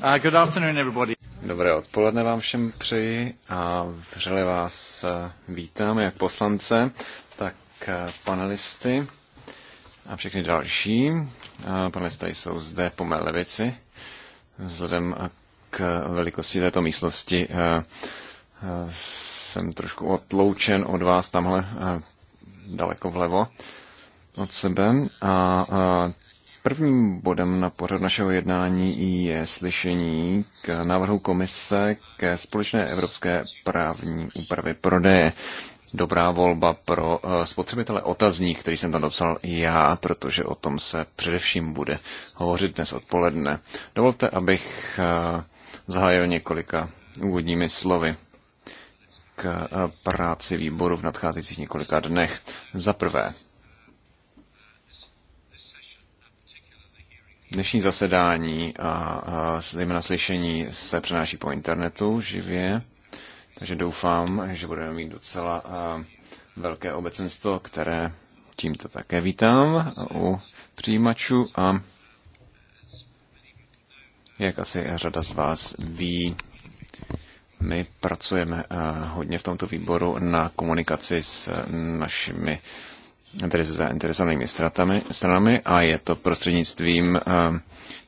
Uh, good afternoon, everybody. Dobré odpoledne vám všem přeji a vřele vás uh, vítám jak poslance, tak uh, panelisty a všechny další. Panelisté jsou zde po mé levici. Vzhledem k velikosti této místnosti jsem trošku odloučen od vás tamhle daleko vlevo od sebe a, a Prvním bodem na pořad našeho jednání je slyšení k návrhu komise ke společné evropské právní úpravy prodeje. Dobrá volba pro eh, spotřebitele otazník, který jsem tam dopsal já, protože o tom se především bude hovořit dnes odpoledne. Dovolte, abych eh, zahájil několika úvodními slovy k eh, práci výboru v nadcházejících několika dnech. Za prvé, Dnešní zasedání a, a zejména slyšení se přenáší po internetu živě, takže doufám, že budeme mít docela a, velké obecenstvo, které tímto také vítám u přijímačů a jak asi řada z vás ví, my pracujeme hodně v tomto výboru na komunikaci s našimi tedy se zainteresovanými stranami, stranami a je to prostřednictvím eh,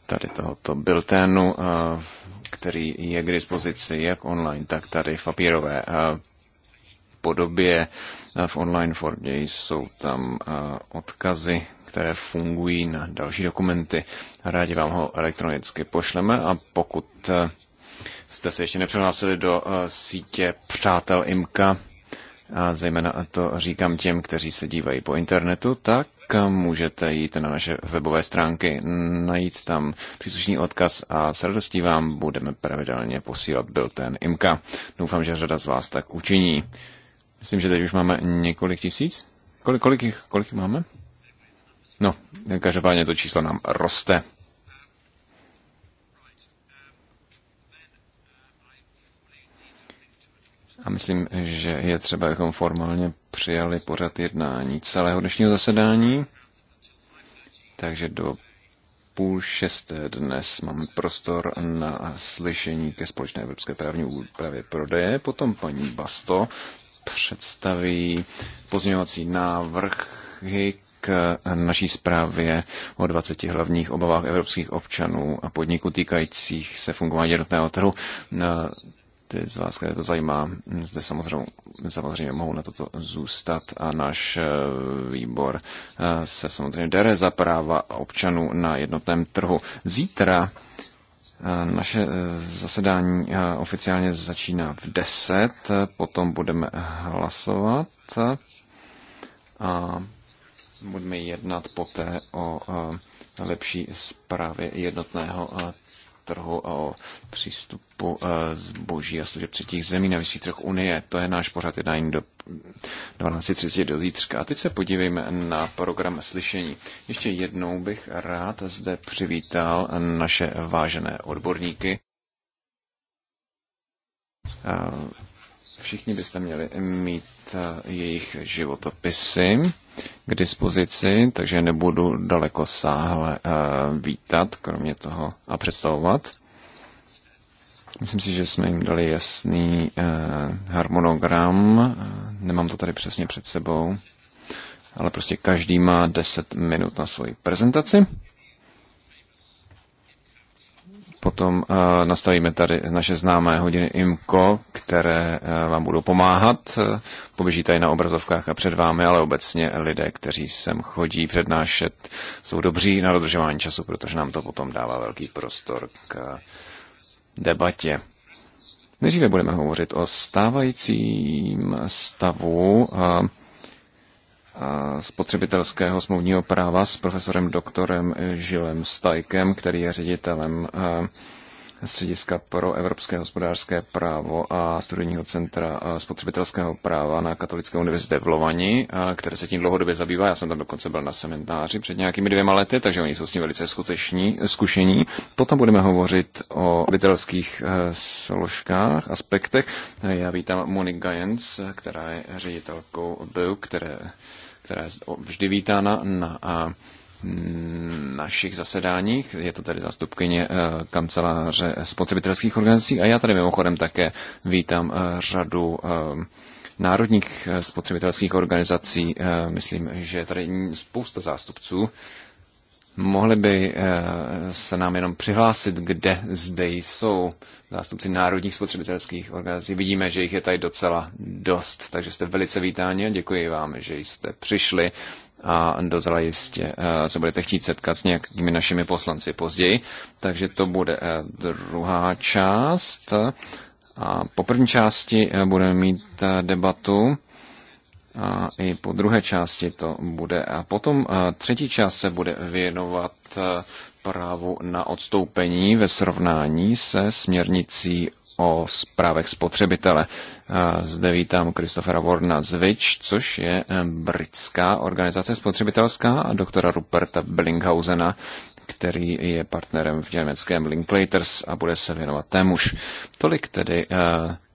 tady tohoto bilténu, eh, který je k dispozici jak online, tak tady v papírové eh, podobě. V online formě jsou tam odkazy, které fungují na další dokumenty. Rádi vám ho elektronicky pošleme a pokud jste se ještě nepřihlásili do sítě Přátel IMKA, a zejména to říkám těm, kteří se dívají po internetu, tak můžete jít na naše webové stránky, najít tam příslušný odkaz a s radostí vám budeme pravidelně posílat ten IMKA. Doufám, že řada z vás tak učiní. Myslím, že teď už máme několik tisíc. Kolik, kolik, kolik máme? No, každopádně to číslo nám roste. A myslím, že je třeba, abychom formálně přijali pořad jednání celého dnešního zasedání. Takže do půl šesté dnes máme prostor na slyšení ke společné evropské právní úpravě prodeje. Potom paní Basto představí pozměňovací návrhy k naší zprávě o 20 hlavních obavách evropských občanů a podniků týkajících se fungování jednotného trhu ty z vás, které to zajímá, zde samozřejmě, samozřejmě mohou na toto zůstat a náš eh, výbor eh, se samozřejmě dere za práva občanů na jednotném trhu. Zítra eh, naše zasedání oficiálně začíná v 10, potom budeme hlasovat a budeme jednat poté o lepší zprávě jednotného trhu a o přístupu e, zboží a služeb třetích zemí na vyšší trh Unie. To je náš pořad jednání do 12.30 do zítřka. A teď se podívejme na program slyšení. Ještě jednou bych rád zde přivítal naše vážené odborníky. E, všichni byste měli mít Eh, jejich životopisy k dispozici, takže nebudu daleko sáhle eh, vítat, kromě toho a představovat. Myslím si, že jsme jim dali jasný eh, harmonogram. Nemám to tady přesně před sebou, ale prostě každý má 10 minut na svoji prezentaci. Potom eh, nastavíme tady naše známé hodiny IMCO, které eh, vám budou pomáhat. Eh, poběží tady na obrazovkách a před vámi, ale obecně lidé, kteří sem chodí přednášet, jsou dobří na dodržování času, protože nám to potom dává velký prostor k debatě. Nejdříve budeme hovořit o stávajícím stavu spotřebitelského smluvního práva s profesorem doktorem Žilem Stajkem, který je ředitelem eh, Střediska pro evropské hospodářské právo a studijního centra eh, spotřebitelského práva na Katolické univerzitě v Lovani, eh, které se tím dlouhodobě zabývá. Já jsem tam dokonce byl na semináři před nějakými dvěma lety, takže oni jsou s tím velice skuteční, zkušení. Potom budeme hovořit o vitelských složkách, aspektech. Já vítám Monik Gajens, která je ředitelkou BIU, které která je vždy vítána na našich zasedáních. Je to tady zastupkyně e, kanceláře spotřebitelských organizací a já tady mimochodem také vítám e, řadu e, národních spotřebitelských organizací. Myslím, že je tady spousta zástupců Mohli by eh, se nám jenom přihlásit, kde zde jsou zástupci národních spotřebitelských organizací. Vidíme, že jich je tady docela dost, takže jste velice vítáni a děkuji vám, že jste přišli a dozala jistě eh, se budete chtít setkat s nějakými našimi poslanci později. Takže to bude eh, druhá část. A po první části budeme mít debatu a i po druhé části to bude. A potom třetí část se bude věnovat e, právu na odstoupení ve srovnání se směrnicí o zprávech spotřebitele. E, zde vítám Kristofera Warna z Vič, což je e, britská organizace spotřebitelská a doktora Ruperta Blinghausena, který je partnerem v německém Linklaters a bude se věnovat témuž. Tolik tedy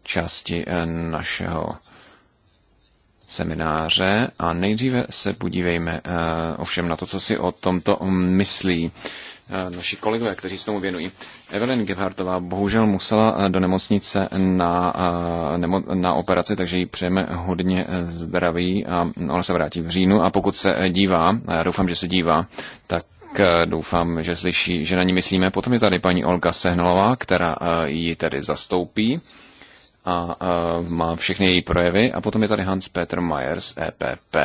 části našeho semináře a nejdříve se podívejme eh, ovšem na to, co si o tomto myslí eh, naši kolegové, kteří se tomu věnují. Evelyn Gebhardová bohužel musela eh, do nemocnice na, na operaci, takže jí přejeme hodně zdraví a ona no, se vrátí v říjnu a pokud se dívá, a já doufám, že se dívá, tak doufám, že slyší, že na ní myslíme. Potom je tady paní Olga Sehnalová, která ji tedy zastoupí a, a má všechny její projevy. A potom je tady Hans-Peter Myers, EPP,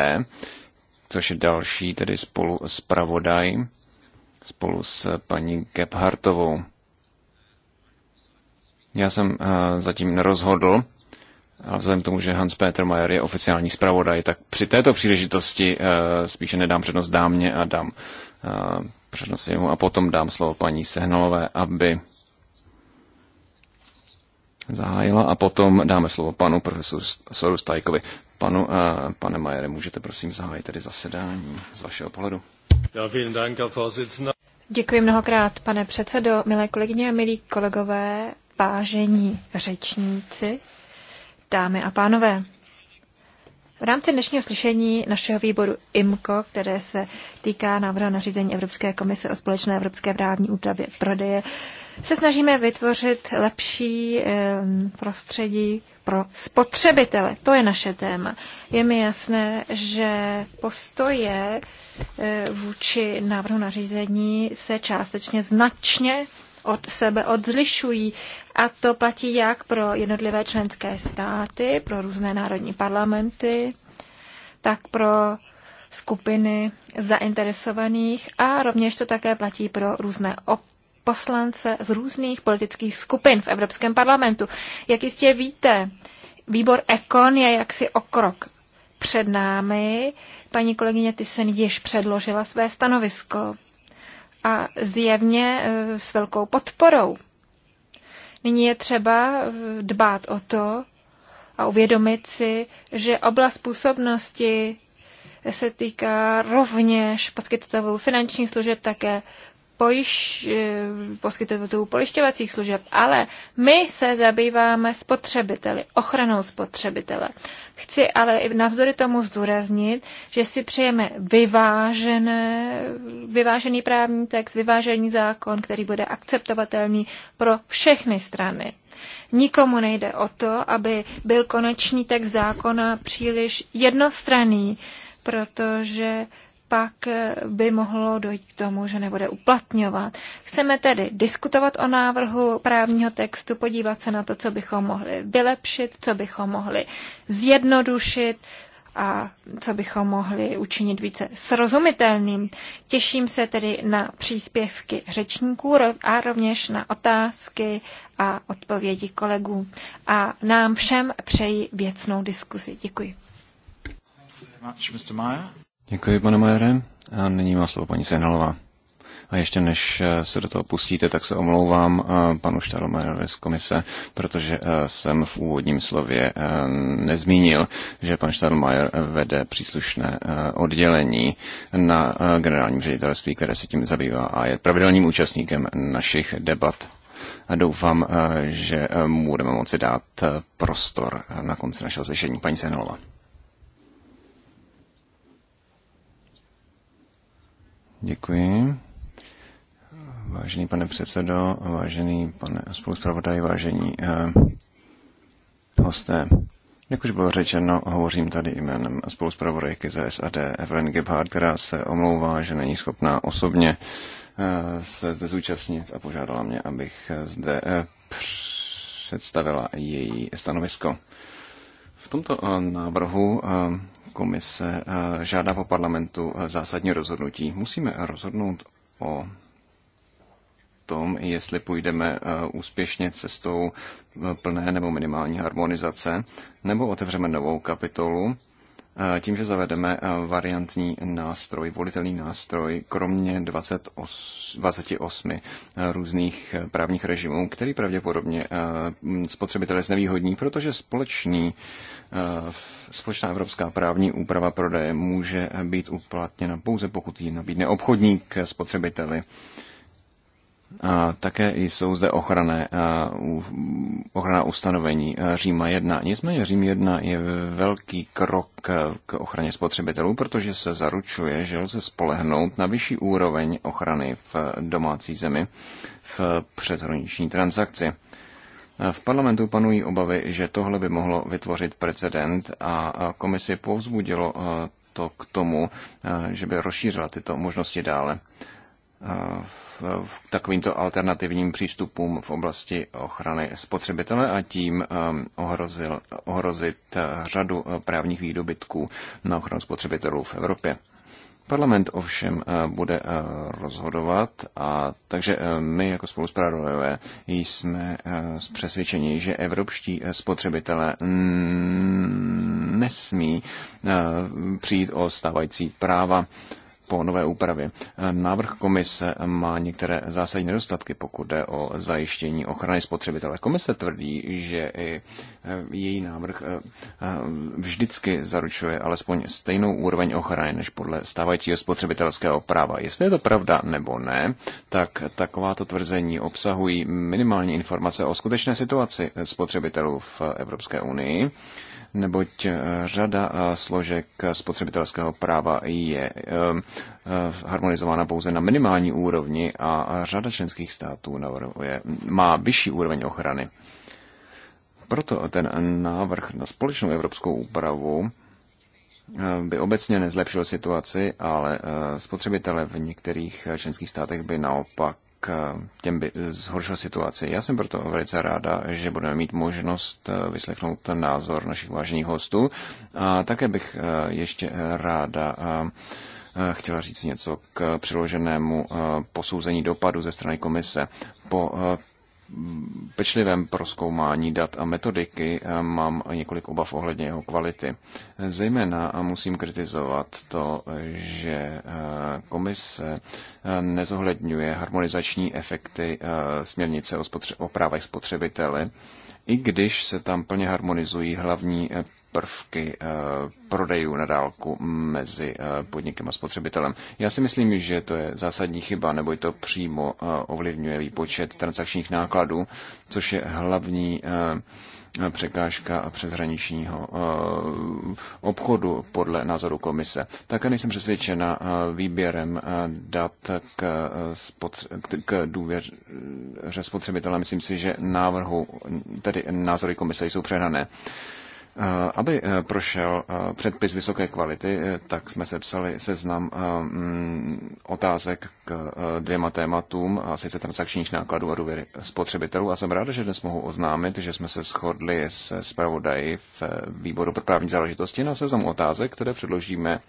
což je další tedy spolu s Pravodaj, spolu s paní Gebhartovou. Já jsem a, eh, zatím nerozhodl, ale vzhledem k tomu, že Hans-Peter Mayer je oficiální zpravodaj, tak při této příležitosti a, eh, spíše nedám přednost dámě a dám a, eh, přednost jemu a potom dám slovo paní Sehnalové, aby zahájila a potom dáme slovo panu profesoru Stajkovi. Panu, eh, pane Majere, můžete prosím zahájit tedy zasedání z vašeho pohledu. Děkuji mnohokrát, pane předsedo, milé kolegyně a milí kolegové, vážení řečníci, dámy a pánové. V rámci dnešního slyšení našeho výboru IMCO, které se týká návrhu nařízení Evropské komise o společné evropské právní úpravě prodeje se snažíme vytvořit lepší prostředí pro spotřebitele. To je naše téma. Je mi jasné, že postoje e, vůči návrhu nařízení se částečně značně od sebe odlišují. A to platí jak pro jednotlivé členské státy, pro různé národní parlamenty, tak pro skupiny zainteresovaných a rovněž to také platí pro různé op poslance z různých politických skupin v Evropském parlamentu. Jak jistě víte, výbor Ekon je jaksi o krok před námi. Paní kolegyně Tysen již předložila své stanovisko a zjevně e, s velkou podporou. Nyní je třeba e, dbát o to a uvědomit si, že oblast působnosti se týká rovněž poskytovatelů finančních služeb, také pojiš, eh, poskytovatelů pojišťovacích služeb, ale my se zabýváme spotřebiteli, ochranou spotřebitele. Chci ale i navzory tomu zdůraznit, že si přejeme vyvážené, vyvážený právní text, vyvážený zákon, který bude akceptovatelný pro všechny strany. Nikomu nejde o to, aby byl konečný text zákona příliš jednostranný, protože pak by mohlo dojít k tomu, že nebude uplatňovat. Chceme tedy diskutovat o návrhu právního textu, podívat se na to, co bychom mohli vylepšit, co bychom mohli zjednodušit a co bychom mohli učinit více srozumitelným. Těším se tedy na příspěvky řečníků a rovněž na otázky a odpovědi kolegů. A nám všem přeji věcnou diskuzi. Děkuji. Much, Mr. Meyer. Děkuji, pane Majere. A nyní má slovo paní Senhalová. A ještě než eh, se do toho pustíte, tak se omlouvám eh, panu Štaromerovi z komise, protože eh, jsem v úvodním slově nezmínil, že pan Štarmajer vede příslušné oddělení na generálním ředitelství, které se tím zabývá a je pravidelným účastníkem našich debat. A doufám, že mu budeme moci dát prostor na konci našeho sešení. Paní Senhalová. Děkuji. Vážený pane předsedo, vážený pane spoluzpravodaj, vážení eh, hosté. Jak už bylo řečeno, hovořím tady jménem spoluzpravodajky za SAD Evelyn Gebhardt, která se omlouvá, že není schopná osobně eh, se zde zúčastnit a požádala mě, abych eh, zde eh, představila její stanovisko. V tomto eh, návrhu eh, komise eh, žádá po parlamentu zásadní rozhodnutí. Musíme rozhodnout o tom, jestli půjdeme úspěšně cestou plné nebo minimální harmonizace, nebo otevřeme novou kapitolu Eh, tím, že zavedeme eh, variantní nástroj, volitelný nástroj, kromě 28, 28 eh, různých právních režimů, který pravděpodobně spotřebitele znevýhodní, protože společný, společná evropská právní úprava prodeje může být uplatněna pouze, pokud ji nabídne obchodník spotřebiteli a také jsou zde ochrané, ochrana ustanovení Říma 1. Nicméně Řím 1 je velký krok k ochraně spotřebitelů, protože se zaručuje, že lze spolehnout na vyšší úroveň ochrany v domácí zemi v přeshraniční transakci. V parlamentu panují obavy, že tohle by mohlo vytvořit precedent a komisi povzbudilo to k tomu, že by rozšířila tyto možnosti dále v takovýmto alternativním přístupům v oblasti ochrany spotřebitele a tím ohrozil, ohrozit řadu právních výdobytků na ochranu spotřebitelů v Evropě. Parlament ovšem bude rozhodovat a takže my jako spoluspravodajové jsme přesvědčeni, že evropští spotřebitelé nesmí přijít o stávající práva po nové úpravě. Návrh komise má některé zásadní nedostatky, pokud jde o zajištění ochrany spotřebitele. Komise tvrdí, že i e, její návrh e, e, vždycky zaručuje alespoň stejnou úroveň ochrany než podle stávajícího spotřebitelského práva. Jestli je to pravda nebo ne, tak takováto tvrzení obsahují minimální informace o skutečné situaci spotřebitelů v Evropské unii neboť eh, řada eh, složek spotřebitelského práva je eh, harmonizována pouze na minimální úrovni a řada členských států navrhuje, má vyšší úroveň ochrany. Proto ten návrh na společnou evropskou úpravu by obecně nezlepšil situaci, ale spotřebitele v některých členských státech by naopak těm by zhoršil situaci. Já jsem proto velice ráda, že budeme mít možnost eh, vyslechnout názor našich vážených hostů. A také bych eh, ještě ráda eh, chtěla říct něco k přiloženému posouzení dopadu ze strany komise. Po pečlivém proskoumání dat a metodiky eh, mám několik obav ohledně jeho kvality. Zejména musím kritizovat to, že eh, komise eh, nezohledňuje harmonizační efekty směrnice o, spotře- o právech spotřebitele, i když se tam plně harmonizují hlavní prvky eh, prodejů na dálku mezi eh, podnikem a spotřebitelem. Já si myslím, že to je zásadní chyba, nebo to přímo eh, ovlivňuje výpočet transakčních nákladů, což je hlavní překážka přeshraničního obchodu podle názoru komise. Také nejsem přesvědčena výběrem dat k, spotř- k důvěře spotřebitele. Myslím si, že návrhu, tedy názory komise jsou přehrané. Eh, aby eh, prošel eh, předpis vysoké kvality, tak jsme sepsali seznam mm, otázek k dvěma tématům, a sice transakčních nákladů a důvěry spotřebitelů. A jsem rád, že dnes mohu oznámit, že jsme se shodli se zpravodaji v výboru pro právní záležitosti na seznam otázek, které předložíme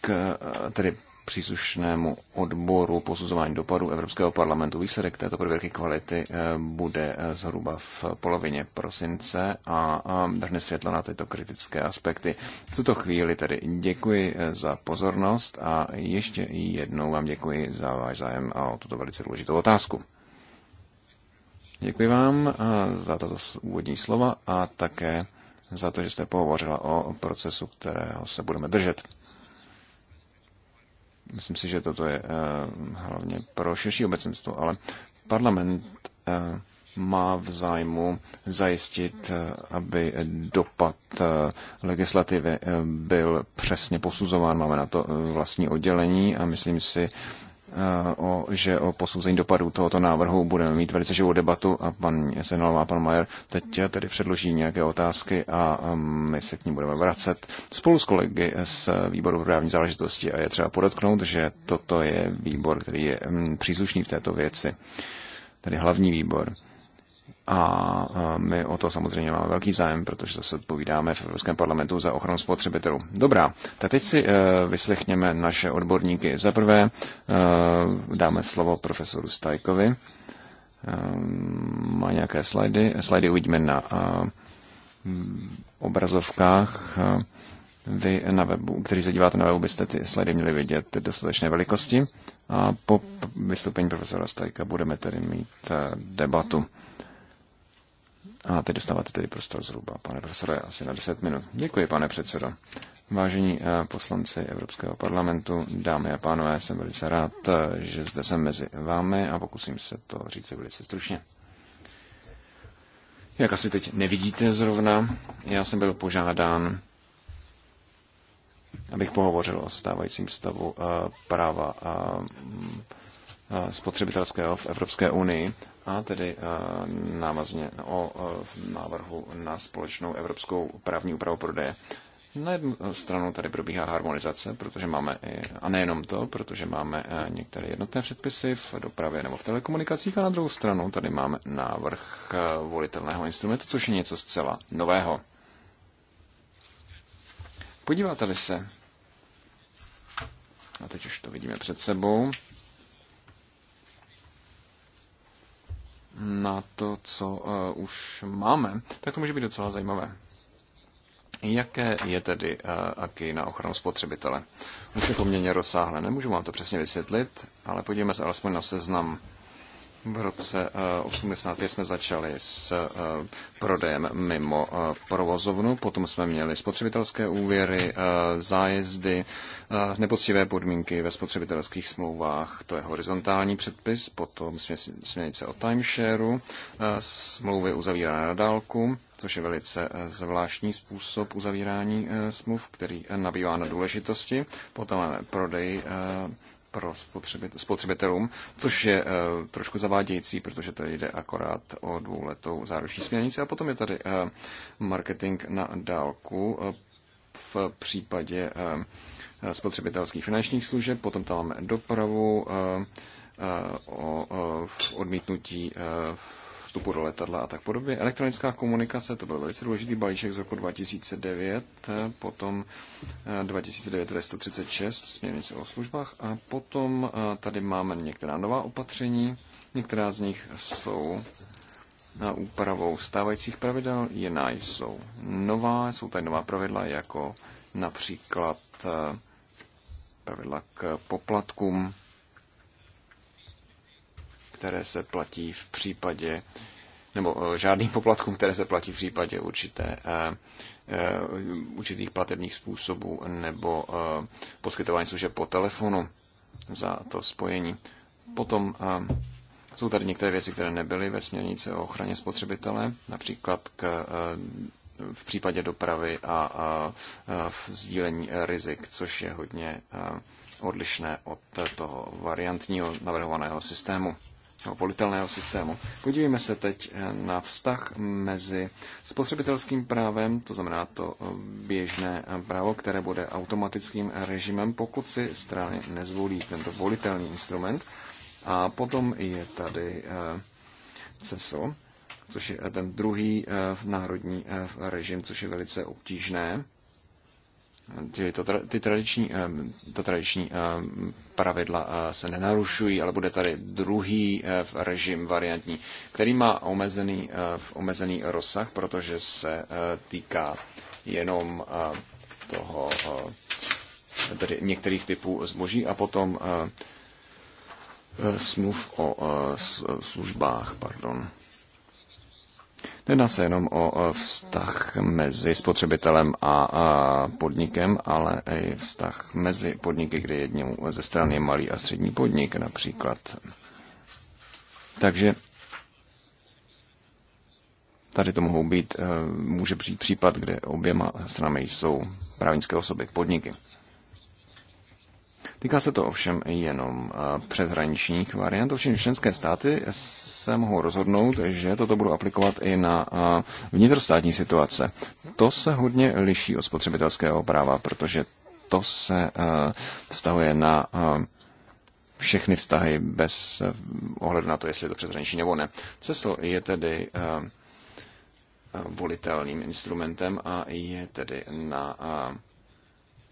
k, tedy příslušnému odboru posuzování dopadů Evropského parlamentu. Výsledek této prověrky kvality eh, bude eh, zhruba v polovině prosince a drhne světlo na tyto kritické aspekty. V tuto chvíli tedy děkuji eh, za pozornost a ještě jednou vám děkuji za váš zájem a o tuto velice důležitou otázku. Děkuji vám za tato úvodní slova a také za to, že jste pohovořila o procesu, kterého se budeme držet. Myslím si, že toto je eh, hlavně pro širší obecenstvo, ale parlament eh, má v zájmu zajistit, eh, aby dopad legislativy byl přesně posuzován. Máme na to vlastní oddělení a myslím si, Eh, o, že o posouzení dopadů tohoto návrhu budeme mít velice živou debatu a pan Senalová a pan Majer teď tedy předloží nějaké otázky a my se k ní budeme vracet spolu s kolegy z výboru pro právní záležitosti a je třeba podotknout, že toto je výbor, který je mm, příslušný v této věci, tedy hlavní výbor a my o to samozřejmě máme velký zájem, protože zase odpovídáme v Evropském parlamentu za ochranu spotřebitelů. Dobrá, tak teď si e, vyslechněme naše odborníky. Za prvé e, dáme slovo profesoru Stajkovi. E, má nějaké slajdy. Slajdy uvidíme na obrazovkách. Vy na webu, kteří se díváte na webu, byste ty slajdy měli vidět dostatečné velikosti. A po vystoupení profesora Stajka budeme tedy mít debatu. A teď dostáváte tedy prostor zhruba, pane profesore, asi na 10 minut. Děkuji, pane předsedo. Vážení eh, poslanci Evropského parlamentu, dámy a pánové, jsem velice rád, eh, že zde jsem mezi vámi a pokusím se to říct velice stručně. Jak asi teď nevidíte zrovna, já jsem byl požádán, abych pohovořil o stávajícím stavu eh, práva spotřebitelského v Evropské unii a tedy eh, námazně o eh, návrhu na společnou evropskou právní úpravu prodeje. Na jednu stranu tady probíhá harmonizace, protože máme, a nejenom to, protože máme eh, některé jednotné předpisy v dopravě nebo v telekomunikacích, a na druhou stranu tady máme návrh volitelného instrumentu, což je něco zcela nového. Podíváte-li se, a teď už to vidíme před sebou, na to, co eh, už máme, tak to může být docela zajímavé. Jaké je tedy eh, AKI na ochranu spotřebitele? Už je poměrně rozsáhlé, nemůžu vám to přesně vysvětlit, ale podívejme se alespoň na seznam v roce 1985 eh, jsme začali s eh, prodejem mimo eh, provozovnu, potom jsme měli spotřebitelské úvěry, zájezdy, nepoctivé podmínky ve spotřebitelských smlouvách, to je horizontální předpis, potom směnice o timeshareu, smlouvy uzavírané na dálku, což je velice zvláštní způsob uzavírání smluv, který nabývá na důležitosti. Potom máme prodej pro spotřebitelům, což je eh, trošku zavádějící, protože to jde akorát o dvouletou záruční směrnici. A potom je tady eh, marketing na dálku eh, v případě spotřebitelských finančních služeb, potom tam máme dopravu, o odmítnutí v vstupu do letadla a tak podobně. Elektronická komunikace, to byl velice důležitý balíček z roku 2009, potom 2009 eh, směrnice o službách a potom eh, tady máme některá nová opatření, některá z nich jsou na úpravou stávajících pravidel, jiná jsou nová, jsou tady nová pravidla jako například eh, pravidla k poplatkům které se platí v případě, nebo eh, žádným poplatkům, které se platí v případě určité, eh, eh, určitých platebních způsobů nebo poskytování služeb po telefonu za to spojení. Potom jsou tady některé věci, které nebyly ve směrnici o ochraně spotřebitele, například k, v případě dopravy a, a v sdílení rizik, což je hodně odlišné od toho variantního navrhovaného systému. No, volitelného systému. Podívejme se teď eh, na vztah mezi spotřebitelským právem, to znamená to eh, běžné eh, právo, které bude automatickým režimem, pokud si strany nezvolí tento volitelný instrument. A potom je tady CESO, což je ten druhý národní režim, což je velice obtížné ty, to, ty tradiční, to tradiční pravidla eh, se nenarušují, ale bude tady druhý eh, režim variantní, který má omezený, eh, omezený rozsah, protože se týká jenom toho, tedy některých typů zboží a potom smluv o službách, pardon. Jedná se jenom o vztah mezi spotřebitelem a podnikem, ale i vztah mezi podniky, kdy jednou ze strany je malý a střední podnik například. Takže tady to mohou být, eh, může přijít případ, kde oběma stranami jsou právnické osoby, podniky. Týká se to ovšem jenom eh, přeshraničních variant, ovšem členské státy se mohou rozhodnout, že toto budou aplikovat i na eh, vnitrostátní situace. To se hodně liší od spotřebitelského práva, protože to se eh, vztahuje na všechny vztahy bez ohledu na to, jestli je to přeshraniční nebo ne. CESL je tedy volitelným instrumentem a je tedy na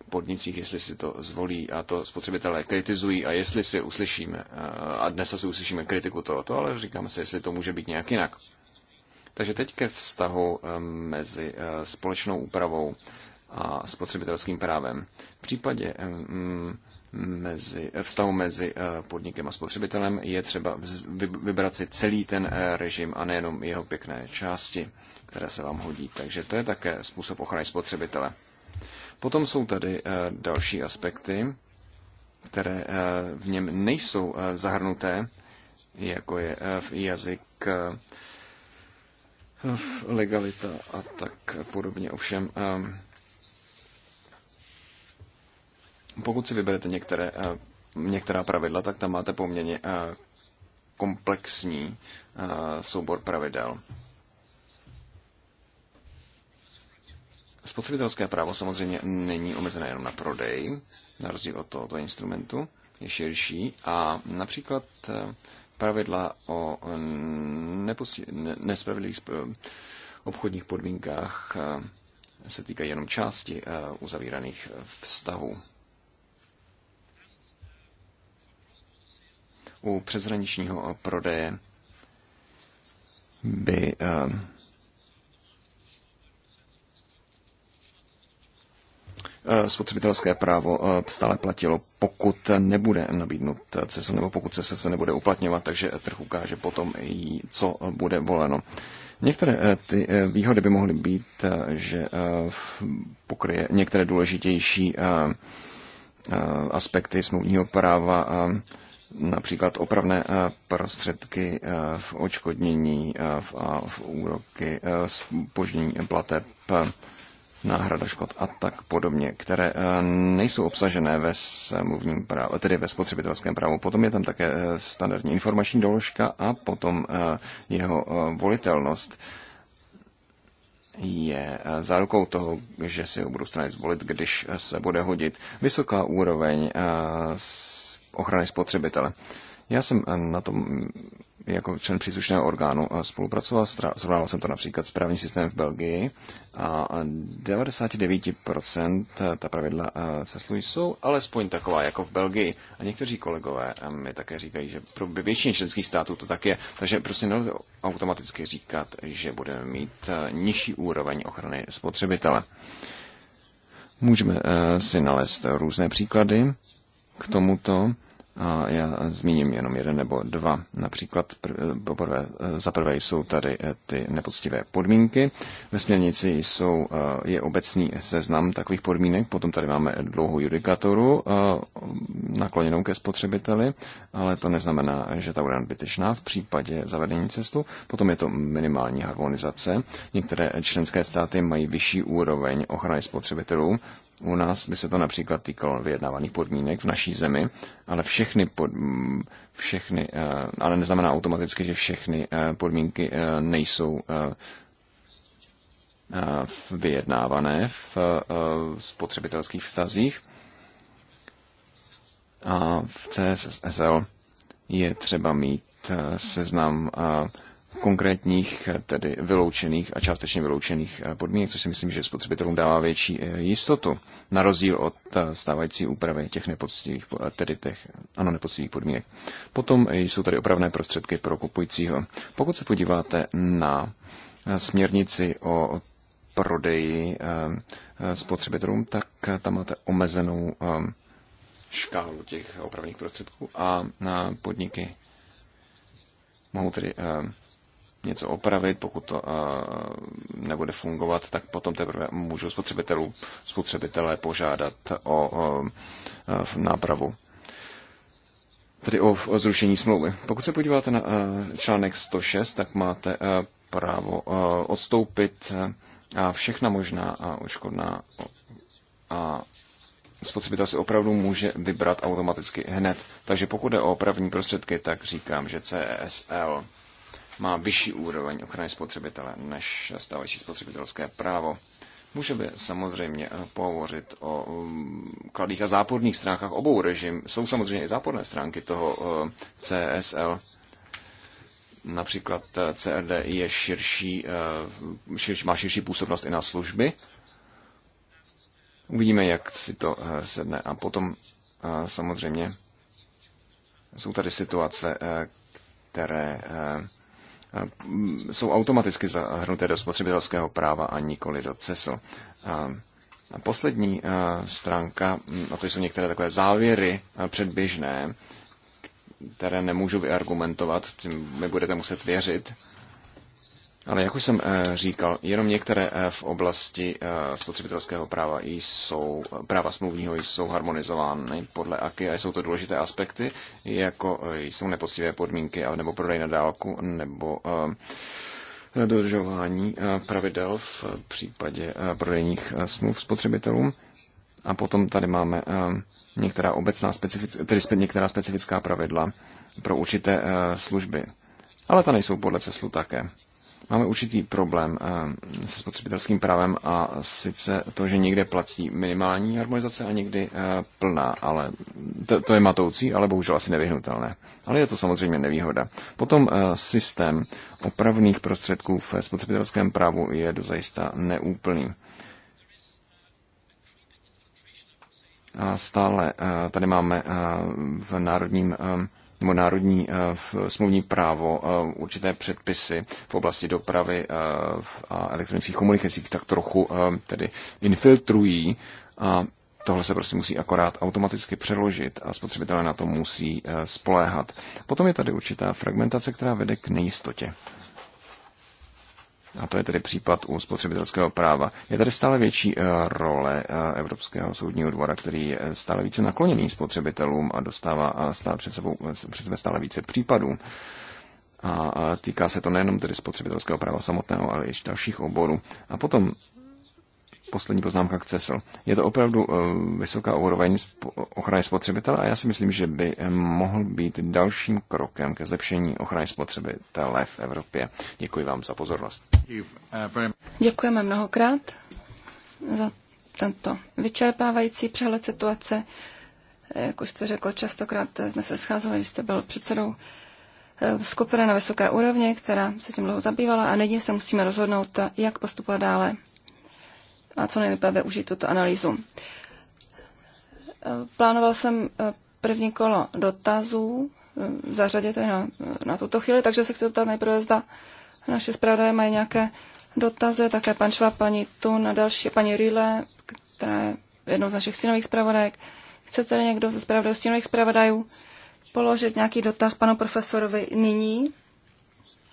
podnicích, jestli si to zvolí a to spotřebitelé kritizují a jestli si uslyšíme, a dnes asi uslyšíme kritiku tohoto, ale říkáme si, jestli to může být nějak jinak. Takže teď ke vztahu mezi e, společnou úpravou a spotřebitelským právem. V případě mezi, vztahu mezi e, podnikem a spotřebitelem je třeba vybrat si celý ten e, režim a nejenom jeho pěkné části, které se vám hodí. Takže to je také způsob ochrany spotřebitele. Potom jsou tady eh, další aspekty, které eh, v něm nejsou eh, zahrnuté, jako je v jazyk, legalita a tak podobně. Ovšem, ehm, pokud si vyberete některé, některá pravidla, tak tam máte poměrně komplexní soubor pravidel. Spotřebitelské právo samozřejmě není omezené jenom na prodej, na rozdíl od tohoto instrumentu, je širší a například eh, pravidla o eh, nespravedlivých obchodních podmínkách eh, se týkají jenom části uzavíraných vztahů. U přeshraničního prodeje by Eh, spotřebitelské právo eh, stále platilo, pokud nebude nabídnut CESO nebo pokud CESO se nebude uplatňovat, takže trh ukáže potom, co bude voleno. Některé eh, ty výhody by mohly být, že pokryje některé důležitější aspekty smluvního práva, například opravné prostředky v očkodnění a v úroky spoždění plateb náhrada škod a tak podobně, které eh, nejsou obsažené ve smluvním právu, tedy ve spotřebitelském právu. Potom je tam také eh, standardní informační doložka a potom eh, jeho volitelnost je zárukou toho, že si ho budou strany zvolit, když se bude hodit vysoká úroveň ochrany spotřebitele. Já jsem na tom jako člen příslušného orgánu eh, spolupracoval. Srovnával jsem to například s právním systémem v Belgii a 99% eh, ta pravidla eh, CESLu jsou alespoň taková jako v Belgii. A někteří kolegové mi také říkají, že pro většině členských států to tak je. Takže prostě nelze automaticky říkat, že budeme mít nižší úroveň ochrany spotřebitele. Můžeme si nalézt různé příklady k tomuto a já zmíním jenom jeden nebo dva. Například poprvé, e, za prvé jsou tady e, ty nepoctivé podmínky. Ve směrnici jsou, e, je obecný seznam takových podmínek, potom tady máme dlouhou judikaturu nakloněnou ke spotřebiteli, ale to neznamená, že ta bude nadbytečná v případě zavedení cestu. Potom je to minimální harmonizace. Některé členské státy mají vyšší úroveň ochrany spotřebitelů, u nás by se to například týkalo vyjednávaných podmínek v naší zemi, ale všechny, pod, všechny eh, ale neznamená automaticky, že všechny eh, podmínky eh, nejsou vyjednávané v spotřebitelských vztazích. A v CSSL je třeba mít seznam uh, konkrétních, eh, tedy vyloučených a částečně vyloučených eh, podmínek, což si myslím, že spotřebitelům dává větší eh, jistotu, na rozdíl od stávající úpravy těch nepoctivých, tedy těch, ano, nepoctivých podmínek. Potom jsou tady opravné prostředky pro kupujícího. Pokud se podíváte na směrnici o prodeji spotřebitelům, tak tam máte omezenou škálu těch opravných prostředků a na podniky mohou tedy něco opravit, pokud to eh, nebude fungovat, tak potom teprve můžou spotřebitelů, spotřebitelé požádat o eh, nápravu tedy o zrušení smlouvy. Pokud se podíváte na eh, článek 106, tak máte právo odstoupit a všechna možná a oškodná a spotřebitel si opravdu může vybrat automaticky hned. Takže pokud jde o opravní prostředky, tak říkám, že CSL má vyšší úroveň ochrany spotřebitele než stávající spotřebitelské právo. Můžeme samozřejmě pohovořit o um, kladých a záporných stránkách obou režim. Jsou samozřejmě i záporné stránky toho uh, CSL. Například uh, CRD je širší, uh, širší, má širší působnost i na služby. Uvidíme, jak si to sedne. A potom samozřejmě jsou tady situace, které Mm, jsou automaticky zahrnuté do spotřebitelského práva a nikoli do CESO. A poslední stránka, mm, a to jsou některé takové závěry předběžné, které nemůžu vyargumentovat, tím mi budete muset věřit, ale jak už jsem eh, říkal, jenom některé eh, v oblasti eh, spotřebitelského práva jsou, práva smluvního jsou harmonizovány podle AKI a jsou to důležité aspekty, jako jsou nepoctivé podmínky nebo prodej na dálku nebo dodržování pravidel v případě prodejních smluv spotřebitelům. A potom tady máme některá obecná specifická, tedy některá specifická pravidla pro určité služby. Ale ta nejsou podle CESLu také. Máme určitý problém eh, se spotřebitelským právem a sice to, že někde platí minimální harmonizace a někdy eh, plná, ale to, to je matoucí, ale bohužel asi nevyhnutelné. Ale je to samozřejmě nevýhoda. Potom eh, systém opravných prostředků ve spotřebitelském právu je dozajista neúplný. A stále tady máme v národním nebo národní eh, smluvní právo eh, určité předpisy v oblasti dopravy eh, a elektronických komunikací tak trochu tedy infiltrují a tohle se prostě musí akorát automaticky přeložit a spotřebitelé na to musí spoléhat. Potom je tady určitá fragmentace, která vede k nejistotě a to je tedy případ u spotřebitelského práva, je tady stále větší eh, role eh, Evropského soudního dvora, který je stále více nakloněný spotřebitelům a dostává eh, stále před, sebou, před sebe stále více případů. A týká se to nejenom tedy spotřebitelského práva samotného, ale i dalších oborů. A potom poslední poznámka k CESL. Je to opravdu eh, vysoká úroveň ochrany spotřebitele a já si myslím, že by eh, mohl být dalším krokem ke zlepšení ochrany spotřebitele v Evropě. Děkuji vám za pozornost. Děkujeme mnohokrát za tento vyčerpávající přehled situace. Jak už jste řekl, častokrát jsme se scházeli, že jste byl předsedou eh, skupina na vysoké úrovni, která se tím dlouho zabývala a nyní se musíme rozhodnout, jak postupovat dále a co nejlépe využít tuto analýzu. Plánoval jsem eh, první kolo dotazů, eh, zařadit na, na tuto chvíli, takže se chci zeptat nejprve, zda naše zpravodaje mají nějaké dotazy, také pan Šla, paní tu na další, paní Rile, která je jednou z našich synových zpravodajek. Chce tedy někdo ze zpravodajů, synových zpravodajů položit nějaký dotaz panu profesorovi nyní,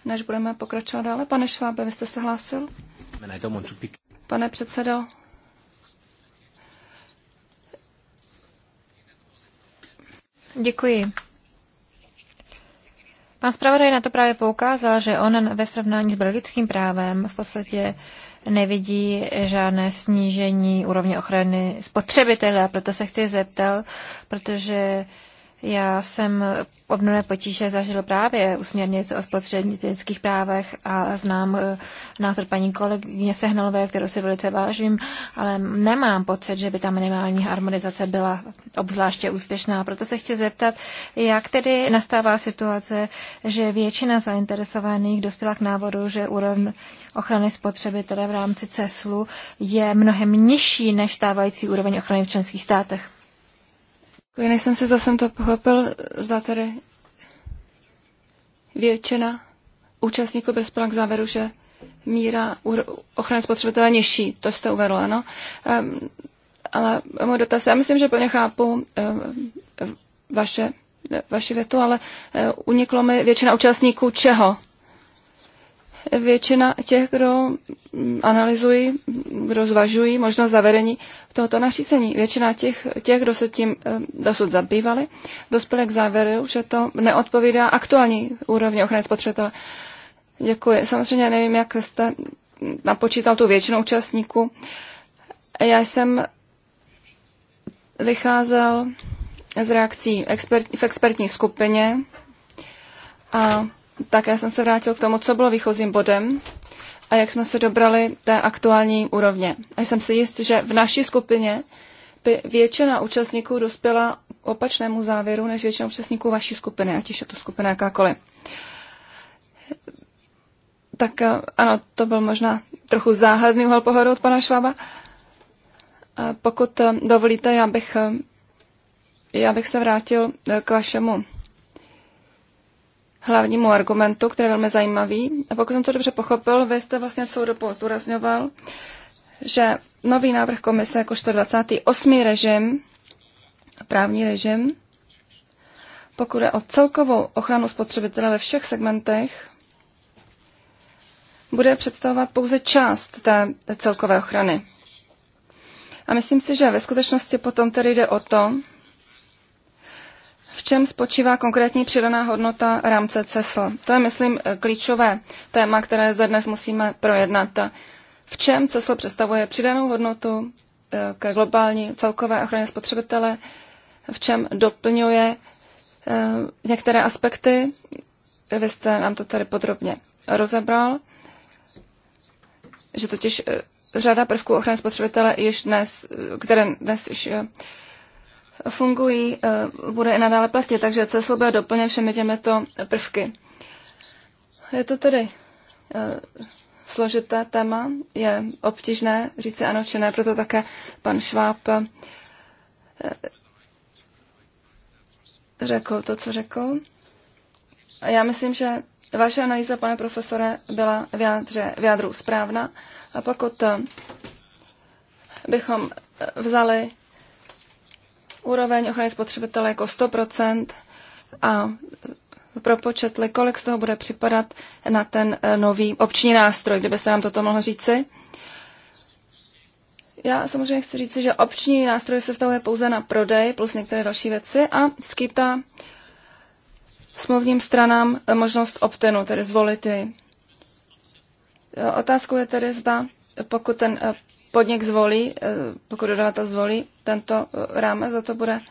než budeme pokračovat dále? Pane Švábe, vy jste se hlásil? pane předsedo. Děkuji. Pan zpravodaj na to právě poukázal, že on ve srovnání s belgickým právem v podstatě nevidí žádné snížení úrovně ochrany spotřebitele. Proto se chci zeptat, protože já jsem obdobné potíže zažil právě u směrnice o spotřebitelských právech a znám eh, názor paní kolegyně Sehnalové, kterou si velice vážím, ale nemám pocit, že by ta minimální harmonizace byla obzvláště úspěšná. Proto se chci zeptat, jak tedy nastává situace, že většina zainteresovaných dospěla k návodu, že úroveň ochrany spotřebitele v rámci CESLu je mnohem nižší než stávající úroveň ochrany v členských státech. Jako nejsem si, zase jsem to pochopil, zda tedy většina účastníků bez k závěru, že míra ochrany spotřebitele nižší, to jste uvedl, ano. Um, ale můj dotaz, já myslím, že plně chápu um, vaše, vaši větu, ale eh, uniklo mi většina účastníků čeho? většina těch, kdo mm, analyzují, kdo zvažují možnost zavedení tohoto nařízení, většina těch, těch kdo se tím eh, dosud zabývali, dospěli k závěru, že to neodpovídá aktuální úrovni ochrany spotřebitele. Děkuji. Samozřejmě nevím, jak jste napočítal tu většinu účastníků. Já jsem vycházel z reakcí expert, v expertní skupině a tak já jsem se vrátil k tomu, co bylo výchozím bodem a jak jsme se dobrali té aktuální úrovně. A jsem si jist, že v naší skupině by většina účastníků dospěla opačnému závěru než většina účastníků vaší skupiny, ať už je to skupina jakákoliv. Tak eh, ano, to byl možná trochu záhadný úhel pohledu od pana Švába. Pokud eh, dovolíte, já bych, eh, já bych se vrátil k vašemu hlavnímu argumentu, který je velmi zajímavý. A pokud jsem to dobře pochopil, vy jste vlastně celou dobu zdůrazňoval, že nový návrh komise, jako 28. režim, právní režim, pokud je o celkovou ochranu spotřebitele ve všech segmentech, bude představovat pouze část té, té celkové ochrany. A myslím si, že ve skutečnosti potom tedy jde o to, v čem spočívá konkrétní přidaná hodnota rámce CESL. To je, myslím, eh, klíčové téma, které zde dnes musíme projednat. V čem CESL představuje přidanou hodnotu eh, ke globální celkové ochraně spotřebitele, v čem doplňuje eh, některé aspekty. Vy jste nám to tady podrobně rozebral, že totiž řada prvků ochrany spotřebitele již dnes, které dnes již fungují, eh, bude i nadále platit, takže CSLB doplně všemi těmito prvky. Je to tedy eh, složité téma, je obtížné říci ano či ne, proto také pan Šváb eh, řekl to, co řekl. A já myslím, že vaše analýza, pane profesore, byla v, jádře, v jádru správná. A pokud bychom vzali úroveň ochrany spotřebitele jako 100% a propočetli, kolik z toho bude připadat na ten eh, nový obční nástroj, kdyby se nám toto mohlo říci. Já samozřejmě chci říci, že obční nástroj se vztahuje pouze na prodej plus některé další věci a skýtá smluvním stranám eh, možnost optenu, tedy zvolit jej. Eh, otázkou je tedy, zda pokud ten podnik zvolí, eh, pokud dodavatel zvolí tento eh, rámec, za to bude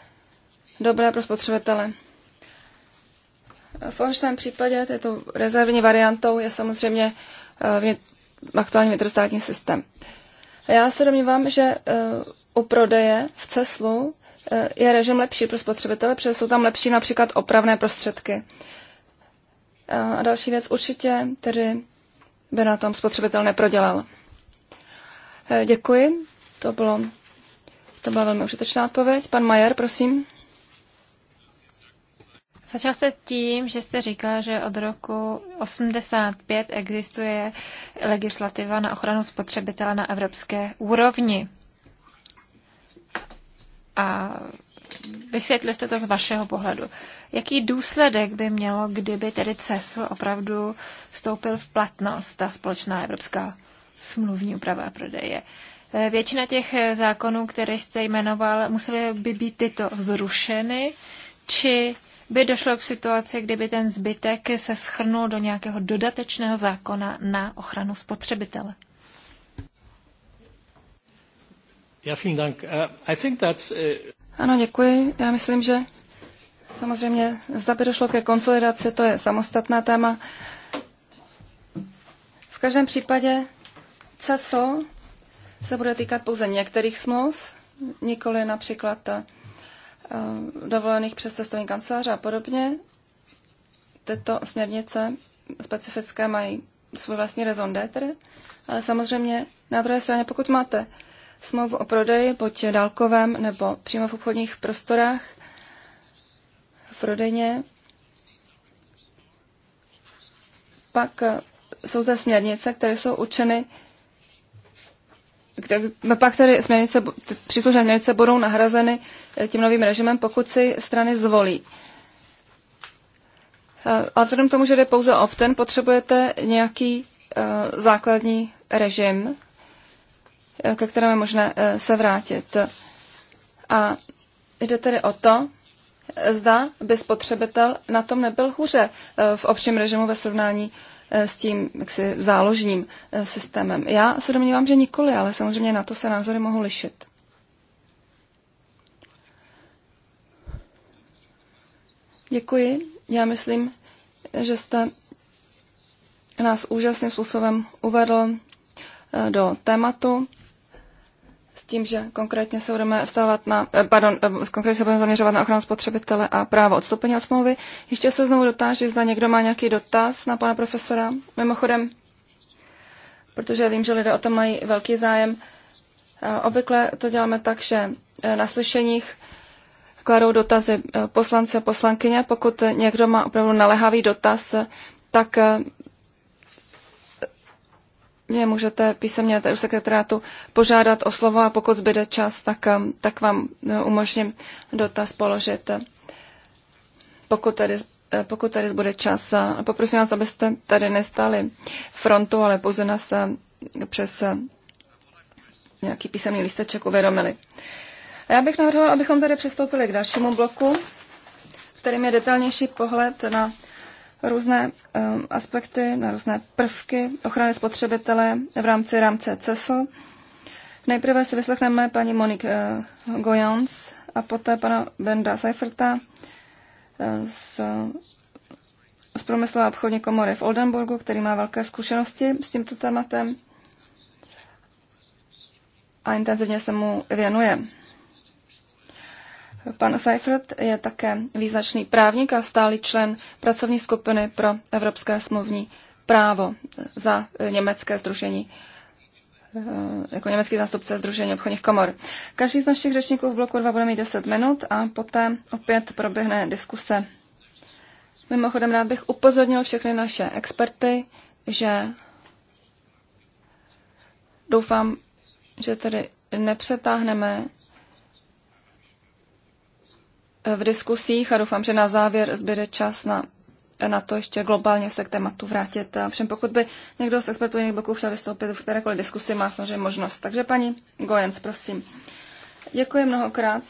dobré pro spotřebitele. V ošlém případě této rezervní variantou je samozřejmě eh, aktuální vnitrostátní systém. Já se domnívám, že u prodeje v CESLu je režim lepší pro spotřebitele, protože jsou tam lepší například opravné prostředky. A další věc určitě, tedy by na tom spotřebitel neprodělal. Eh, děkuji. To, bylo, to byla velmi užitečná odpověď. Pan Majer, prosím. Začal jste tím, že jste říkal, že od roku 85 existuje legislativa na ochranu spotřebitele na evropské úrovni. A vysvětlil jste to z vašeho pohledu. Jaký důsledek by mělo, kdyby tedy CESL opravdu vstoupil v platnost, ta společná evropská smluvní úprava a prodeje. Eh, většina těch eh, zákonů, které jste jmenoval, musely by být tyto zrušeny, či by došlo k situaci, kdyby ten zbytek se schrnul do nějakého dodatečného zákona na ochranu spotřebitele. Äh, I think äh, Ano, děkuji. Já myslím, že samozřejmě zda by došlo ke konsolidaci, to je samostatná téma. V každém případě CESO se bude týkat pouze některých smluv, nikoli například eh, dovolených přes cestovní kanceláře a podobně. Tyto směrnice specifické mají svůj vlastní raison d'être, Ale samozřejmě na druhé straně, pokud máte smlouvu o prodeji, buď dálkovém nebo přímo v obchodních prostorách, v prodejně, pak jsou zde směrnice, které jsou učeny kde, no, pak tady směrnice, příslušné směrnice budou nahrazeny eh, tím novým režimem, pokud si strany zvolí. Eh, A vzhledem k tomu, že jde pouze o ten, potřebujete nějaký eh, základní režim, ke kterému je možné se vrátit. A jde tedy o to, zda by spotřebitel na tom nebyl hůře v občím režimu ve srovnání Eh, s tím jaksi záložním eh, systémem. Já se domnívám, že nikoli, ale samozřejmě na to se názory mohou lišit. Děkuji. Já myslím, že jste nás úžasným způsobem uvedl eh, do tématu tím, že konkrétně se budeme stávat na, eh, pardon, eh, konkrétně se budeme zaměřovat na ochranu spotřebitele a právo odstoupení od smlouvy. Ještě se znovu dotáži, zda někdo má nějaký dotaz na pana profesora. Mimochodem, protože vím, že lidé o tom mají velký zájem. Eh, obvykle to děláme tak, že na slyšeních kladou dotazy poslance a poslankyně. Pokud někdo má opravdu nalehavý dotaz, tak mě můžete písemně u sekretariátu požádat o slovo a pokud zbyde čas, tak, um, tak vám eh, umožním dotaz položit. Pokud tady, eh, pokud tady zbude čas, eh, poprosím vás, abyste tady nestali frontu, ale pouze nás přes nějaký písemný lísteček uvědomili. A já bych navrhla, abychom tady přistoupili k dalšímu bloku, kterým je detailnější pohled na různé um, aspekty, na různé prvky ochrany spotřebitele v rámci rámce CESL. Nejprve si vyslechneme paní Monik eh, Goyans a poté pana Benda Seiferta eh, z, z průmyslu a obchodní komory v Oldenburgu, který má velké zkušenosti s tímto tématem a intenzivně se mu věnuje. Pan Seifert je také význačný právník a stálý člen pracovní skupiny pro evropské smluvní právo za německé združení eh, jako německý zástupce Združení obchodních komor. Každý z našich řečníků v bloku 2 bude mít 10 minut a poté opět proběhne diskuse. Mimochodem rád bych upozornil všechny naše experty, že doufám, že tedy nepřetáhneme v diskusích a doufám, že na závěr zbyde čas na, na to ještě globálně se k tématu vrátit. A všem, pokud by někdo z expertů jiných bloků chtěl vystoupit v kterékoliv diskusi, má samozřejmě možnost. Takže paní Gojens, prosím. Děkuji mnohokrát.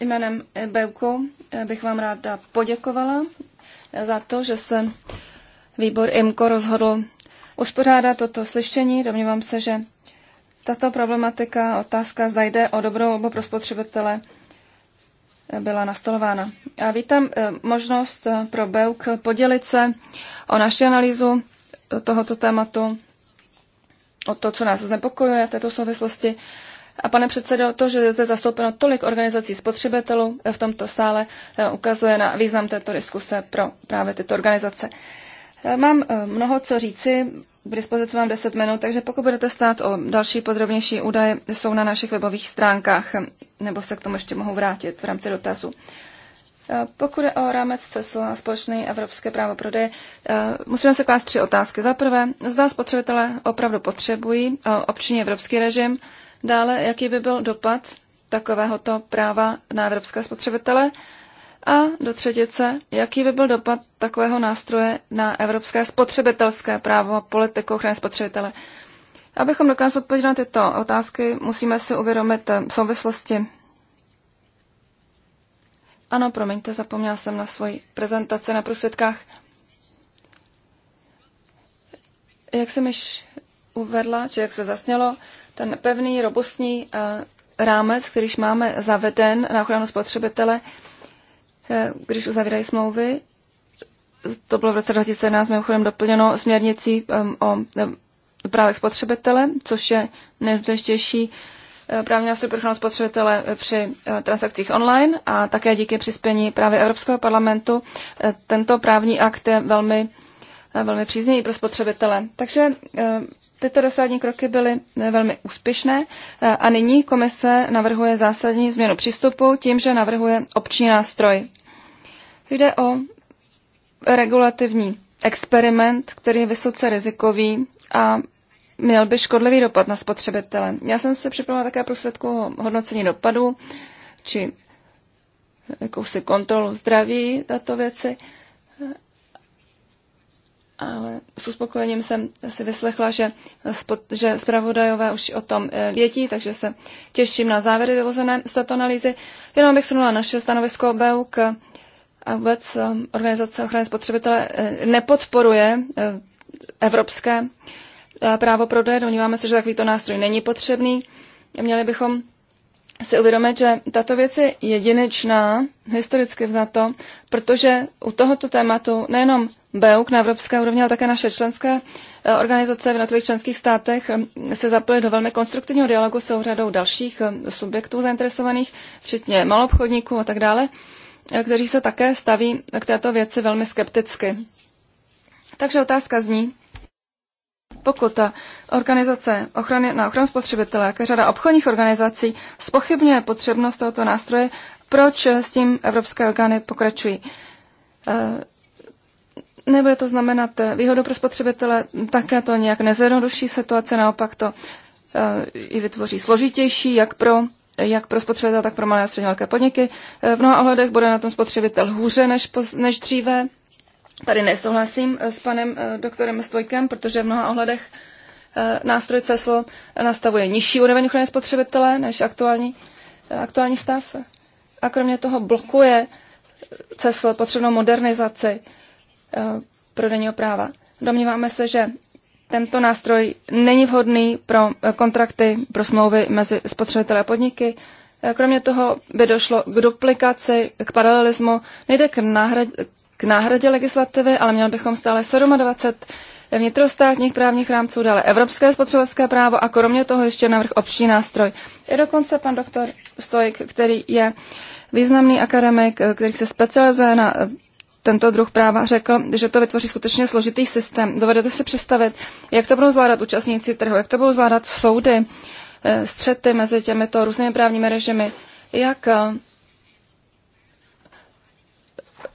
Jménem Beuku bych vám ráda poděkovala za to, že se výbor IMKO rozhodl uspořádat toto slyšení. Domnívám se, že tato problematika, otázka, zda jde o dobrou obu pro spotřebitele, byla nastolována. A vítám eh, možnost eh, pro BEUK podělit se o naši analýzu eh, tohoto tématu, o to, co nás znepokojuje v této souvislosti. A pane předsedo, to, že zde zastoupeno tolik organizací spotřebitelů v tomto sále, ukazuje na význam této diskuse pro právě tyto organizace. Mám mnoho co říci k dispozici mám 10 minut, takže pokud budete stát o další podrobnější údaje, jsou na našich webových stránkách, nebo se k tomu ještě mohou vrátit v rámci dotazu. Eh, pokud je o rámec CESL a společné evropské právo prodeje, eh, musíme se klást tři otázky. Za prvé, zda spotřebitelé opravdu potřebují eh, občinní evropský režim. Dále, jaký by byl dopad takovéhoto práva na evropské spotřebitele. A do třetice, jaký by byl dopad takového nástroje na evropské spotřebitelské právo a politiku ochrany spotřebitele? Abychom dokázali odpovědět na tyto otázky, musíme si uvědomit eh, souvislosti. Ano, promiňte, zapomněla jsem na svoji prezentaci na prosvědkách. Jak jsem již uvedla, či jak se zasnělo, ten pevný, robustní eh, rámec, kterýž máme zaveden na ochranu spotřebitele, Eh, když uzavírají smlouvy. To bylo v roce 2017 mimochodem doplněno směrnicí o právech spotřebitele, což je nejdůležitější eh, právní nástroj pro ochranu spotřebitele eh, při transakcích online a také díky přispění právě Evropského parlamentu tento právní akt je velmi, velmi příznivý pro spotřebitele. Takže Tyto dosádní kroky byly eh, velmi úspěšné eh, a nyní komise navrhuje zásadní změnu přístupu tím, že navrhuje obční nástroj. Jde o regulativní experiment, který je vysoce rizikový a měl by škodlivý dopad na spotřebitele. Já jsem se připravila také pro svědku hodnocení dopadu či jakousi kontrolu zdraví tato věci. Ale s uspokojením jsem si vyslechla, že, spod, že zpravodajové už o tom eh, vědí, takže se těším na závěry vyvozené z této analýzy. Jenom bych shrnula naše stanovisko k a vůbec eh, Organizace ochrany spotřebitele eh, nepodporuje evropské právo prodeje. Domníváme se, že takovýto nástroj není potřebný. Měli bychom si uvědomit, že tato věc je jedinečná, historicky vzato, protože u tohoto tématu nejenom BEUK na evropské úrovni, ale také naše členské eh, organizace v jednotlivých členských státech eh, se zapojily do velmi konstruktivního dialogu s řadou dalších eh, subjektů zainteresovaných, včetně malobchodníků a tak dále, kteří se také staví k této věci velmi skepticky. Takže otázka zní, pokud ta organizace ochrany, na ochranu spotřebitele, jak řada obchodních organizací, spochybňuje potřebnost tohoto nástroje, proč s tím evropské orgány pokračují? Nebude to znamenat eh, výhodu pro spotřebitele, také to nějak nezjednoduší situace, naopak to eh, i vytvoří složitější, jak pro jak pro spotřebitele, tak pro malé a střední velké podniky. Eh, v mnoha ohledech bude na tom spotřebitel hůře než, než dříve. Tady nesouhlasím s panem doktorem Stojkem, protože v mnoha ohledech nástroj CESL nastavuje nižší úroveň ochrany spotřebitele než aktuální, aktuální stav. A kromě toho blokuje CESL potřebnou modernizaci Eh, prodejního práva. Domníváme se, že tento nástroj není vhodný pro eh, kontrakty, pro smlouvy mezi spotřebiteli a podniky. Eh, kromě toho by došlo k duplikaci, k paralelismu, nejde k náhradě, k náhradě legislativy, ale měl bychom stále 27 vnitrostátních právních rámců, dále evropské spotřebitelské právo a kromě toho ještě navrh obší nástroj. Je dokonce pan doktor Stojk, který je významný akademik, který se specializuje na tento druh práva řekl, že to vytvoří skutečně složitý systém. Dovedete si představit, jak to budou zvládat účastníci trhu, jak to budou zvládat soudy, eh, střety mezi těmito různými právními režimy, jak eh,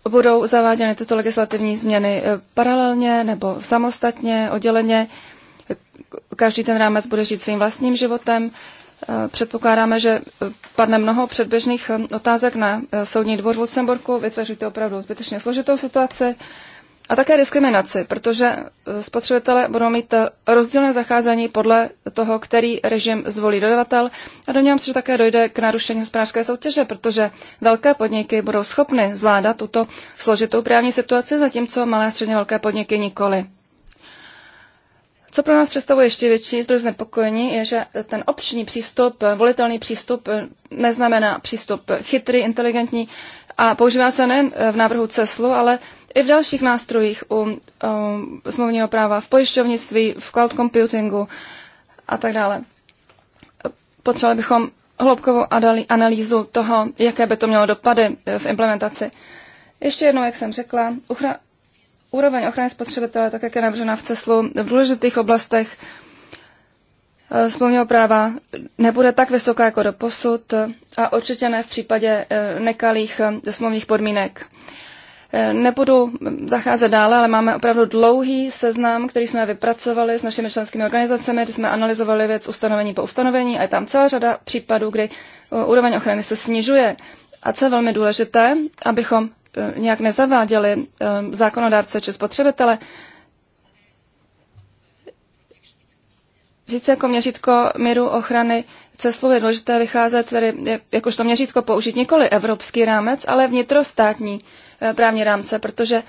budou zaváděny tyto legislativní změny eh, paralelně nebo samostatně, odděleně. Každý ten rámec bude žít svým vlastním životem. Eh, předpokládáme, že eh, padne mnoho předběžných eh, otázek na soudní dvor v Lucemburku, vytvoříte opravdu zbytečně složitou situaci a také diskriminaci, protože spotřebitelé budou mít rozdílné zacházení podle toho, který režim zvolí dodavatel a domnívám se, že také dojde k narušení hospodářské soutěže, protože velké podniky budou schopny zvládat tuto složitou právní situaci, zatímco malé a středně velké podniky nikoli. Co pro nás představuje ještě větší zdroj znepokojení, je, že ten opční přístup, volitelný přístup, neznamená přístup chytrý, inteligentní a používá se nejen v návrhu CESLu, ale i v dalších nástrojích u, u smluvního práva, v pojišťovnictví, v cloud computingu a tak dále. Potřebovali bychom hloubkovou analýzu toho, jaké by to mělo dopady v implementaci. Ještě jednou, jak jsem řekla, úroveň ochrany spotřebitele, tak jak je navržena v CESLu, v důležitých oblastech eh, smluvního práva nebude tak vysoká jako do posud a určitě ne v případě eh, nekalých eh, smluvních podmínek. Nebudu zacházet dále, ale máme opravdu dlouhý seznam, který jsme vypracovali s našimi členskými organizacemi, kdy jsme analyzovali věc ustanovení po ustanovení a je tam celá řada případů, kdy úroveň ochrany se snižuje. A co je velmi důležité, abychom Eh, nějak nezaváděli eh, zákonodárce či spotřebitele. Říct jako měřítko míru ochrany CESLu je důležité vycházet tedy jakožto měřítko použít nikoli evropský rámec, ale vnitrostátní eh, právní rámce, protože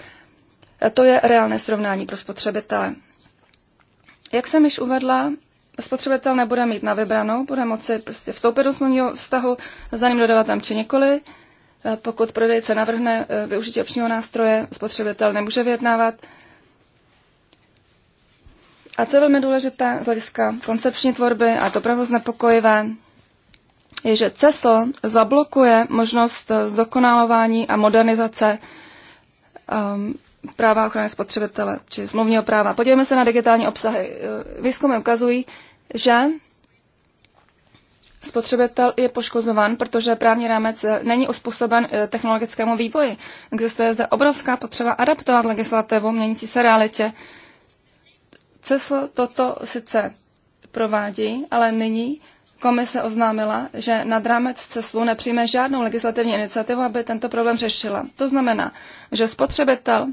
to je reálné srovnání pro spotřebitele. Jak jsem již uvedla, spotřebitel nebude mít na vybranou, bude moci prostě vstoupit do smluvního vztahu s daným dodavatelem či nikoli. Eh, pokud prodejce navrhne eh, využití opčního nástroje, spotřebitel nemůže vyjednávat. A co je velmi důležité z hlediska koncepční tvorby a to opravdu znepokojivé, je, že CESL zablokuje možnost eh, zdokonalování a modernizace um, práva ochrany spotřebitele či smluvního práva. Podívejme se na digitální obsahy. Výzkumy ukazují, že spotřebitel je poškozován, protože právní rámec eh, není uspůsoben eh, technologickému vývoji. Existuje zde obrovská potřeba adaptovat legislativu měnící se realitě. CESL toto sice provádí, ale nyní komise oznámila, že nad rámec CESLu nepřijme žádnou legislativní iniciativu, aby tento problém řešila. To znamená, že spotřebitel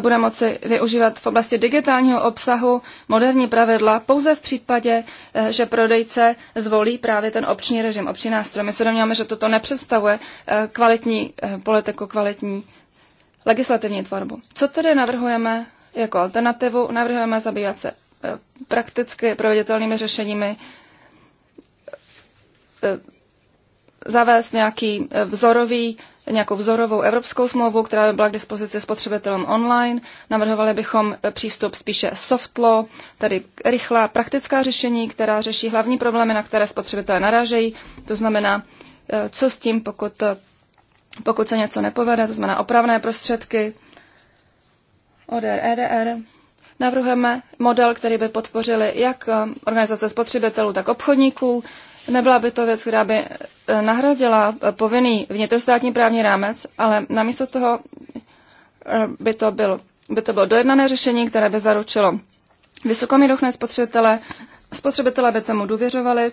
bude moci využívat v oblasti digitálního obsahu moderní pravidla pouze v případě, eh, že prodejce zvolí právě ten obční režim, obční nástroj. My se domníváme, že toto nepředstavuje eh, kvalitní eh, politiku, kvalitní legislativní tvorbu. Co tedy navrhujeme jako alternativu? Navrhujeme zabývat se prakticky proveditelnými řešeními zavést nějaký eh, vzorový, nějakou vzorovou evropskou smlouvu, která by byla k dispozici spotřebitelům online. Navrhovali bychom eh, přístup spíše soft law, tedy rychlá praktická řešení, která řeší hlavní problémy, na které spotřebitelé narážejí. To znamená, eh, co s tím, pokud, pokud se něco nepovede, to znamená opravné prostředky, ODR, EDR. Navrhujeme model, který by podpořili jak organizace spotřebitelů, tak obchodníků. Nebyla by to věc, která by eh, nahradila eh, povinný vnitrostátní právní rámec, ale namísto toho eh, by to, byl, by to bylo dojednané řešení, které by zaručilo vysokomíruchné spotřebitele, spotřebitele by tomu důvěřovali,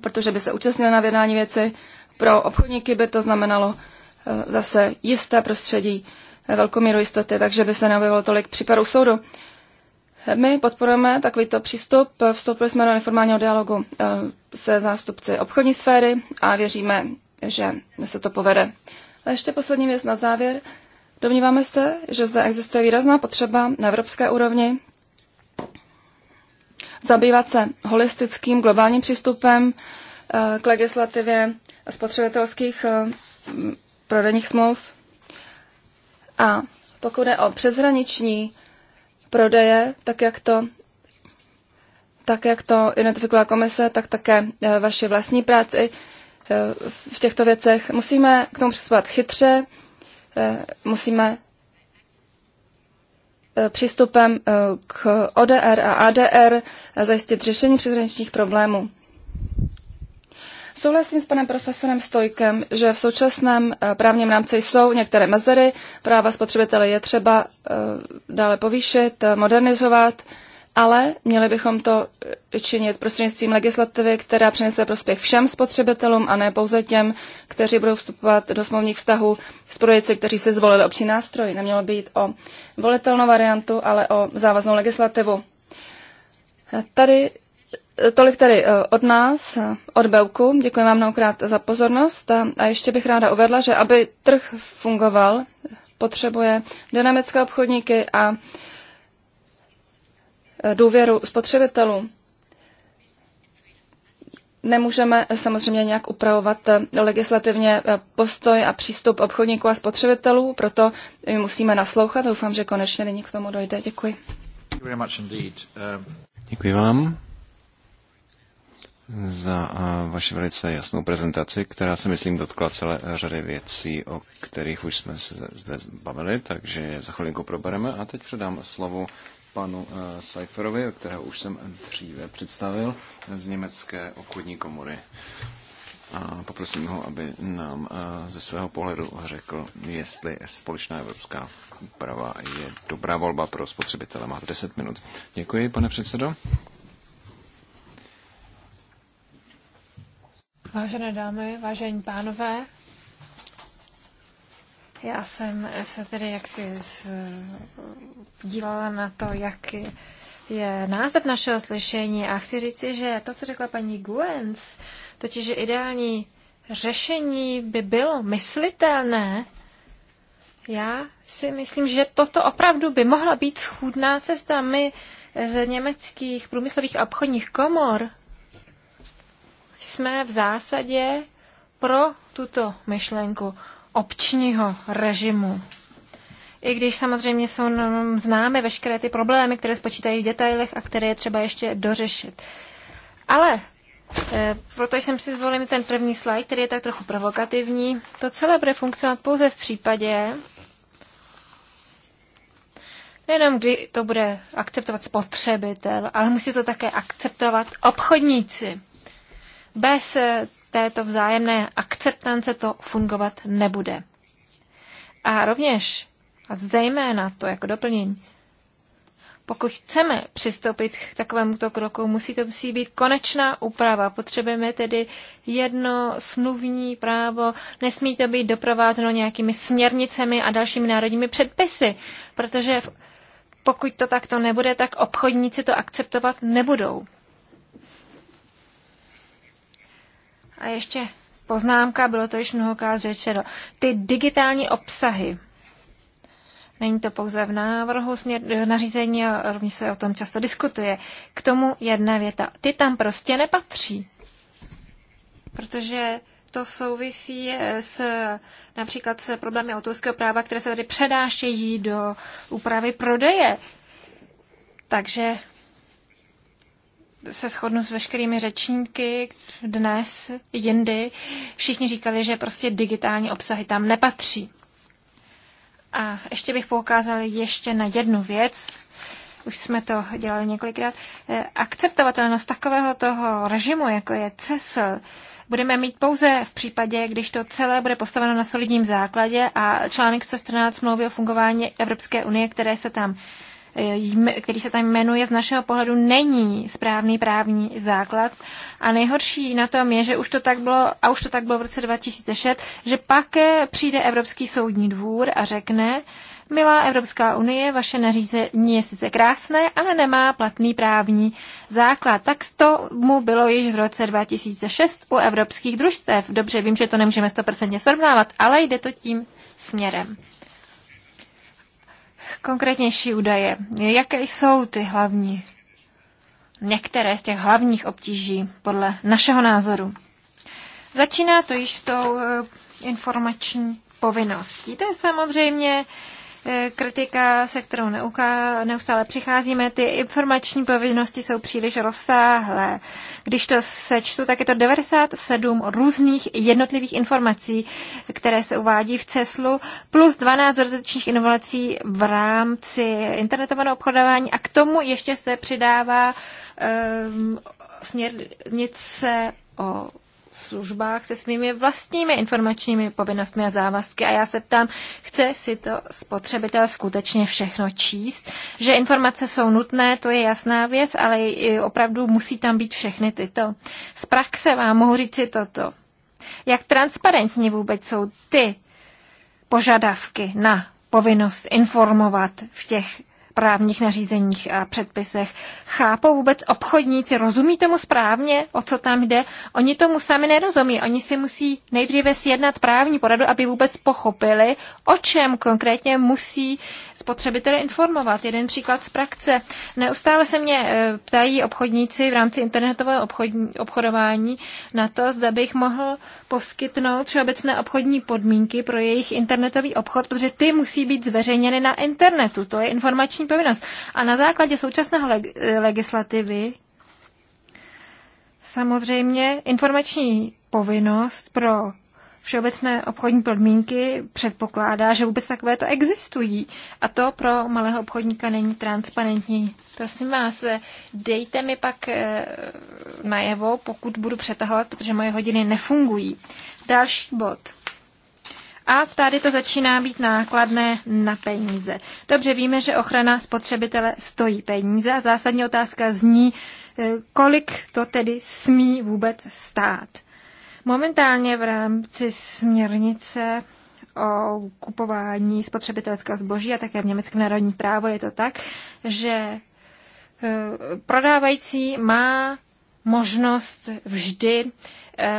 protože by se účastnili na vědání věci. Pro obchodníky by to znamenalo zase jisté prostředí, velkou míru jistoty, takže by se neobjevilo tolik případů soudu. My podporujeme takovýto přístup. Vstoupili jsme do neformálního dialogu eh, se zástupci obchodní sféry a věříme, že se to povede. A ještě poslední věc na závěr. Domníváme se, že zde existuje výrazná potřeba na evropské úrovni zabývat se holistickým globálním přístupem eh, k legislativě spotřebitelských eh, prodejních smluv. A pokud je o přeshraniční prodeje, tak jak to tak jak to identifikovala komise, tak také eh, vaši vlastní práci eh, v těchto věcech. Musíme k tomu přistupovat chytře, eh, musíme přístupem k ODR a ADR zajistit řešení přeshraničních problémů. Souhlasím s panem profesorem Stojkem, že v současném eh, právním rámci jsou některé mezery, práva spotřebitele je třeba eh, dále povýšit, eh, modernizovat, ale měli bychom to činit prostřednictvím legislativy, která přinese prospěch všem spotřebitelům a ne pouze těm, kteří budou vstupovat do smluvních vztahů s projekty, kteří si zvolili obří nástroj. Nemělo by jít o volitelnou variantu, ale o závaznou legislativu. Tady Tolik tedy eh, od nás, eh, od Belku. Děkuji vám mnohokrát za pozornost eh, a ještě bych ráda uvedla, že aby trh fungoval, potřebuje dynamické obchodníky a důvěru spotřebitelů. Nemůžeme samozřejmě nějak upravovat legislativně postoj a přístup obchodníků a spotřebitelů, proto my musíme naslouchat. Doufám, že konečně nyní k tomu dojde. Děkuji. Um, Děkuji vám za vaši velice jasnou prezentaci, která se, myslím, dotkla celé řady věcí, o kterých už jsme se zde bavili, takže za chvilinku probereme. A teď předám slovo panu Seiferovi, kterého už jsem dříve představil, z Německé obchodní komory. A poprosím ho, aby nám ze svého pohledu řekl, jestli společná evropská úprava je dobrá volba pro spotřebitele. Máte 10 minut. Děkuji, pane předsedo. Vážené dámy, vážení pánové, já jsem se tedy jaksi dívala na to, jak je název našeho slyšení a chci říci, že to, co řekla paní Guens, totiž že ideální řešení by bylo myslitelné, já si myslím, že toto opravdu by mohla být schůdná cesta. My z německých průmyslových a obchodních komor jsme v zásadě pro tuto myšlenku občního režimu. I když samozřejmě jsou nám známe veškeré ty problémy, které spočítají v detailech a které je třeba ještě dořešit. Ale e, proto jsem si zvolil ten první slide, který je tak trochu provokativní. To celé bude funkcionovat pouze v případě, nejenom kdy to bude akceptovat spotřebitel, ale musí to také akceptovat obchodníci. Bez eh, této vzájemné akceptance to fungovat nebude. A rovněž, a zejména to jako doplnění, pokud chceme přistoupit k takovémuto kroku, musí to musí být konečná úprava. Potřebujeme tedy jedno smluvní právo. Nesmí to být doprovázeno nějakými směrnicemi a dalšími národními předpisy, protože pokud to takto nebude, tak obchodníci to akceptovat nebudou. A ještě poznámka, bylo to již mnohokrát řečeno. Ty digitální obsahy. Není to pouze v návrhu směr, eh, nařízení a rovněž se o tom často diskutuje. K tomu jedna věta. Ty tam prostě nepatří. Protože to souvisí eh, s například s problémy autorského práva, které se tady předášejí do úpravy prodeje. Takže se shodnu s veškerými řečníky dnes, jindy. Všichni říkali, že prostě digitální obsahy tam nepatří. A ještě bych poukázal ještě na jednu věc, už jsme to dělali několikrát, eh, akceptovatelnost takového toho režimu, jako je CESL, budeme mít pouze v případě, když to celé bude postaveno na solidním základě a článek 114 smlouvy o fungování Evropské unie, které se tam který se tam jmenuje, z našeho pohledu není správný právní základ. A nejhorší na tom je, že už to tak bylo, a už to tak bylo v roce 2006, že pak eh, přijde Evropský soudní dvůr a řekne, Milá Evropská unie, vaše nařízení je sice krásné, ale nemá platný právní základ. Tak to mu bylo již v roce 2006 u evropských družstev. Dobře, vím, že to nemůžeme 100% srovnávat, ale jde to tím směrem. Konkrétnější údaje. Jaké jsou ty hlavní, některé z těch hlavních obtíží podle našeho názoru? Začíná to již s tou eh, informační povinností. To je samozřejmě Eh, kritika, se kterou neustále přicházíme. Ty informační povinnosti jsou příliš rozsáhlé. Když to sečtu, tak je to 97 různých jednotlivých informací, které se uvádí v CESLu, plus 12 dodatečných inovací v rámci internetového obchodování a k tomu ještě se přidává um, směrnice o službách se svými vlastními informačními povinnostmi a závazky. A já se ptám, chce si to spotřebitel skutečně všechno číst? Že informace jsou nutné, to je jasná věc, ale opravdu musí tam být všechny tyto. Z praxe vám mohu říci toto. Jak transparentní vůbec jsou ty požadavky na povinnost informovat v těch právních nařízeních a předpisech. Chápou vůbec obchodníci, rozumí tomu správně, o co tam jde? Oni tomu sami nerozumí, oni si musí nejdříve sjednat právní poradu, aby vůbec pochopili, o čem konkrétně musí spotřebitele informovat. Jeden příklad z praxe. Neustále se mě eh, ptají obchodníci v rámci internetového obchodní, obchodování na to, zda bych mohl poskytnout všeobecné obchodní podmínky pro jejich internetový obchod, protože ty musí být zveřejněny na internetu. To je informační deklarační povinnost. A na základě současného leg- eh, legislativy samozřejmě informační povinnost pro všeobecné obchodní podmínky předpokládá, že vůbec takové to existují. A to pro malého obchodníka není transparentní. Prosím vás, eh, dejte mi pak eh, najevo, pokud budu přetahovat, protože moje hodiny nefungují. Další bod. A tady to začíná být nákladné na peníze. Dobře víme, že ochrana spotřebitele stojí peníze a zásadní otázka zní, eh, kolik to tedy smí vůbec stát. Momentálně v rámci směrnice o kupování spotřebitelského zboží a také v německém národní právo je to tak, že eh, prodávající má možnost vždy eh,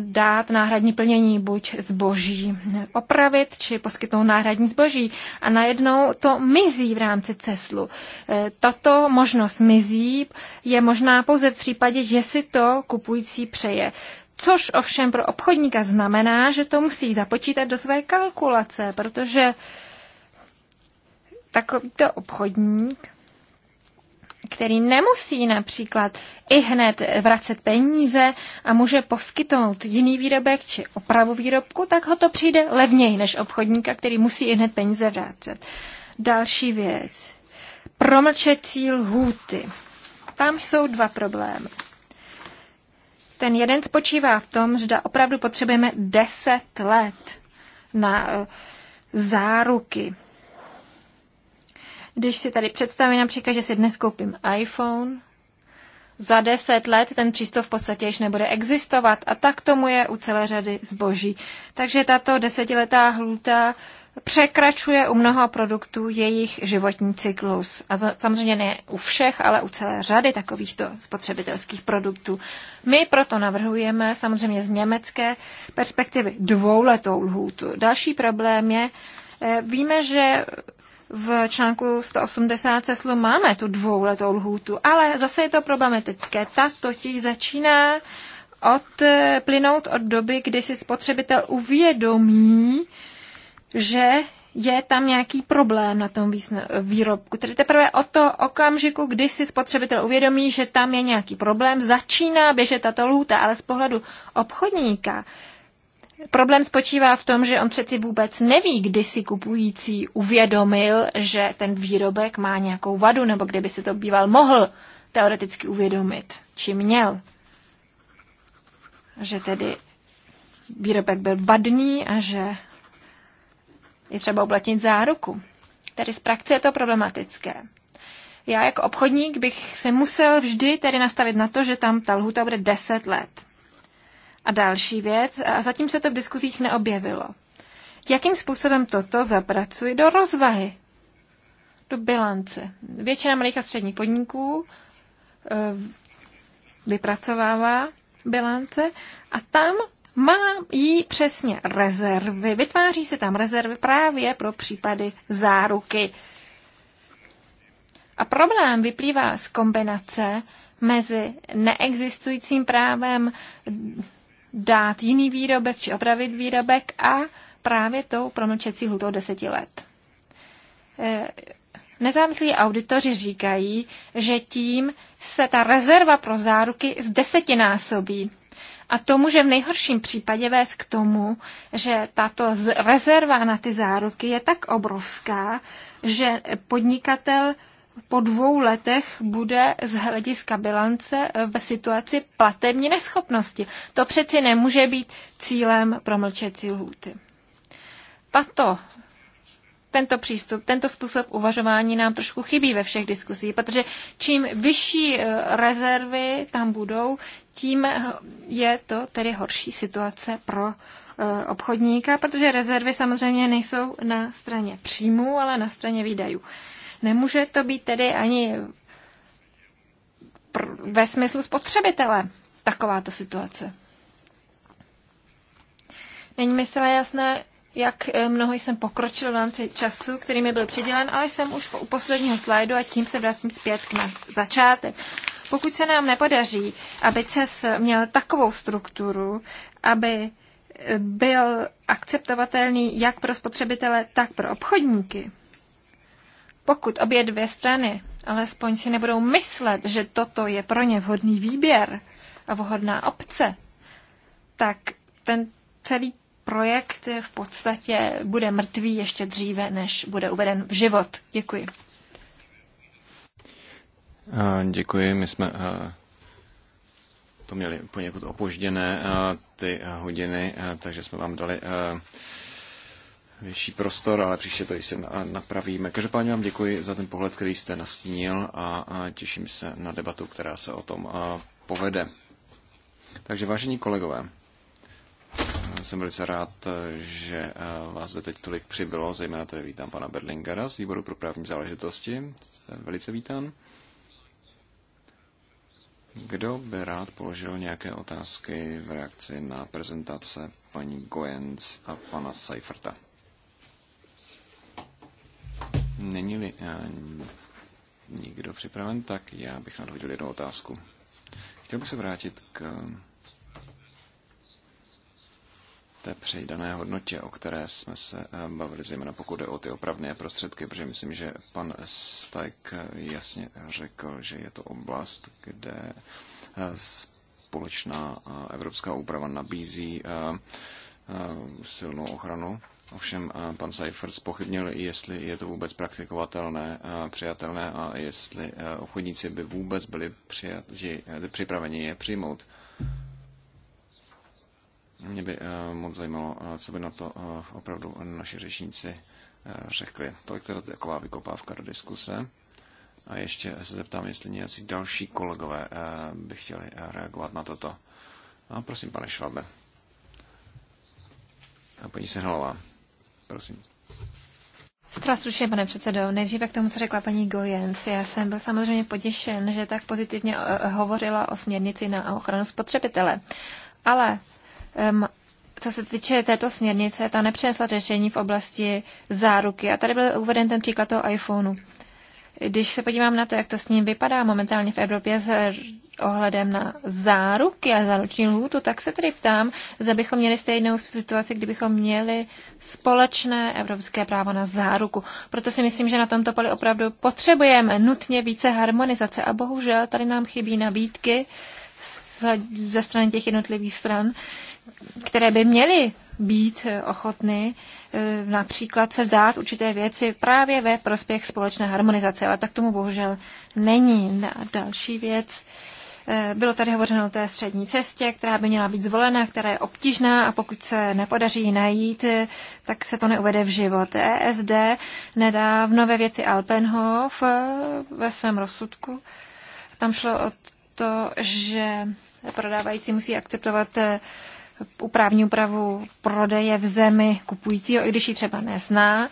dát náhradní plnění, buď zboží opravit, či poskytnout náhradní zboží. A najednou to mizí v rámci CESLu. E, tato možnost mizí je možná pouze v případě, že si to kupující přeje. Což ovšem pro obchodníka znamená, že to musí započítat do své kalkulace, protože takovýto obchodník který nemusí například i hned vracet peníze a může poskytnout jiný výrobek či opravu výrobku, tak ho to přijde levněji než obchodníka, který musí i hned peníze vrátit. Další věc. Promlčecí lhůty. Tam jsou dva problémy. Ten jeden spočívá v tom, že opravdu potřebujeme 10 let na eh, záruky když si tady představím například, že si dnes koupím iPhone, za deset let ten přístup v podstatě již nebude existovat a tak tomu je u celé řady zboží. Takže tato desetiletá hluta překračuje u mnoha produktů jejich životní cyklus. A to, samozřejmě ne u všech, ale u celé řady takovýchto spotřebitelských produktů. My proto navrhujeme samozřejmě z německé perspektivy dvouletou lhůtu. Další problém je, eh, víme, že v článku 180 CESLu máme tu dvouletou lhůtu, ale zase je to problematické. Ta totiž začíná od, eh, plynout od doby, kdy si spotřebitel uvědomí, že je tam nějaký problém na tom výrobku. Tedy teprve od toho okamžiku, kdy si spotřebitel uvědomí, že tam je nějaký problém, začíná běžet tato lhůta, ale z pohledu obchodníka Problém spočívá v tom, že on přeci vůbec neví, kdy si kupující uvědomil, že ten výrobek má nějakou vadu, nebo kdyby si to býval mohl teoreticky uvědomit, či měl. Že tedy výrobek byl vadný a že je třeba uplatnit záruku. Tedy z praxe je to problematické. Já jako obchodník bych se musel vždy tedy nastavit na to, že tam ta lhuta bude 10 let. A další věc, a zatím se to v diskuzích neobjevilo. Jakým způsobem toto zapracuji do rozvahy, do bilance? Většina malých a středních podniků eh, vypracovává bilance a tam má jí přesně rezervy. Vytváří se tam rezervy právě pro případy záruky. A problém vyplývá z kombinace mezi neexistujícím právem, dát jiný výrobek či opravit výrobek a právě tou promlčecí lhutou deseti let. E, nezávislí auditoři říkají, že tím se ta rezerva pro záruky z násobí, A to může v nejhorším případě vést k tomu, že tato rezerva na ty záruky je tak obrovská, že podnikatel po dvou letech bude z hlediska bilance eh, ve situaci platební neschopnosti. To přeci nemůže být cílem promlčecí lhůty. Tato tento přístup, tento způsob uvažování nám trošku chybí ve všech diskusích, protože čím vyšší eh, rezervy tam budou, tím eh, je to tedy horší situace pro obchodníka, protože rezervy samozřejmě nejsou na straně příjmů, ale na straně výdajů. Nemůže to být tedy ani ve smyslu spotřebitele takováto situace. Není mi zcela jasné, jak eh, mnoho jsem pokročil v rámci času, který mi byl přidělen, ale jsem už u posledního slajdu a tím se vracím zpět k na začátek. Pokud se nám nepodaří, aby CES měl takovou strukturu, aby eh, byl akceptovatelný jak pro spotřebitele, tak pro obchodníky, pokud obě dvě strany alespoň si nebudou myslet, že toto je pro ně vhodný výběr a vhodná obce, tak ten celý projekt v podstatě bude mrtvý ještě dříve, než bude uveden v život. Děkuji. Děkuji, my jsme to měli poněkud opožděné, ty hodiny, takže jsme vám dali větší prostor, ale příště to jistě napravíme. Každopádně vám děkuji za ten pohled, který jste nastínil a těším se na debatu, která se o tom povede. Takže vážení kolegové, jsem velice rád, že vás zde teď tolik přibylo, zejména tady vítám pana Berlingera z výboru pro právní záležitosti. Jste velice vítán. Kdo by rád položil nějaké otázky v reakci na prezentace paní Goenz a pana Seiferta? Není-li eh, nikdo připraven, tak já bych nadhodil jednu otázku. Chtěl bych se vrátit k té přejdané hodnotě, o které jsme se eh, bavili, zejména pokud jde o ty opravné prostředky, protože myslím, že pan Stajk jasně řekl, že je to oblast, kde eh, společná evropská úprava nabízí silnou ochranu Ovšem pan Seifert pochybnil, jestli je to vůbec praktikovatelné, přijatelné a jestli obchodníci by vůbec byli přijat, e, připraveni je přijmout. Mě by e, moc zajímalo, co by na to e, opravdu naši řečníci řekli. Tolik teda taková vykopávka do diskuse. A ještě se zeptám, jestli nějací další kolegové by chtěli reagovat na toto. A prosím, pane Švabe. A paní Sehnalová. Prosím. Zcela pane předsedo. Nejdříve k tomu, co řekla paní Gojens. Já jsem byl samozřejmě potěšen, že tak pozitivně eh, hovořila o směrnici na ochranu spotřebitele. Ale um, co se týče této směrnice, ta nepřinesla řešení v oblasti záruky. A tady byl uveden ten příklad toho iPhoneu. Když se podívám na to, jak to s ním vypadá momentálně v Evropě ohledem na záruky a záruční lhůtu, tak se tedy ptám, zda bychom měli stejnou situaci, kdybychom měli společné evropské právo na záruku. Proto si myslím, že na tomto poli opravdu potřebujeme nutně více harmonizace a bohužel tady nám chybí nabídky ze strany těch jednotlivých stran, které by měly být ochotny e, například se vzdát určité věci právě ve prospěch společné harmonizace, ale tak tomu bohužel není. A další věc, Eh, bylo tady hovořeno o té střední cestě, která by měla být zvolena, která je obtížná a pokud se nepodaří najít, eh, tak se to neuvede v život. ESD nedávno ve věci Alpenhof eh, ve svém rozsudku, tam šlo o to, že prodávající musí akceptovat uprávní úpravu prodeje v zemi kupujícího, i když ji třeba nezná.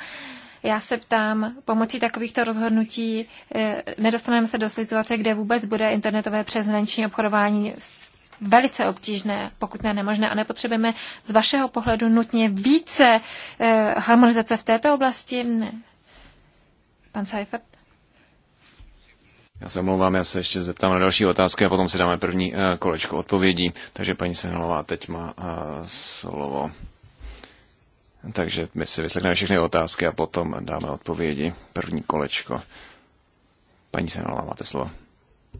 Já se ptám, pomocí takovýchto rozhodnutí eh, nedostaneme se do situace, kde vůbec bude internetové přeshraniční obchodování velice obtížné, pokud ne nemožné, a nepotřebujeme z vašeho pohledu nutně více eh, harmonizace v této oblasti? Ne. Pan Seifert? Já se omlouvám, já se ještě zeptám na další otázky a potom si dáme první eh, kolečko odpovědí. Takže paní Senelová teď má slovo. Takže my si vyslechneme všechny otázky a potom dáme odpovědi. První kolečko. Paní Senola, máte slovo.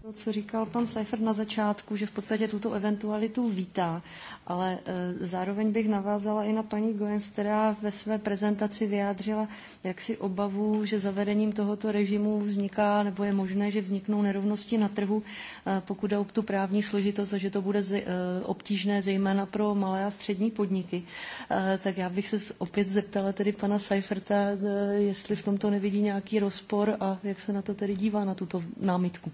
To, co říkal pan Seifert na začátku, že v podstatě tuto eventualitu vítá, ale e, zároveň bych navázala i na paní Goens, která ve své prezentaci vyjádřila jaksi obavu, že zavedením tohoto režimu vzniká, nebo je možné, že vzniknou nerovnosti na trhu, e, pokud jde o tu právní složitost a že to bude e, obtížné zejména pro malé a střední podniky. E, tak já bych se opět zeptala tedy pana Seiferta, e, jestli v tomto nevidí nějaký rozpor a jak se na to tedy dívá, na tuto námitku.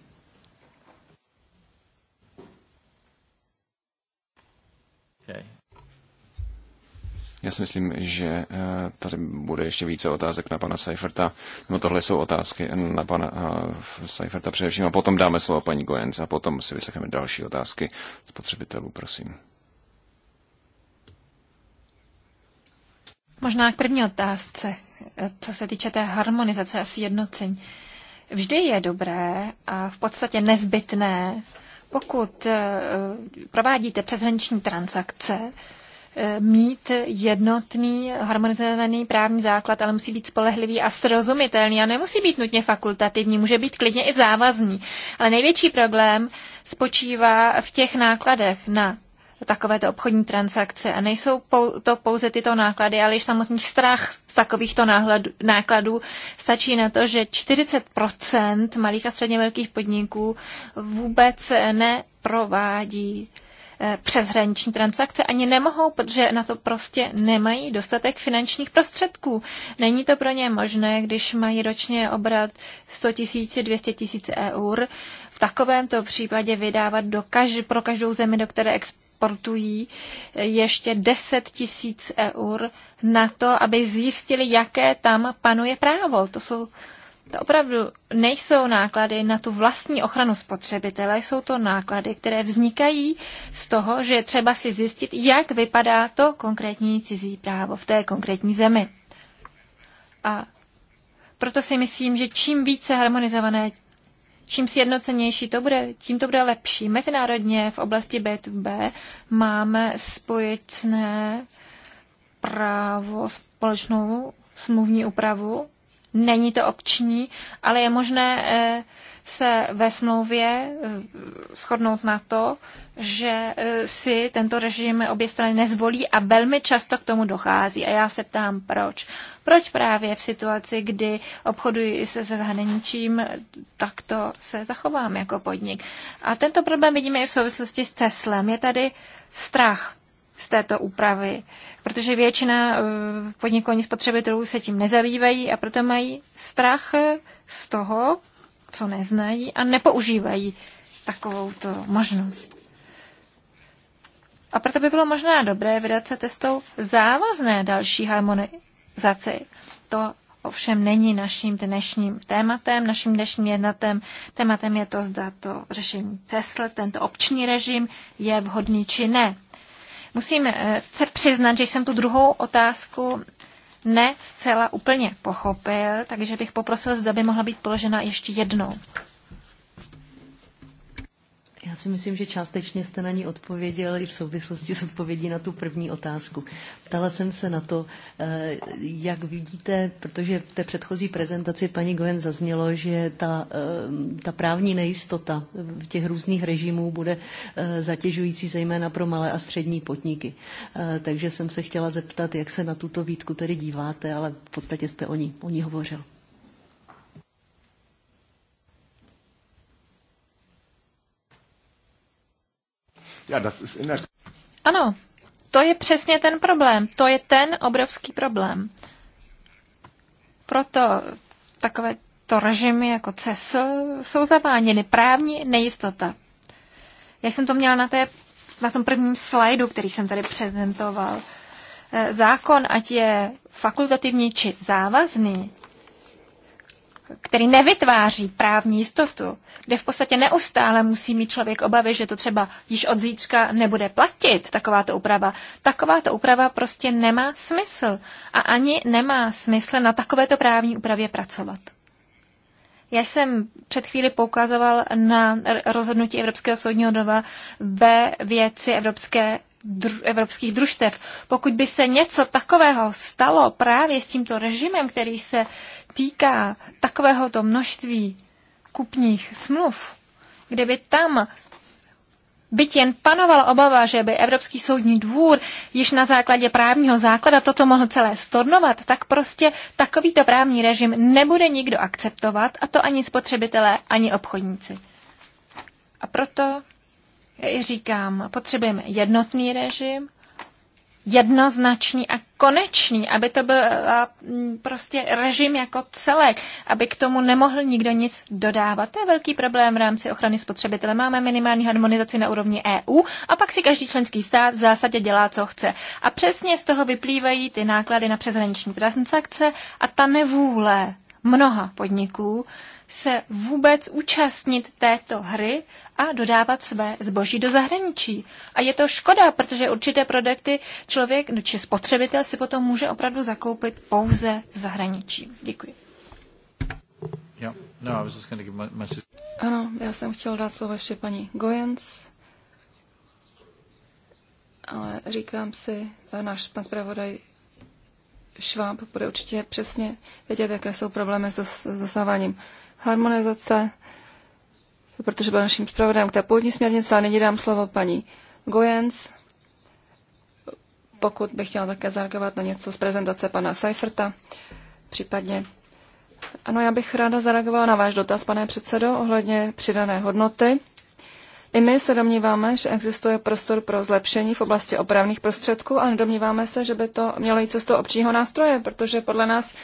Já si myslím, že eh, tady bude ještě více otázek na pana Seiferta. No tohle jsou otázky na pana eh, Seiferta především. A potom dáme slovo paní Goenz a potom si vyslechneme další otázky spotřebitelů, prosím. Možná k první otázce, eh, co se týče té harmonizace a sjednocení. Vždy je dobré a v podstatě nezbytné pokud eh, provádíte přeshraniční transakce, eh, mít jednotný, harmonizovaný právní základ, ale musí být spolehlivý a srozumitelný a nemusí být nutně fakultativní, může být klidně i závazný. Ale největší problém spočívá v těch nákladech na takovéto obchodní transakce. A nejsou to pouze tyto náklady, ale i samotný strach z takovýchto nákladů stačí na to, že 40 malých a středně velkých podniků vůbec neprovádí eh, přeshraniční transakce ani nemohou, protože na to prostě nemají dostatek finančních prostředků. Není to pro ně možné, když mají ročně obrat 100 000, 200 tisíc eur, v takovémto případě vydávat do kaž- pro každou zemi, do které exportují ještě 10 tisíc eur na to, aby zjistili, jaké tam panuje právo. To jsou to opravdu nejsou náklady na tu vlastní ochranu spotřebitele, jsou to náklady, které vznikají z toho, že je třeba si zjistit, jak vypadá to konkrétní cizí právo v té konkrétní zemi. A proto si myslím, že čím více harmonizované Čím sjednocenější to bude, tím to bude lepší. Mezinárodně v oblasti B2B máme spoječné právo, společnou smluvní úpravu Není to opční, ale je možné eh, se ve smlouvě eh, shodnout na to, že eh, si tento režim obě strany nezvolí a velmi často k tomu dochází. A já se ptám, proč. Proč právě v situaci, kdy obchoduji se se zahraničím, takto se zachovám jako podnik. A tento problém vidíme i v souvislosti s Teslem. Je tady strach z této úpravy, protože většina eh, podnikovních spotřebitelů se tím nezabývají a proto mají strach z toho, co neznají a nepoužívají takovouto možnost. A proto by bylo možná dobré vydat se testou závazné další harmonizaci. To ovšem není naším dnešním tématem. Naším dnešním jednatem tématem je to, zda to řešení CESL, tento obční režim, je vhodný či ne. Musím eh, se přiznat, že jsem tu druhou otázku ne zcela úplně pochopil, takže bych poprosil, zda by mohla být položena ještě jednou. Já si myslím, že částečně jste na ní odpověděl i v souvislosti s odpovědí na tu první otázku. Ptala jsem se na to, eh, jak vidíte, protože v té předchozí prezentaci paní Gohen zaznělo, že ta, eh, ta právní nejistota v těch různých režimů bude eh, zatěžující zejména pro malé a střední podniky. Takže jsem se chtěla zeptat, jak se na tuto výtku tedy díváte, ale v podstatě jste o ní, o ní hovořil. Ano, to je přesně ten problém. To je ten obrovský problém. Proto takové to režimy jako CESL jsou zaváněny. Právní nejistota. Já jsem to měla na, té, na tom prvním slajdu, který jsem tady prezentoval. Eh, zákon, ať je fakultativní či závazný, který nevytváří právní jistotu, kde v podstatě neustále musí mít člověk obavy, že to třeba již od zítřka nebude platit, takováto úprava. Takováto úprava prostě nemá smysl a ani nemá smysl na takovéto právní úpravě pracovat. Já jsem před chvíli poukazoval na rozhodnutí Evropského soudního dova ve věci Evropské dru- evropských družstev. Pokud by se něco takového stalo právě s tímto režimem, který se týká takovéhoto množství kupních smluv, kde by tam Byť jen panovala obava, že by Evropský soudní dvůr již na základě právního základa toto mohl celé stornovat, tak prostě takovýto právní režim nebude nikdo akceptovat, a to ani spotřebitelé, ani obchodníci. A proto říkám, potřebujeme jednotný režim, jednoznačný a konečný, aby to byl mm, prostě režim jako celek, aby k tomu nemohl nikdo nic dodávat. To je velký problém v rámci ochrany spotřebitele. Máme minimální harmonizaci na úrovni EU a pak si každý členský stát v zásadě dělá, co chce. A přesně z toho vyplývají ty náklady na přeshraniční transakce a ta nevůle mnoha podniků, se vůbec účastnit této hry a dodávat své zboží do zahraničí. A je to škoda, protože určité produkty člověk no, či spotřebitel si potom může opravdu zakoupit pouze v zahraničí. Děkuji. Yeah. No, my, my... Ano, já jsem chtěl dát slovo ještě paní Gojens, ale říkám si, eh, náš pan zpravodaj Šváb bude určitě přesně vědět, jaké jsou problémy s, dos- harmonizace, protože byl naším zpravodajem k té původní směrnice a nyní dám slovo paní Gojens, pokud bych chtěla také zareagovat na něco z prezentace pana Seiferta, případně ano, já bych ráda zareagovala na váš dotaz, pane předsedo, ohledně přidané hodnoty. I my se domníváme, že existuje prostor pro zlepšení v oblasti opravných prostředků, ale domníváme se, že by to mělo jít cestou občího nástroje, protože podle nás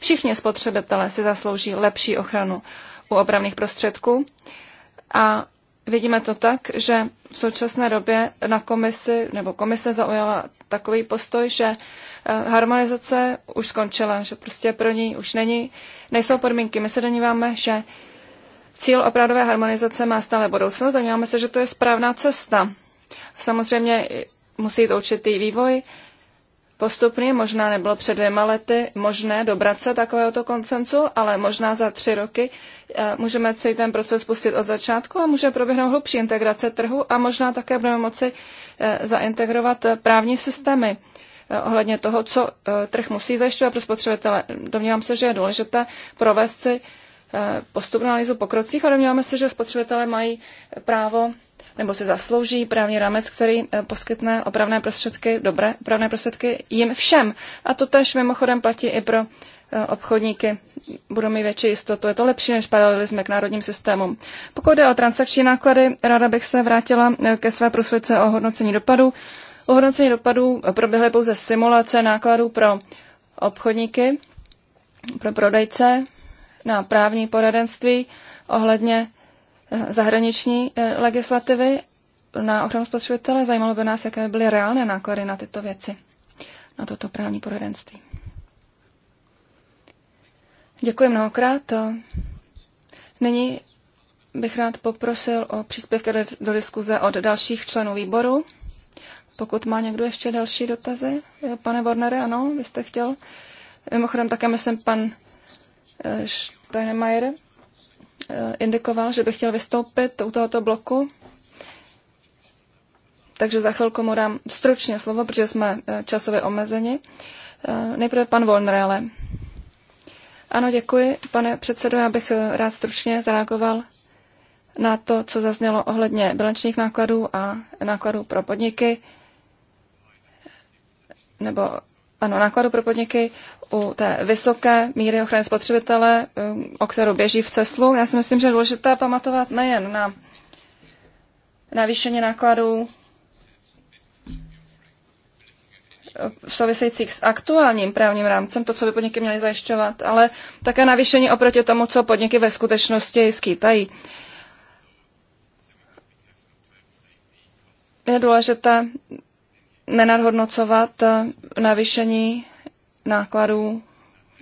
Všichni spotřebitelé si zaslouží lepší ochranu u opravných prostředků a vidíme to tak, že v současné době na komisi, nebo komise zaujala takový postoj, že eh, harmonizace už skončila, že prostě pro ní už není, nejsou podmínky. My se domníváme, že cíl opravdové harmonizace má stále budoucnost, domníváme se, že to je správná cesta. Samozřejmě musí jít určitý vývoj, Postupně Možná nebylo před dvěma lety možné dobrat se takovéhoto koncensu, ale možná za tři roky eh, můžeme celý ten proces pustit od začátku a může proběhnout hlubší integrace trhu a možná také budeme moci eh, zaintegrovat eh, právní systémy ohledně toho, co trh musí zajišťovat pro spotřebitele. Domnívám se, že je důležité provést si postupnou analýzu pokrocích a domníváme se, že spotřebitelé mají právo nebo si zaslouží právní rámec, který eh, poskytne opravné prostředky, dobré opravné prostředky jim všem. A to tež mimochodem platí i pro eh, obchodníky budou mít větší jistotu. Je to lepší než paralelismy k národním systémům. Pokud jde o transakční náklady, ráda bych se vrátila eh, ke své prosvědce o hodnocení dopadů. O hodnocení dopadů proběhly pouze simulace nákladů pro obchodníky, pro prodejce na právní poradenství ohledně zahraniční eh, legislativy na ochranu spotřebitele. Zajímalo by nás, jaké byly reálné náklady na tyto věci, na toto právní poradenství. Děkuji mnohokrát. Nyní bych rád poprosil o příspěvky do, diskuze od dalších členů výboru. Pokud má někdo ještě další dotazy, eh, pane Bornere, ano, vy jste chtěl. Mimochodem také myslím pan eh, Steinmeier. Eh, indikoval, že by chtěl vystoupit u tohoto bloku. Takže za chvilku mu dám stručně slovo, protože jsme eh, časově omezeni. Eh, nejprve pan Volnrele. Ano, děkuji. Pane předsedo, já bych rád stručně zareagoval na to, co zaznělo ohledně bilančních nákladů a nákladů pro podniky nebo ano, nákladu pro podniky u té vysoké míry ochrany spotřebitele, um, o kterou běží v CESLu. Já si myslím, že je důležité pamatovat nejen na navýšení nákladů souvisejících s aktuálním právním rámcem, to, co by podniky měly zajišťovat, ale také navýšení oproti tomu, co podniky ve skutečnosti skýtají. Je důležité nenadhodnocovat eh, navýšení nákladů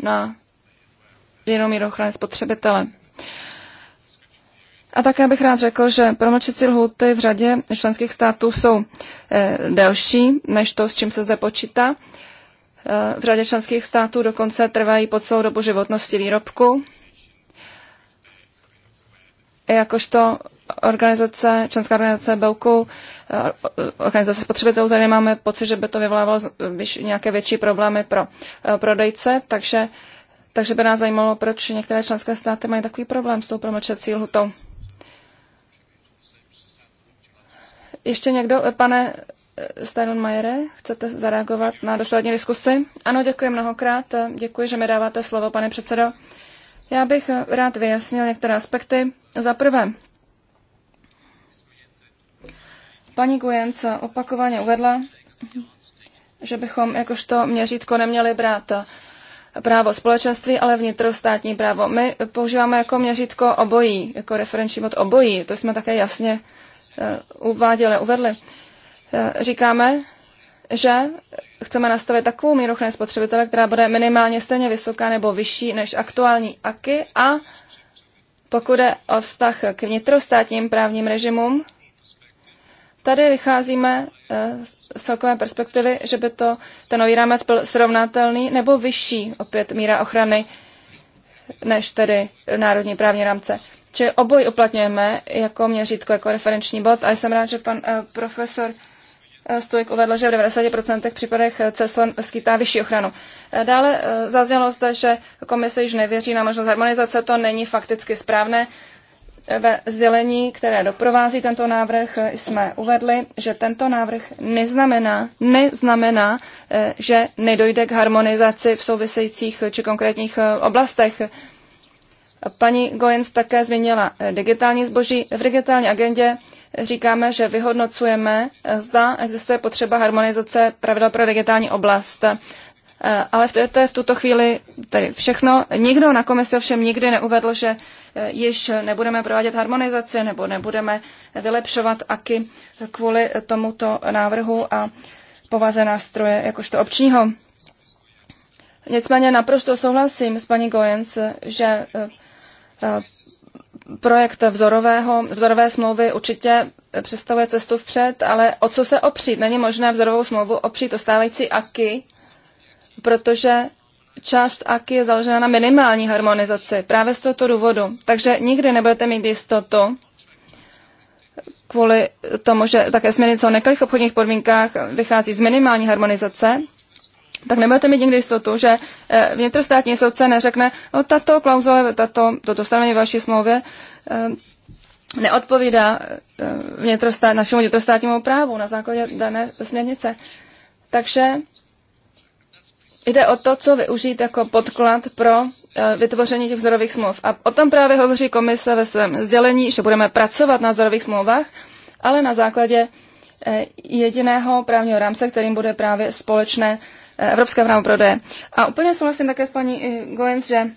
na jenom míru ochrany spotřebitele. A také bych rád řekl, že promlčecí lhuty v řadě členských států jsou eh, delší než to, s čím se zde počítá. Eh, v řadě členských států dokonce trvají po celou dobu životnosti výrobku. Jakožto organizace, členská organizace Belku, eh, organizace spotřebitelů, tady máme pocit, že by to vyvolávalo nějaké větší problémy pro eh, prodejce, takže, takže by nás zajímalo, proč některé členské státy mají takový problém s tou promlčecí lhutou. Ještě někdo, eh, pane Steinmajere, chcete zareagovat na doslední diskusy? Ano, děkuji mnohokrát. Děkuji, že mi dáváte slovo, pane předsedo. Já bych rád vyjasnil některé aspekty. Za prvé, Paní Gujenc opakovaně uvedla, že bychom jakožto měřítko neměli brát právo společenství, ale vnitrostátní právo. My používáme jako měřítko obojí, jako referenční bod obojí. To jsme také jasně eh, uváděli, uvedli. Eh, říkáme, že chceme nastavit takovou míru ochrany spotřebitele, která bude minimálně stejně vysoká nebo vyšší než aktuální AKY a pokud je o vztah k vnitrostátním právním režimům, Tady vycházíme eh, z celkové perspektivy, že by to, ten nový rámec byl srovnatelný nebo vyšší opět míra ochrany než tedy národní právní rámce. Čili oboj uplatňujeme jako měřítko, jako referenční bod a jsem rád, že pan eh, profesor eh, Stojk uvedl, že v 90% případech CESL skýtá vyšší ochranu. Dále zaznělo zde, že komise již nevěří na možnost harmonizace, to není fakticky správné. Ve sdělení, které doprovází tento návrh, jsme uvedli, že tento návrh neznamená, neznamená, eh, že nedojde k harmonizaci v souvisejících či konkrétních eh, oblastech. Paní Goens také zmínila eh, digitální zboží. V digitální agendě říkáme, že vyhodnocujeme, zda existuje potřeba harmonizace pravidel pro digitální oblast. Eh, ale to je v tuto chvíli tady všechno. Nikdo na komisi ovšem nikdy neuvedl, že eh, již nebudeme provádět harmonizaci nebo nebudeme vylepšovat aky kvůli tomuto návrhu a povaze nástroje jakožto občního. Nicméně naprosto souhlasím s paní Goens, že eh, projekt vzorového, vzorové smlouvy určitě představuje cestu vpřed, ale o co se opřít? Není možné vzorovou smlouvu opřít o stávající aky, protože část AKI je založena na minimální harmonizaci právě z tohoto důvodu. Takže nikdy nebudete mít jistotu kvůli tomu, že také směrnice o nekalých obchodních podmínkách vychází z minimální harmonizace, tak nebudete mít nikdy jistotu, že eh, vnitrostátní soudce neřekne, no, tato klauzule, tato, toto stanovení vaší smlouvě eh, neodpovídá eh, vnitrostát, našemu vnitrostátnímu právu na základě dané směrnice. Takže Jde o to, co využít jako podklad pro eh, vytvoření těch vzorových smluv. A o tom právě hovoří komise ve svém sdělení, že budeme pracovat na vzorových smlouvách, ale na základě eh, jediného právního rámce, kterým bude právě společné eh, evropské právo prodeje. A úplně souhlasím také s paní Goins, že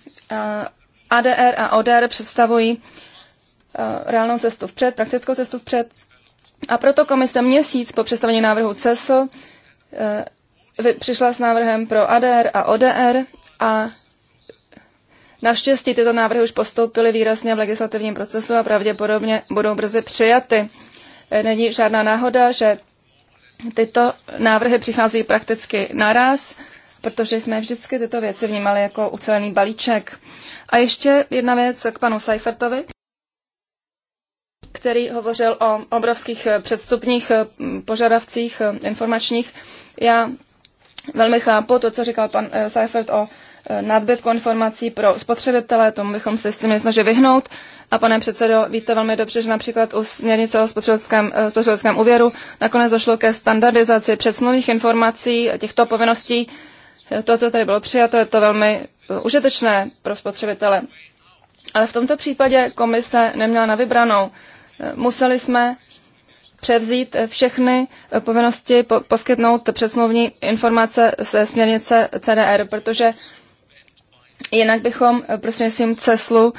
ADR a ODR představují reálnou cestu vpřed, praktickou cestu vpřed. A proto komise měsíc po představení návrhu CESL přišla s návrhem pro ADR a ODR a naštěstí tyto návrhy už postoupily výrazně v legislativním procesu a pravděpodobně budou brzy přijaty. Není žádná náhoda, že tyto návrhy přichází prakticky naraz, protože jsme vždycky tyto věci vnímali jako ucelený balíček. A ještě jedna věc k panu Seifertovi který hovořil o obrovských předstupních eh, požadavcích eh, informačních. Já Velmi chápu to, co říkal pan eh, Seifert o eh, nadbytku informací pro spotřebitele, tomu bychom se s tím snažili vyhnout. A pane předsedo, víte velmi dobře, že například u směrnice o spotřebitelském, eh, spotřebitelském úvěru nakonec došlo ke standardizaci předsmluvních informací těchto povinností. Toto tady bylo přijato, je to velmi užitečné pro spotřebitele. Ale v tomto případě komise neměla na vybranou. Museli jsme převzít eh, všechny eh, povinnosti, po, poskytnout přesmluvní informace ze směrnice CDR, protože jinak bychom eh, prostřednictvím CESLu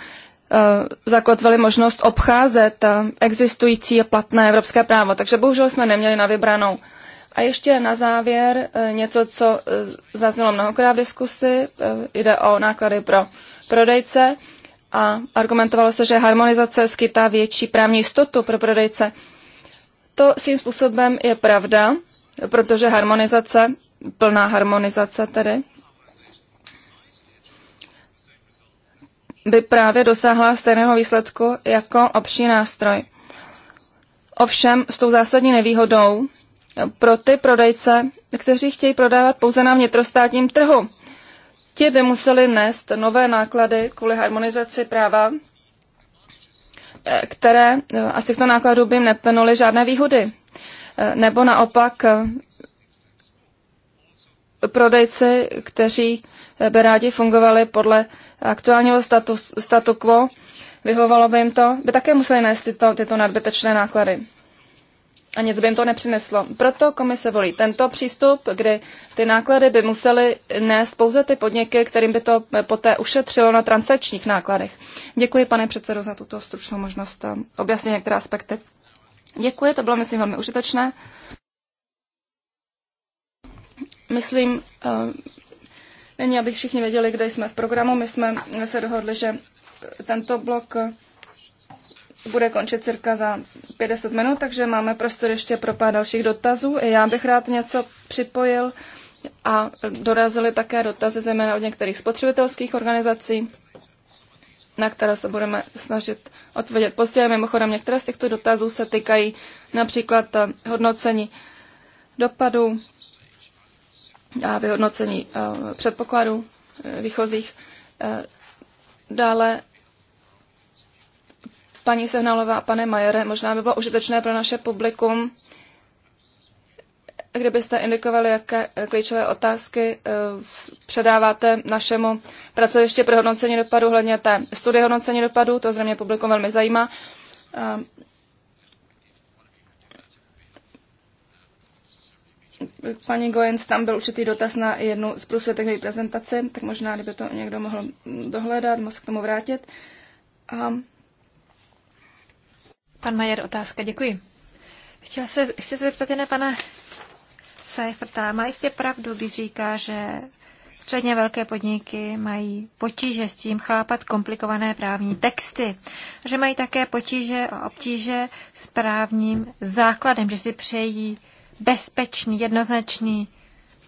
zakotvili možnost obcházet existující platné evropské právo. Takže bohužel jsme neměli na vybranou. A ještě na závěr něco, co zaznělo mnohokrát v diskusi, jde o náklady pro prodejce a argumentovalo se, že harmonizace skytá větší právní jistotu pro prodejce. To svým způsobem je pravda, protože harmonizace, plná harmonizace tedy, by právě dosáhla stejného výsledku jako obší nástroj. Ovšem s tou zásadní nevýhodou pro ty prodejce, kteří chtějí prodávat pouze na vnitrostátním trhu. Ti by museli nést nové náklady kvůli harmonizaci práva Eh, které eh, a z těchto nákladů by jim neplnuly žádné výhody. Eh, nebo naopak prodejci, kteří by rádi fungovali podle aktuálního statu, statu quo, vyhovalo by jim to, by také museli nést tyto, tyto nadbytečné náklady a nic by jim to nepřineslo. Proto komise volí tento přístup, kdy ty náklady by musely nést pouze ty podniky, kterým by to eh, poté ušetřilo na transakčních nákladech. Děkuji, pane předsedo, za tuto stručnou možnost eh, objasnit některé aspekty. Děkuji, to bylo, myslím, velmi užitečné. Myslím, eh, není, abych všichni věděli, kde jsme v programu. My jsme se dohodli, že tento blok bude končit cirka za 50 minut, takže máme prostor ještě pro pár dalších dotazů. já bych rád něco připojil a dorazily také dotazy zejména od některých spotřebitelských organizací, na které se budeme snažit odpovědět později. Mimochodem, některé z těchto dotazů se týkají například eh, hodnocení dopadů a vyhodnocení eh, předpokladů eh, výchozích. Dále paní Sehnalová a pane Majere, možná by bylo užitečné pro naše publikum, kdybyste indikovali, jaké eh, klíčové otázky eh, předáváte našemu pracovišti pro hodnocení dopadu, hledně té studie hodnocení dopadu, to zřejmě publikum velmi zajímá. Eh, paní Goenz, tam byl určitý dotaz na jednu z průsvětek prezentaci, tak možná, kdyby to někdo mohl dohledat, mohl se k tomu vrátit. Um, Pan Majer, otázka, děkuji. Chtěl se, chci se zeptat jen pana Seiferta. Má jistě pravdu, když říká, že středně velké podniky mají potíže s tím chápat komplikované právní texty, že mají také potíže a obtíže s právním základem, že si přejí bezpečný, jednoznačný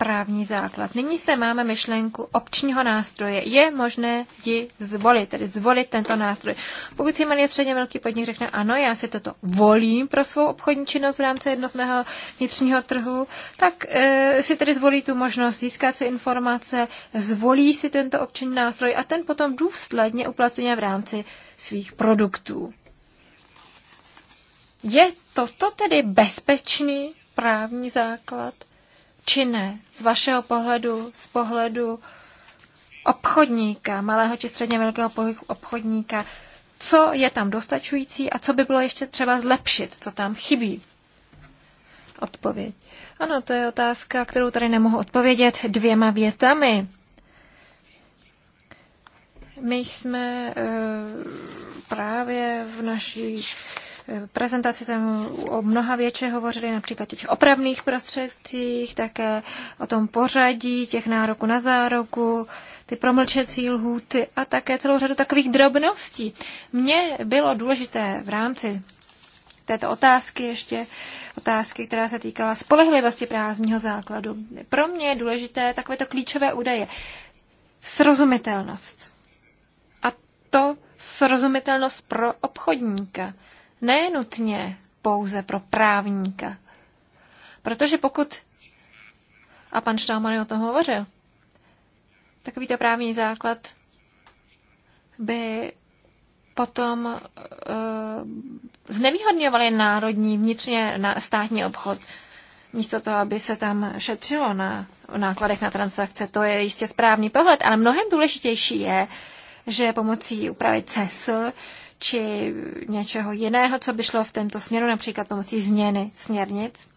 právní základ. Nyní zde máme myšlenku občního nástroje. Je možné ji zvolit, tedy zvolit tento nástroj. Pokud si malý středně velký podnik řekne, ano, já si toto volím pro svou obchodní činnost v rámci jednotného vnitřního trhu, tak e, si tedy zvolí tu možnost získat si informace, zvolí si tento občinný nástroj a ten potom důsledně uplatňuje v rámci svých produktů. Je toto tedy bezpečný právní základ? či ne, z vašeho pohledu, z pohledu obchodníka, malého či středně velkého obchodníka, co je tam dostačující a co by bylo ještě třeba zlepšit, co tam chybí? Odpověď. Ano, to je otázka, kterou tady nemohu odpovědět dvěma větami. My jsme e, právě v naší prezentaci tam o mnoha věče hovořili, například o těch opravných prostředcích, také o tom pořadí těch nároků na zároku, ty promlčecí lhůty a také celou řadu takových drobností. Mně bylo důležité v rámci této otázky ještě, otázky, která se týkala spolehlivosti právního základu. Pro mě je důležité takovéto klíčové údaje. Srozumitelnost. A to srozumitelnost pro obchodníka ne nutně pouze pro právníka. Protože pokud, a pan Štáman o tom hovořil, takový to právní základ by potom uh, eh, znevýhodňovali národní vnitřně na státní obchod, místo toho, aby se tam šetřilo na nákladech na transakce. To je jistě správný pohled, ale mnohem důležitější je, že pomocí úpravy CESL či něčeho jiného, co by šlo v tomto směru, například pomocí změny směrnic,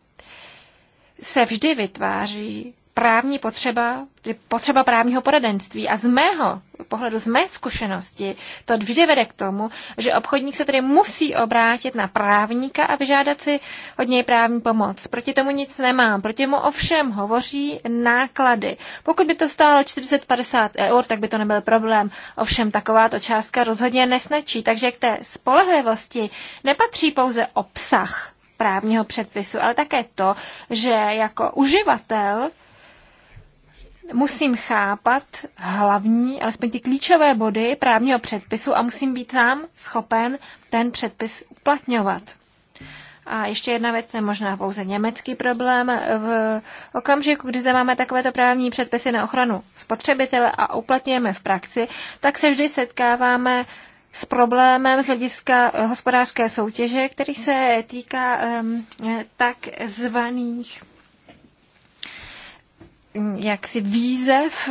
se vždy vytváří právní potřeba, potřeba právního poradenství. A z mého pohledu, z mé zkušenosti, to vždy vede k tomu, že obchodník se tedy musí obrátit na právníka a vyžádat si od něj právní pomoc. Proti tomu nic nemám. Proti mu ovšem hovoří náklady. Pokud by to stálo 40-50 eur, tak by to nebyl problém. Ovšem takováto částka rozhodně nesnačí. Takže k té spolehlivosti nepatří pouze obsah právního předpisu, ale také to, že jako uživatel musím chápat hlavní, alespoň ty klíčové body právního předpisu a musím být tam schopen ten předpis uplatňovat. A ještě jedna věc, je možná pouze německý problém. V okamžiku, kdy zde máme takovéto právní předpisy na ochranu spotřebitele a uplatňujeme v praxi, tak se vždy setkáváme s problémem z hlediska eh, hospodářské soutěže, který se týká um, Mm, jaksi výzev,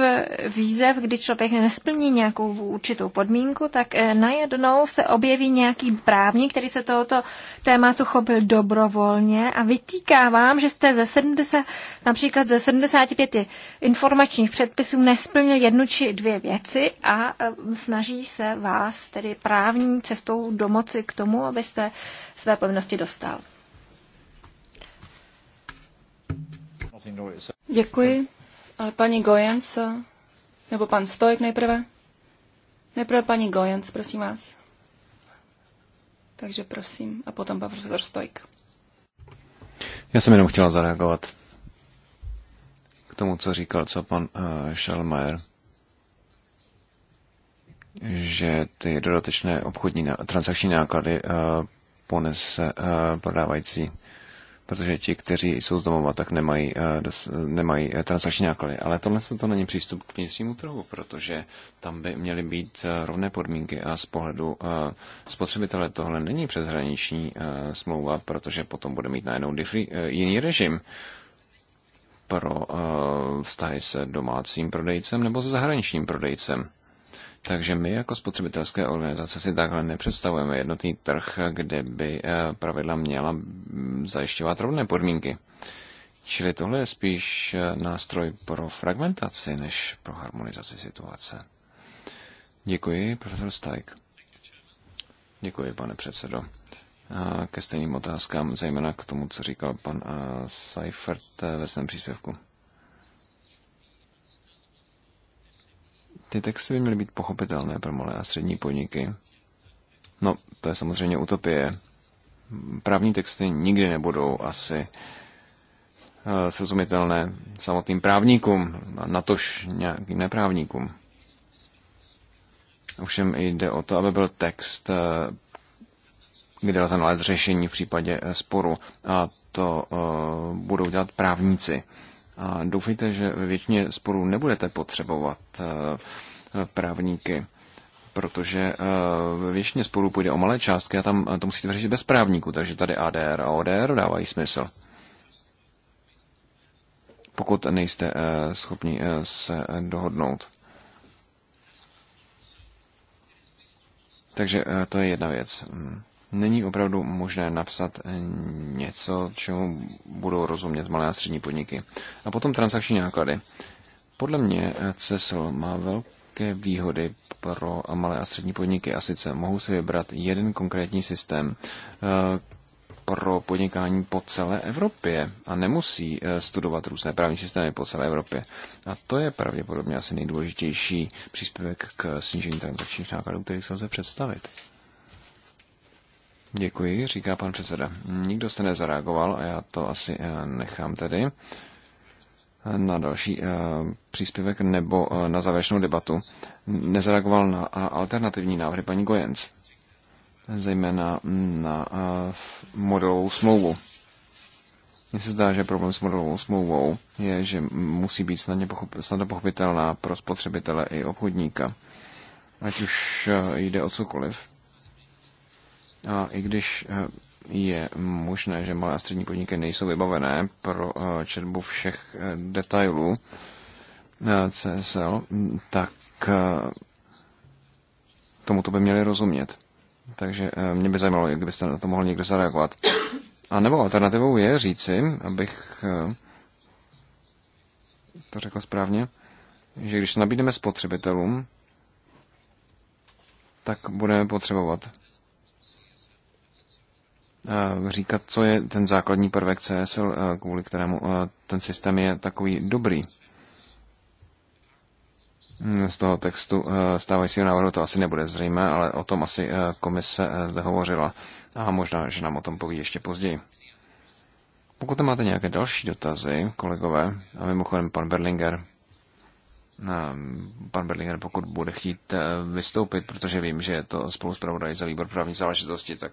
výzev, kdy člověk nesplní nějakou určitou podmínku, tak eh, najednou se objeví nějaký právník, který se tohoto tématu chopil dobrovolně a vytýká vám, že jste ze 70, například ze 75 informačních předpisů nesplnil jednu či dvě věci a eh, snaží se vás tedy právní cestou domoci k tomu, abyste své povinnosti dostal. Děkuji. Ale paní Gojens, nebo pan Stojek nejprve? Nejprve paní Gojens, prosím vás. Takže prosím, a potom pan profesor Stojk. Já jsem jenom chtěla zareagovat k tomu, co říkal co pan uh, eh, Schellmeier, že ty dodatečné obchodní transakční náklady uh, ponese uh, prodávající protože ti, kteří jsou z domova, tak nemají, eh, nemají eh, transakční náklady. Ale tohle to není přístup k vnitřnímu trhu, protože tam by měly být eh, rovné podmínky a z pohledu spotřebitele tohle není přeshraniční smlouva, protože potom bude mít najednou jiný režim pro vztahy se domácím prodejcem nebo se zahraničním prodejcem. Takže my jako spotřebitelské organizace si takhle nepředstavujeme jednotný trh, kde by eh, pravidla měla mm, zajišťovat rovné podmínky. Čili tohle je spíš eh, nástroj pro fragmentaci než pro harmonizaci situace. Děkuji, profesor Stajk. Děkuji, pane předsedo. A ke stejným otázkám, zejména k tomu, co říkal pan eh, Seifert ve svém příspěvku. Ty texty by měly být pochopitelné pro malé a střední podniky. No, to je samozřejmě utopie. Právní texty nikdy nebudou asi eh, srozumitelné samotným právníkům, natož nějakým neprávníkům. Ovšem jde o to, aby byl text, eh, kde lze nalézt řešení v případě eh, sporu. A to budou dělat právníci. A doufejte, že ve většině sporů nebudete potřebovat eh, právníky, protože eh, ve většině sporů půjde o malé částky a tam eh, to musíte vyřešit bez právníků, takže tady ADR a ODR dávají smysl. Pokud nejste schopni se dohodnout. Takže to je jedna věc. Hmm není opravdu možné napsat eh, něco, čemu budou rozumět malé a střední podniky. A potom transakční náklady. Podle mě eh, CESL má velké výhody pro malé a střední podniky a sice mohou si vybrat jeden konkrétní systém eh, pro podnikání po celé Evropě a nemusí studovat různé právní systémy po celé Evropě. A to je pravděpodobně asi nejdůležitější příspěvek k snížení transakčních nákladů, který se lze představit. Děkuji, říká pan předseda. Nikdo se nezareagoval a já to asi eh, nechám tedy eh, na další eh, příspěvek nebo na závěrečnou debatu. Nezareagoval na alternativní návrhy paní Gojenc, zejména na modelovou smlouvu. Mně se zdá, že problém s modelovou smlouvou je, že musí být snadně pochop, snadno pochopitelná pro spotřebitele i obchodníka, ať už jde o cokoliv. A i když eh, je možné, že malé a střední podniky nejsou vybavené pro eh, četbu všech eh, detailů CSL, tak tomu to by měli rozumět. Takže mě by zajímalo, byste na to mohli někde zareagovat. A nebo alternativou je říci, abych to řekl správně, že když to nabídneme spotřebitelům, tak budeme potřebovat Eh, říkat, co je ten základní prvek CSL, eh, kvůli kterému eh, ten systém je takový dobrý. Hmm, z toho textu stávajícího návrhu to asi nebude zřejmé, ale o tom asi komise zde hovořila a možná, že nám o tom poví ještě později. Pokud tam máte nějaké další dotazy, kolegové, a mimochodem pan Berlinger, pan Berlinger, pokud bude chtít vystoupit, protože vím, že je to spolu zpravodaj za výbor právní záležitosti, tak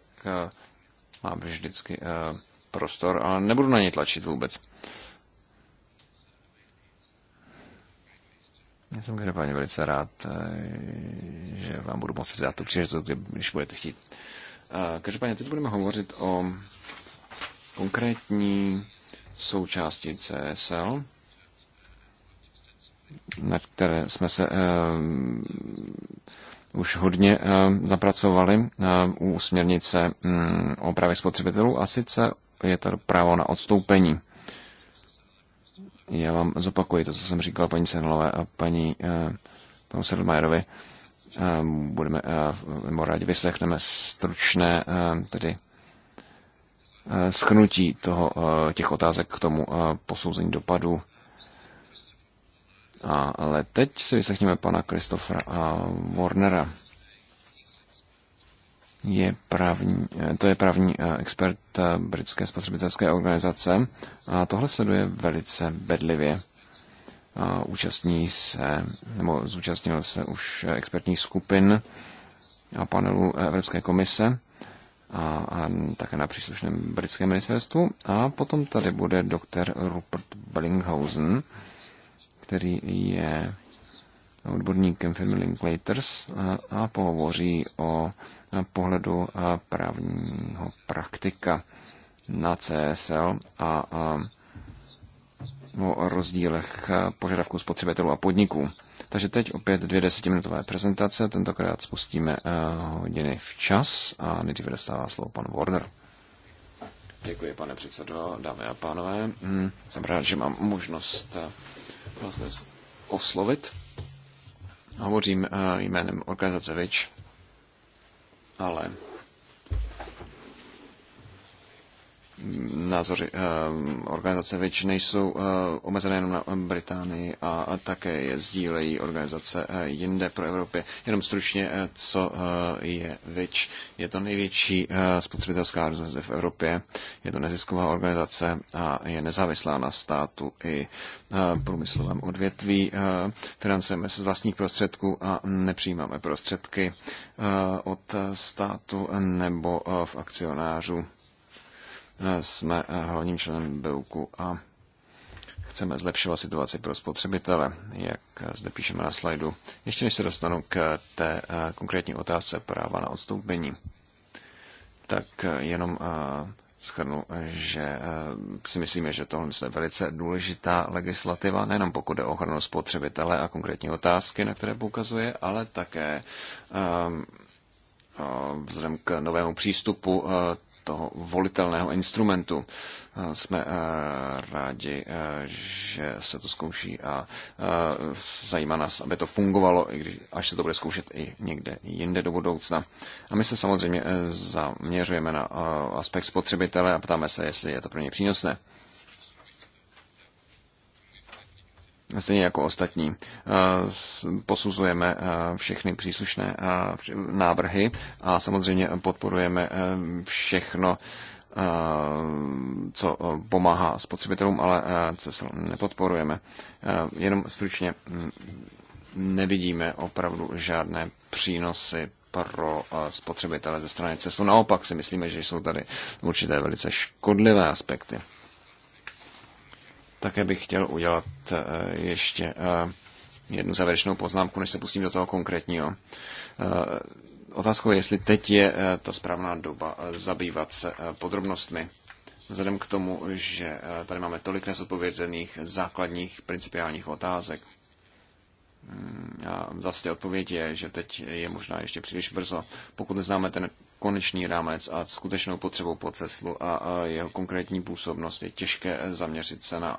má vždycky eh, prostor, ale nebudu na něj tlačit vůbec. Já jsem každopádně velice rád, eh, že vám budu moci dát tu příležitost, když budete chtít. Eh, každopádně teď budeme hovořit o konkrétní součásti CSL, na které jsme se už hodně eh, zapracovali eh, u směrnice mm, o právě spotřebitelů a sice je to právo na odstoupení. Já vám zopakuji to, co jsem říkal paní Senlové a paní eh, panu Sedlmajerovi. Budeme, nebo rádi vyslechneme stručné tedy schnutí toho, těch otázek k tomu posouzení dopadu a, ale teď si vyslechněme pana Kristofra Warnera. Je právní, eh, to je právní eh, expert eh, britské spotřebitelské organizace a tohle sleduje velice bedlivě. A účastní se, nebo zúčastnil se už expertních skupin a panelů Evropské komise a, a také na příslušném britském ministerstvu. A potom tady bude doktor Rupert Bellinghausen, který je odborníkem firmy Linklaters a pohovoří o pohledu právního praktika na CSL a o rozdílech požadavků spotřebitelů a podniků. Takže teď opět dvě desetiminutové prezentace, tentokrát spustíme eh, hodiny včas a nejdříve dostává slovo pan Warner. Děkuji, pane předsedo, dámy a pánové. Hmm, jsem rád, že mám možnost eh, vás dnes oslovit. Hovořím eh, jménem organizace VIČ, ale názory eh, organizace VIČ nejsou eh, omezené jenom na Británii a také je sdílejí organizace eh, jinde pro Evropě. Jenom stručně, co je VIČ. Je to největší spotřebitelská organizace v Evropě, je to nezisková organizace a je nezávislá na státu i průmyslovém odvětví. Financujeme se z vlastních prostředků a nepřijímáme prostředky od státu nebo v akcionářů Eh, jsme eh, hlavním členem BEUKu a chceme zlepšovat situaci pro spotřebitele, jak eh, zde píšeme na slajdu. Ještě než se dostanu k té konkrétní otázce práva na odstoupení, tak jenom schrnu, že si myslíme, že tohle je velice důležitá legislativa, nejenom pokud je ochranu spotřebitele a konkrétní otázky, na které poukazuje, ale také vzhledem k novému přístupu toho volitelného instrumentu. Eh, jsme eh, rádi, eh, že se to zkouší a zajímá nás, aby to fungovalo, i když, až se to bude zkoušet i někde jinde do budoucna. A my se samozřejmě zaměřujeme na aspekt spotřebitele a ptáme se, jestli je to pro ně přínosné. stejně jako ostatní, eh, posuzujeme eh, všechny příslušné eh, návrhy a samozřejmě podporujeme všechno, co pomáhá spotřebitelům, ale CESL nepodporujeme. Jenom stručně mm, nevidíme opravdu žádné přínosy pro spotřebitele ze strany CESL. Naopak si myslíme, že jsou tady určité velice škodlivé aspekty. Také bych chtěl udělat eh, ještě eh, jednu závěrečnou poznámku, než se pustím do toho konkrétního. Eh, otázkou je, jestli teď je ta správná doba zabývat se podrobnostmi. Vzhledem k tomu, že tady máme tolik nezodpovězených základních principiálních otázek, mm, a zase odpověď je, že teď je možná ještě příliš brzo. Pokud neznáme ten konečný rámec a skutečnou potřebou po ceslu a jeho konkrétní působnost je těžké zaměřit se na,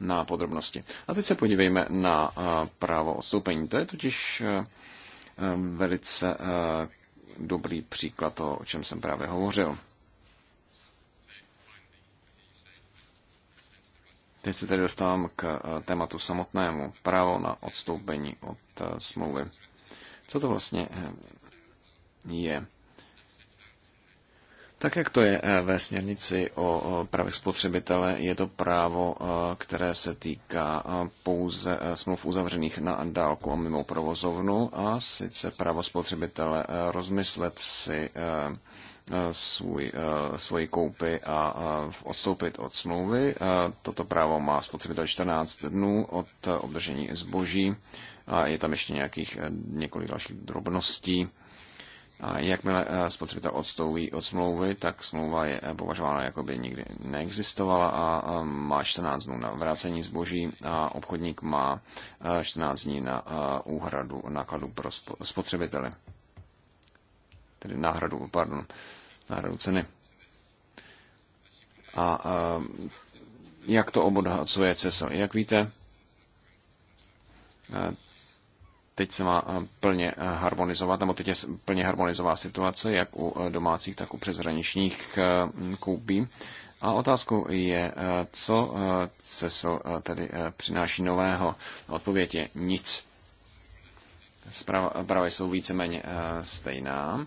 na podrobnosti. A teď se podívejme na právo odstoupení. To je totiž velice dobrý příklad toho, o čem jsem právě hovořil. Teď se tedy dostávám k tématu samotnému. Právo na odstoupení od smlouvy. Co to vlastně je? Tak jak to je eh, ve směrnici o právech spotřebitele, je to právo, eh, které se týká eh, pouze smluv uzavřených na dálku a mimo provozovnu a sice právo spotřebitele rozmyslet si svůj, svoji koupy a odstoupit od smlouvy. Toto právo má spotřebitel 14 dnů od obdržení zboží a je tam ještě nějakých několik dalších drobností a jakmile eh, spotřebitel odstoupí od smlouvy, tak smlouva je eh, považována jako by nikdy neexistovala a eh, má 14 dnů na vrácení zboží a obchodník má 14 dní na úhradu nákladů pro spotřebitele. Tedy náhradu, pardon, náhradu ceny. A jak to obohacuje CESO? Jak víte, teď se má eh, plně eh, harmonizovat, nebo teď je plně harmonizová situace, jak u eh, domácích, tak u přeshraničních koupí. A otázkou je, co CESL tedy přináší nového. Odpověď je nic. Zprávy jsou víceméně stejná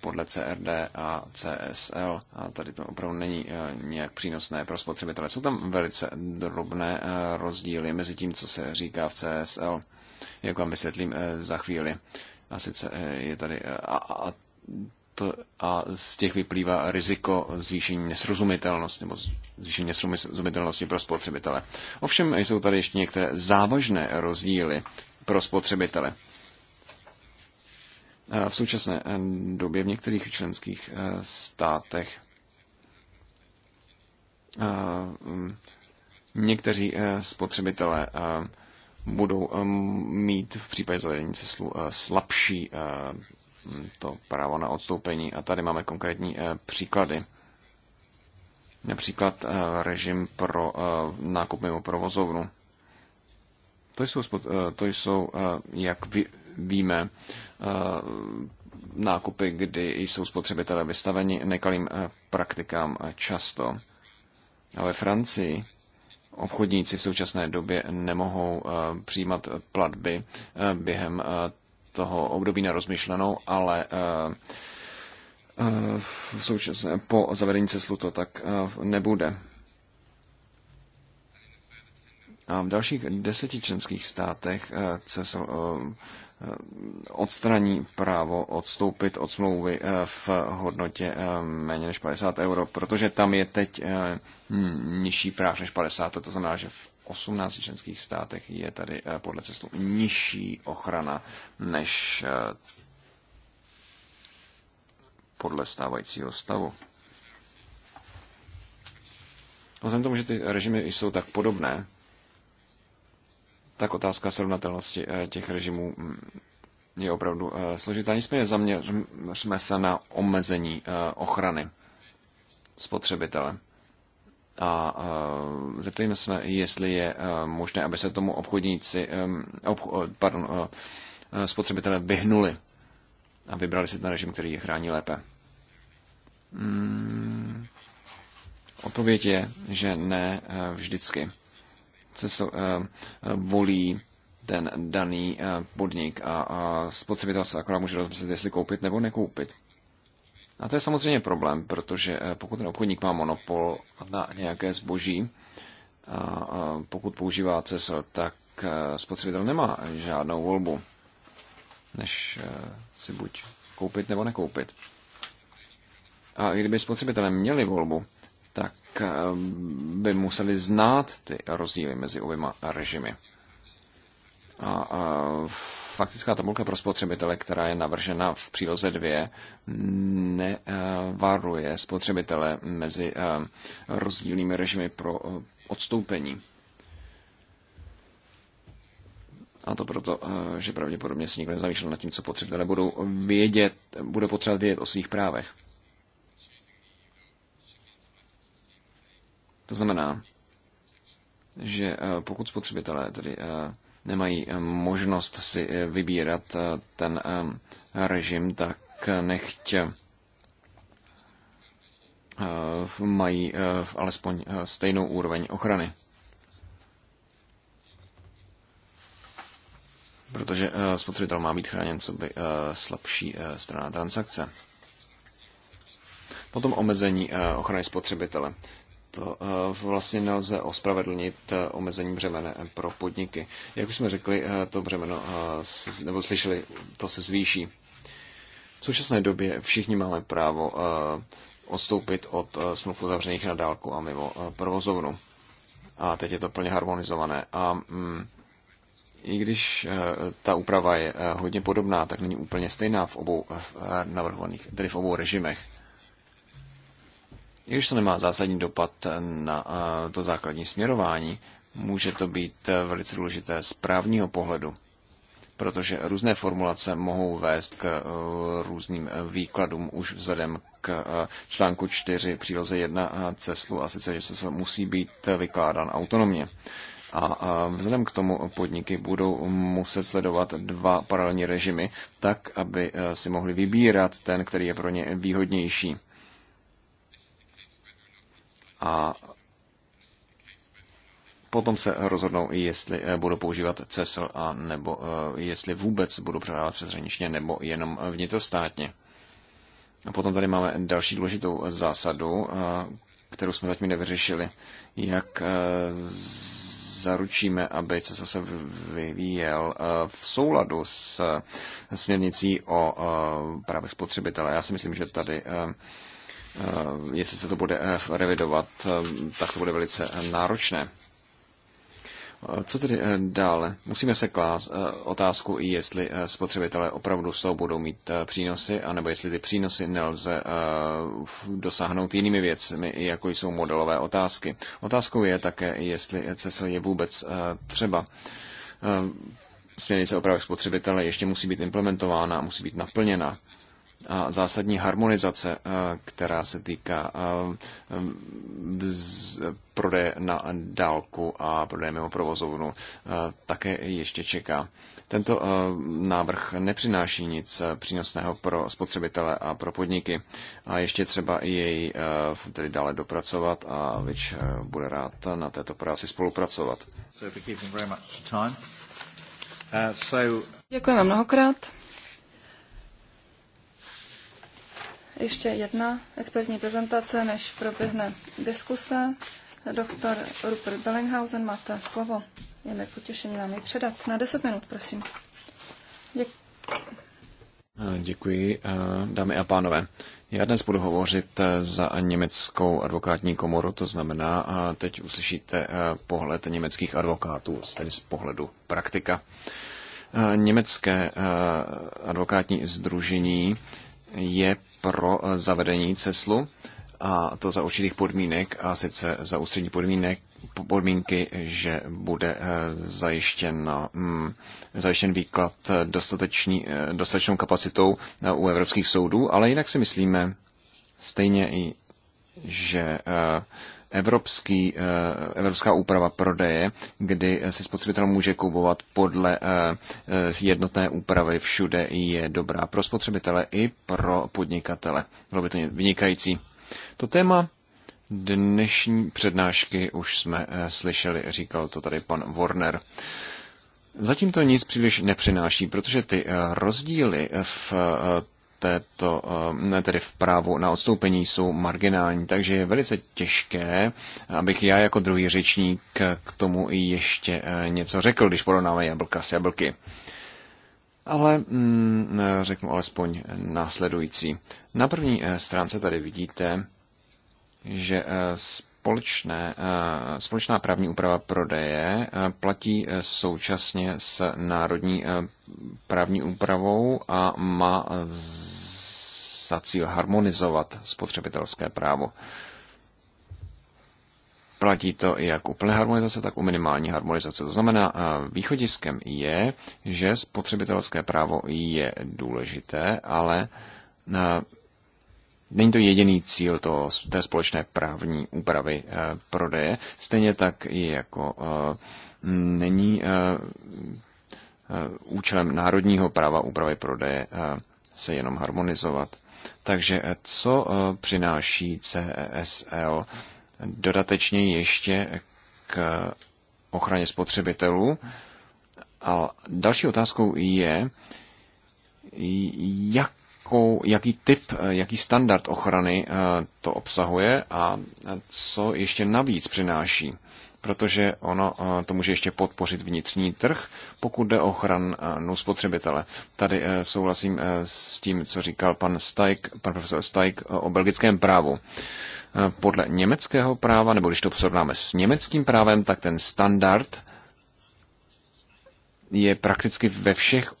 podle CRD a CSL. A tady to opravdu není nějak přínosné pro spotřebitele. Jsou tam velice drobné rozdíly mezi tím, co se říká v CSL jak vám vysvětlím eh, za chvíli. A sice eh, je tady eh, a, a, to, a z těch vyplývá riziko zvýšení nesrozumitelnosti nebo zvýšení nesrozumitelnosti pro spotřebitele. Ovšem jsou tady ještě některé závažné rozdíly pro spotřebitele. V současné době v některých členských státech někteří spotřebitelé budou mít v případě zavedení ceslu eh, slabší eh, to právo na odstoupení. A tady máme konkrétní eh, příklady. Například režim pro nákup mimo provozovnu. To jsou, to jsou jak víme, nákupy, kdy jsou spotřebitelé vystaveni nekalým praktikám často. A ve Francii obchodníci v současné době nemohou eh, přijímat platby eh, během eh, toho období na rozmyšlenou, ale v současné, po zavedení ceslu to tak nebude. A v dalších deseti členských státech eh, se eh, eh, odstraní právo odstoupit od smlouvy v hodnotě méně než 50 euro, protože tam je teď nižší práh než 50, to znamená, že v 18 členských státech je tady podle cestu nižší ochrana než podle stávajícího stavu. Vzhledem tomu, že ty režimy jsou tak podobné, tak otázka srovnatelnosti eh, těch režimů mm, je opravdu eh, složitá. Nicméně zaměřme se na omezení eh, ochrany spotřebitele. A zeptejme se, jestli je možné, aby se tomu obchodníci, obch, pardon, spotřebitele vyhnuli a vybrali si ten režim, který je chrání lépe. Hmm, odpověď je, že ne vždycky. Eh, volí ten daný eh, podnik a, a spotřebitel se akorát může rozmyslet, jestli koupit nebo nekoupit. A to je samozřejmě problém, protože eh, pokud ten obchodník má monopol na nějaké zboží, a pokud používá CESL, tak spotřebitel nemá žádnou volbu, než si buď koupit nebo nekoupit. A i kdyby spotřebitelé měli volbu, Ehm, by museli znát ty rozdíly mezi oběma režimy. A, a faktická tabulka pro spotřebitele, která je navržena v příloze 2, nevaruje spotřebitele mezi ehm, rozdílnými režimy pro eh, odstoupení. A to proto, eh, že pravděpodobně se nikdo nezamýšlel nad tím, co ale budou vědět, bude potřebovat vědět o svých právech. To znamená, že eh, pokud spotřebitelé tedy eh, nemají eh, možnost si vybírat ten režim, tak nechť mají alespoň stejnou úroveň ochrany. Protože spotřebitel má být chráněn co by slabší strana transakce. Potom omezení ochrany spotřebitele to eh, vlastně nelze ospravedlnit eh, omezením břemene pro podniky. Jak už jsme řekli, eh, to břemeno, nebo slyšeli, to se zvýší. V současné době všichni máme právo odstoupit od smluv uzavřených na dálku a mimo provozovnu. A teď je to plně harmonizované. A mm, i když ta úprava je hodně podobná, tak není úplně stejná v obou navrhovaných, tedy v obou režimech. I když to nemá zásadní dopad na eh, to základní směrování, může to být eh, velice důležité z právního pohledu, protože různé formulace mohou vést k eh, různým výkladům už vzhledem k článku 4 příloze 1 CESLu a sice, že se musí být vykládán autonomně. A vzhledem k tomu podniky budou muset sledovat dva paralelní režimy, tak aby si mohli vybírat ten, který je pro ně výhodnější a potom se rozhodnou, jestli eh, budou používat CESL a nebo eh, jestli vůbec budou předávat přeshraničně nebo jenom vnitrostátně. A potom tady máme další důležitou zásadu, eh, kterou jsme zatím nevyřešili. Jak zaručíme, aby CESL se vyvíjel v souladu s směrnicí o právech spotřebitele? Já si myslím, že tady Eh, jestli se to bude eh, revidovat, eh, tak to bude velice náročné. Co tedy dále? Musíme se klást otázku, jestli spotřebitelé opravdu z toho budou mít přínosy, anebo jestli ty přínosy nelze dosáhnout jinými věcmi, jako jsou modelové otázky. Otázkou je také, jestli e CESL je vůbec třeba. Směrnice o právech spotřebitele ještě musí být implementována, musí být naplněna a zásadní harmonizace, eh, která se týká eh, prodeje na dálku a prodeje mimo provozovnu, eh, také ještě čeká. Tento návrh nepřináší nic přínosného pro spotřebitele a pro podniky a ještě třeba i jej tedy dále dopracovat a Vič bude rád na této práci spolupracovat. Uh, Děkujeme mnohokrát. ještě jedna expertní prezentace, než proběhne diskuse. Doktor Rupert Bellinghausen, máte slovo. Je mi potěšení vám ji předat. Na 10 minut, prosím. Děk... Eh, děkuji, eh, dámy a pánové. Já dnes budu hovořit eh, za německou advokátní komoru, to znamená, teď uslyšíte pohled německých advokátů, tedy z pohledu praktika. Německé advokátní združení je pro eh, zavedení CESLu a to za určitých podmínek a sice za ústřední podmínek, podmínky, že bude eh, zajištěn, mm, zajištěn výklad eh, dostatečný, dostatečnou kapacitou u evropských soudů, ale jinak si myslíme stejně i, že evropský, eh, evropská úprava prodeje, kdy si spotřebitel může kupovat podle eh, eh, jednotné úpravy všude, je dobrá pro spotřebitele i pro podnikatele. Bylo by to vynikající. To téma dnešní přednášky už jsme slyšeli, říkal to tady pan Warner. Zatím to nic příliš nepřináší, protože ty rozdíly v této, eh, tedy v právu na odstoupení jsou marginální, takže je velice těžké, abych já jako druhý řečník k tomu i ještě eh, něco řekl, když porovnáme jablka s jablky. Ale mm, eh, řeknu alespoň následující. Na první stránce tady vidíte, že z společné, eh, společná právní úprava prodeje eh, platí eh, současně s národní právní úpravou a má za cíl harmonizovat spotřebitelské právo. Platí to i jak u plné harmonizace, tak u minimální harmonizace. To znamená, východiskem je, že spotřebitelské právo je důležité, ale Není to jediný cíl to té společné právní úpravy eh, prodeje, stejně tak i jako eh, není eh, účelem národního práva úpravy prodeje se jenom harmonizovat. Takže co přináší CESL dodatečně ještě k ochraně spotřebitelů? A další otázkou je, jak jakou, jaký typ, eh, jaký standard ochrany eh, to obsahuje a co ještě navíc přináší. Protože ono eh, to může ještě podpořit vnitřní trh, pokud jde o ochranu spotřebitele. Tady souhlasím s tím, co říkal pan, Stajk, pan profesor Stajk o belgickém právu. Podle německého práva, nebo když to porovnáme s německým právem, tak ten standard je prakticky ve všech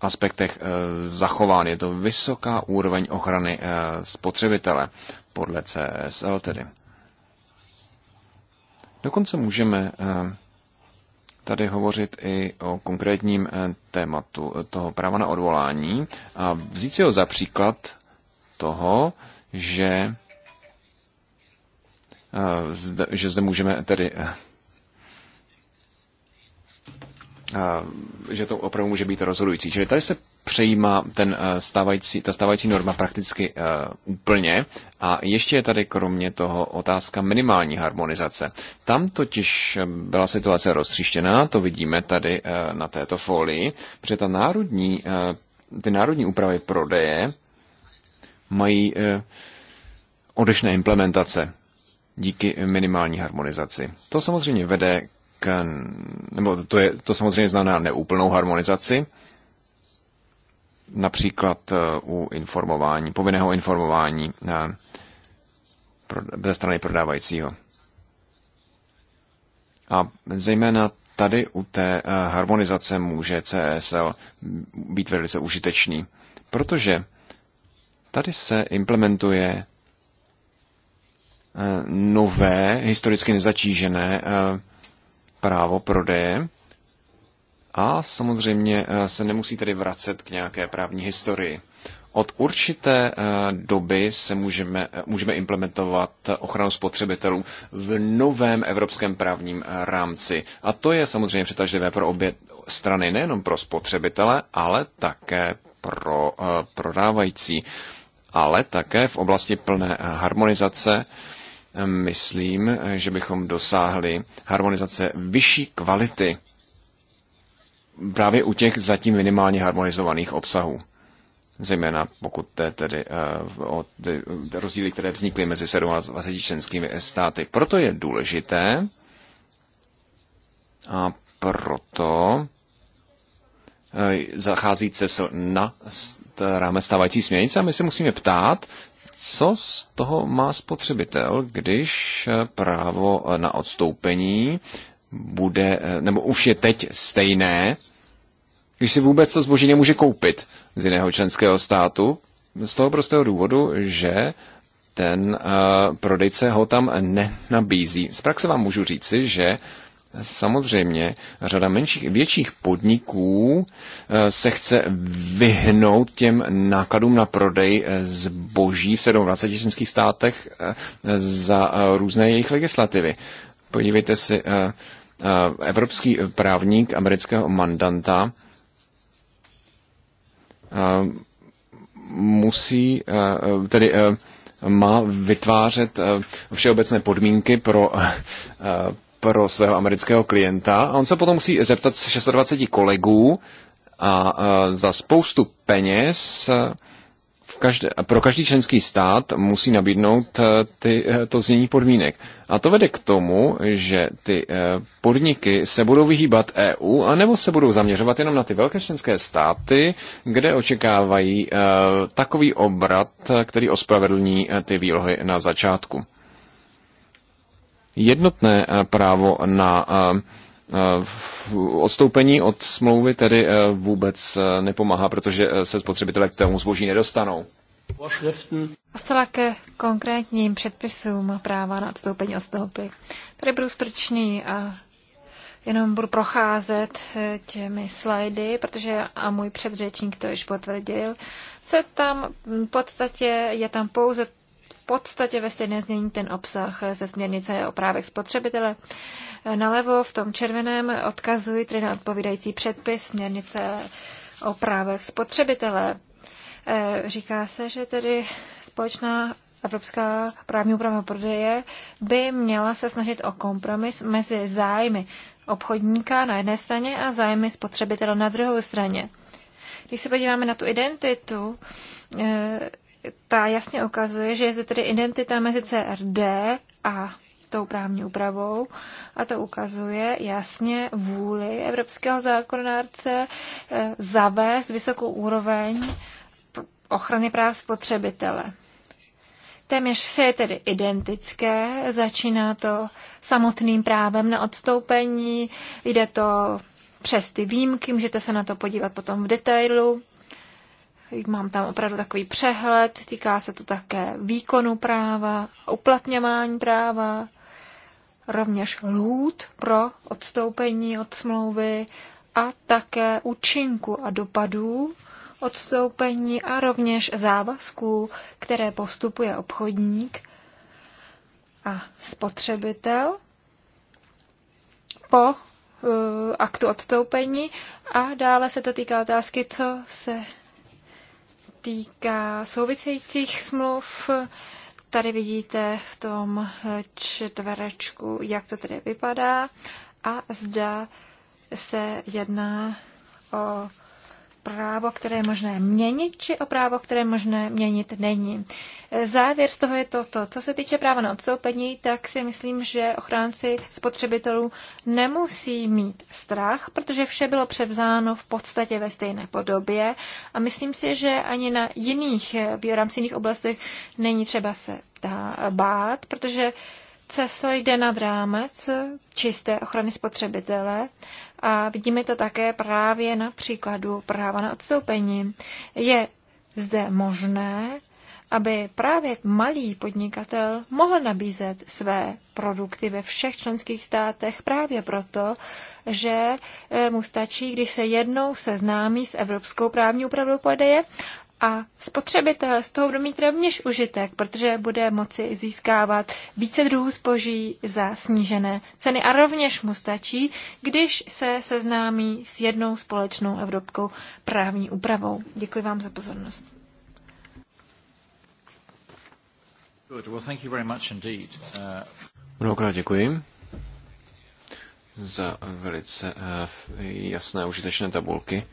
aspektech eh, zachován. Je to vysoká úroveň ochrany eh, spotřebitele, podle CSL tedy. Dokonce můžeme eh, tady hovořit i o konkrétním tématu toho práva na odvolání a vzít si ho za příklad toho, že že zde můžeme tedy že to opravdu může být rozhodující. Čili tady se přejímá ten eh, stávající, ta stávající norma prakticky eh, úplně a ještě je tady kromě toho otázka minimální harmonizace. Tam totiž eh, byla situace roztřištěná, to vidíme tady na této folii, protože ta národní, ty národní úpravy prodeje mají odešné implementace díky minimální harmonizaci. To samozřejmě vede nebo to, je, to samozřejmě znamená neúplnou harmonizaci, například eh, u informování, povinného informování eh, ze strany prodávajícího. A zejména tady u té eh, harmonizace může CSL být velice užitečný, protože tady se implementuje nové, historicky nezatížené právo prodeje a samozřejmě eh, se nemusí tedy vracet k nějaké právní historii. Od určité eh, doby se můžeme, eh, můžeme implementovat ochranu spotřebitelů v novém evropském právním rámci. A to je samozřejmě přitažlivé pro obě strany, nejenom pro spotřebitele, ale také pro prodávající. Ale také v oblasti plné harmonizace myslím, že bychom dosáhli harmonizace vyšší kvality právě u těch zatím minimálně harmonizovaných obsahů. Zejména pokud tedy eh, o ty rozdíly, které vznikly mezi 27 členskými státy. Proto je důležité a proto eh, zachází se na rámec stávající směrnice a my se musíme ptát, co z toho má spotřebitel, když eh, právo eh, na odstoupení bude, eh, nebo už je teď stejné, když si vůbec to zboží nemůže koupit z jiného členského státu, z toho prostého důvodu, že ten uh, prodejce ho tam nenabízí. Z praxe vám můžu říci, že Samozřejmě řada menších, větších podniků eh, se chce vyhnout těm nákladům na prodej eh, zboží v 27 členských státech eh, za různé jejich legislativy. Podívejte si, evropský právník amerického mandanta musí tedy má vytvářet všeobecné podmínky pro pro svého amerického klienta a on se potom musí zeptat 26 kolegů a za spoustu peněz každé, pro každý členský stát musí nabídnout ty, to znění podmínek. A to vede k tomu, že ty podniky se budou vyhýbat EU, anebo se budou zaměřovat jenom na ty velké členské státy, kde očekávají takový obrat, který ospravedlní ty výlohy na začátku jednotné eh, právo na eh, eh, odstoupení od smlouvy tedy vůbec nepomáhá, protože se spotřebitelé k tomu zboží nedostanou. A zcela ke konkrétním předpisům práva na odstoupení od stoupy. Tady budu stručný a jenom budu procházet těmi slajdy, protože a můj předřečník to již potvrdil, se tam v podstatě je tam pouze podstatě ve stejné znění ten obsah ze směrnice o právech spotřebitele. Nalevo v tom červeném odkazují tedy na odpovídající předpis směrnice o právech spotřebitele. E, říká se, že tedy společná Evropská právní úprava prodeje by měla se snažit o kompromis mezi zájmy obchodníka na jedné straně a zájmy spotřebitele na druhé straně. Když se podíváme na tu identitu, e, ta jasně ukazuje, že je zde tedy identita mezi CRD a tou právní úpravou a to ukazuje jasně vůli evropského zákonodárce eh, zavést vysokou úroveň ochrany práv spotřebitele. Téměř vše je tedy identické, začíná to samotným právem na odstoupení, jde to přes ty výjimky, můžete se na to podívat potom v detailu. Mám tam opravdu takový přehled, týká se to také výkonu práva, uplatňování práva, rovněž lhůt pro odstoupení od smlouvy a také účinku a dopadů odstoupení a rovněž závazků, které postupuje obchodník a spotřebitel po eh, aktu odstoupení a dále se to týká otázky, co se týká souvisejících smluv, tady vidíte v tom čtverečku, jak to tedy vypadá a zda se jedná o právo, které je možné měnit, či o právo, které je možné měnit není. Závěr z toho je toto. Co se týče práva na odstoupení, tak si myslím, že ochránci spotřebitelů nemusí mít strach, protože vše bylo převzáno v podstatě ve stejné podobě a myslím si, že ani na jiných, v rámci jiných oblastech není třeba se bát, protože CESL jde nad rámec čisté ochrany spotřebitele a vidíme to také právě na příkladu práva na odstoupení. Je zde možné, aby právě malý podnikatel mohl nabízet své produkty ve všech členských státech právě proto, že eh, mu stačí, když se jednou seznámí s evropskou právní úpravou prodeje a spotřebitel z toho bude mít rovněž užitek, protože bude moci získávat více druhů zboží za snížené ceny a rovněž mu stačí, když se seznámí s jednou společnou evropskou právní úpravou. Děkuji vám za pozornost. Uh, Mnohokrát děkuji za velice eh, jasné užitečné tabulky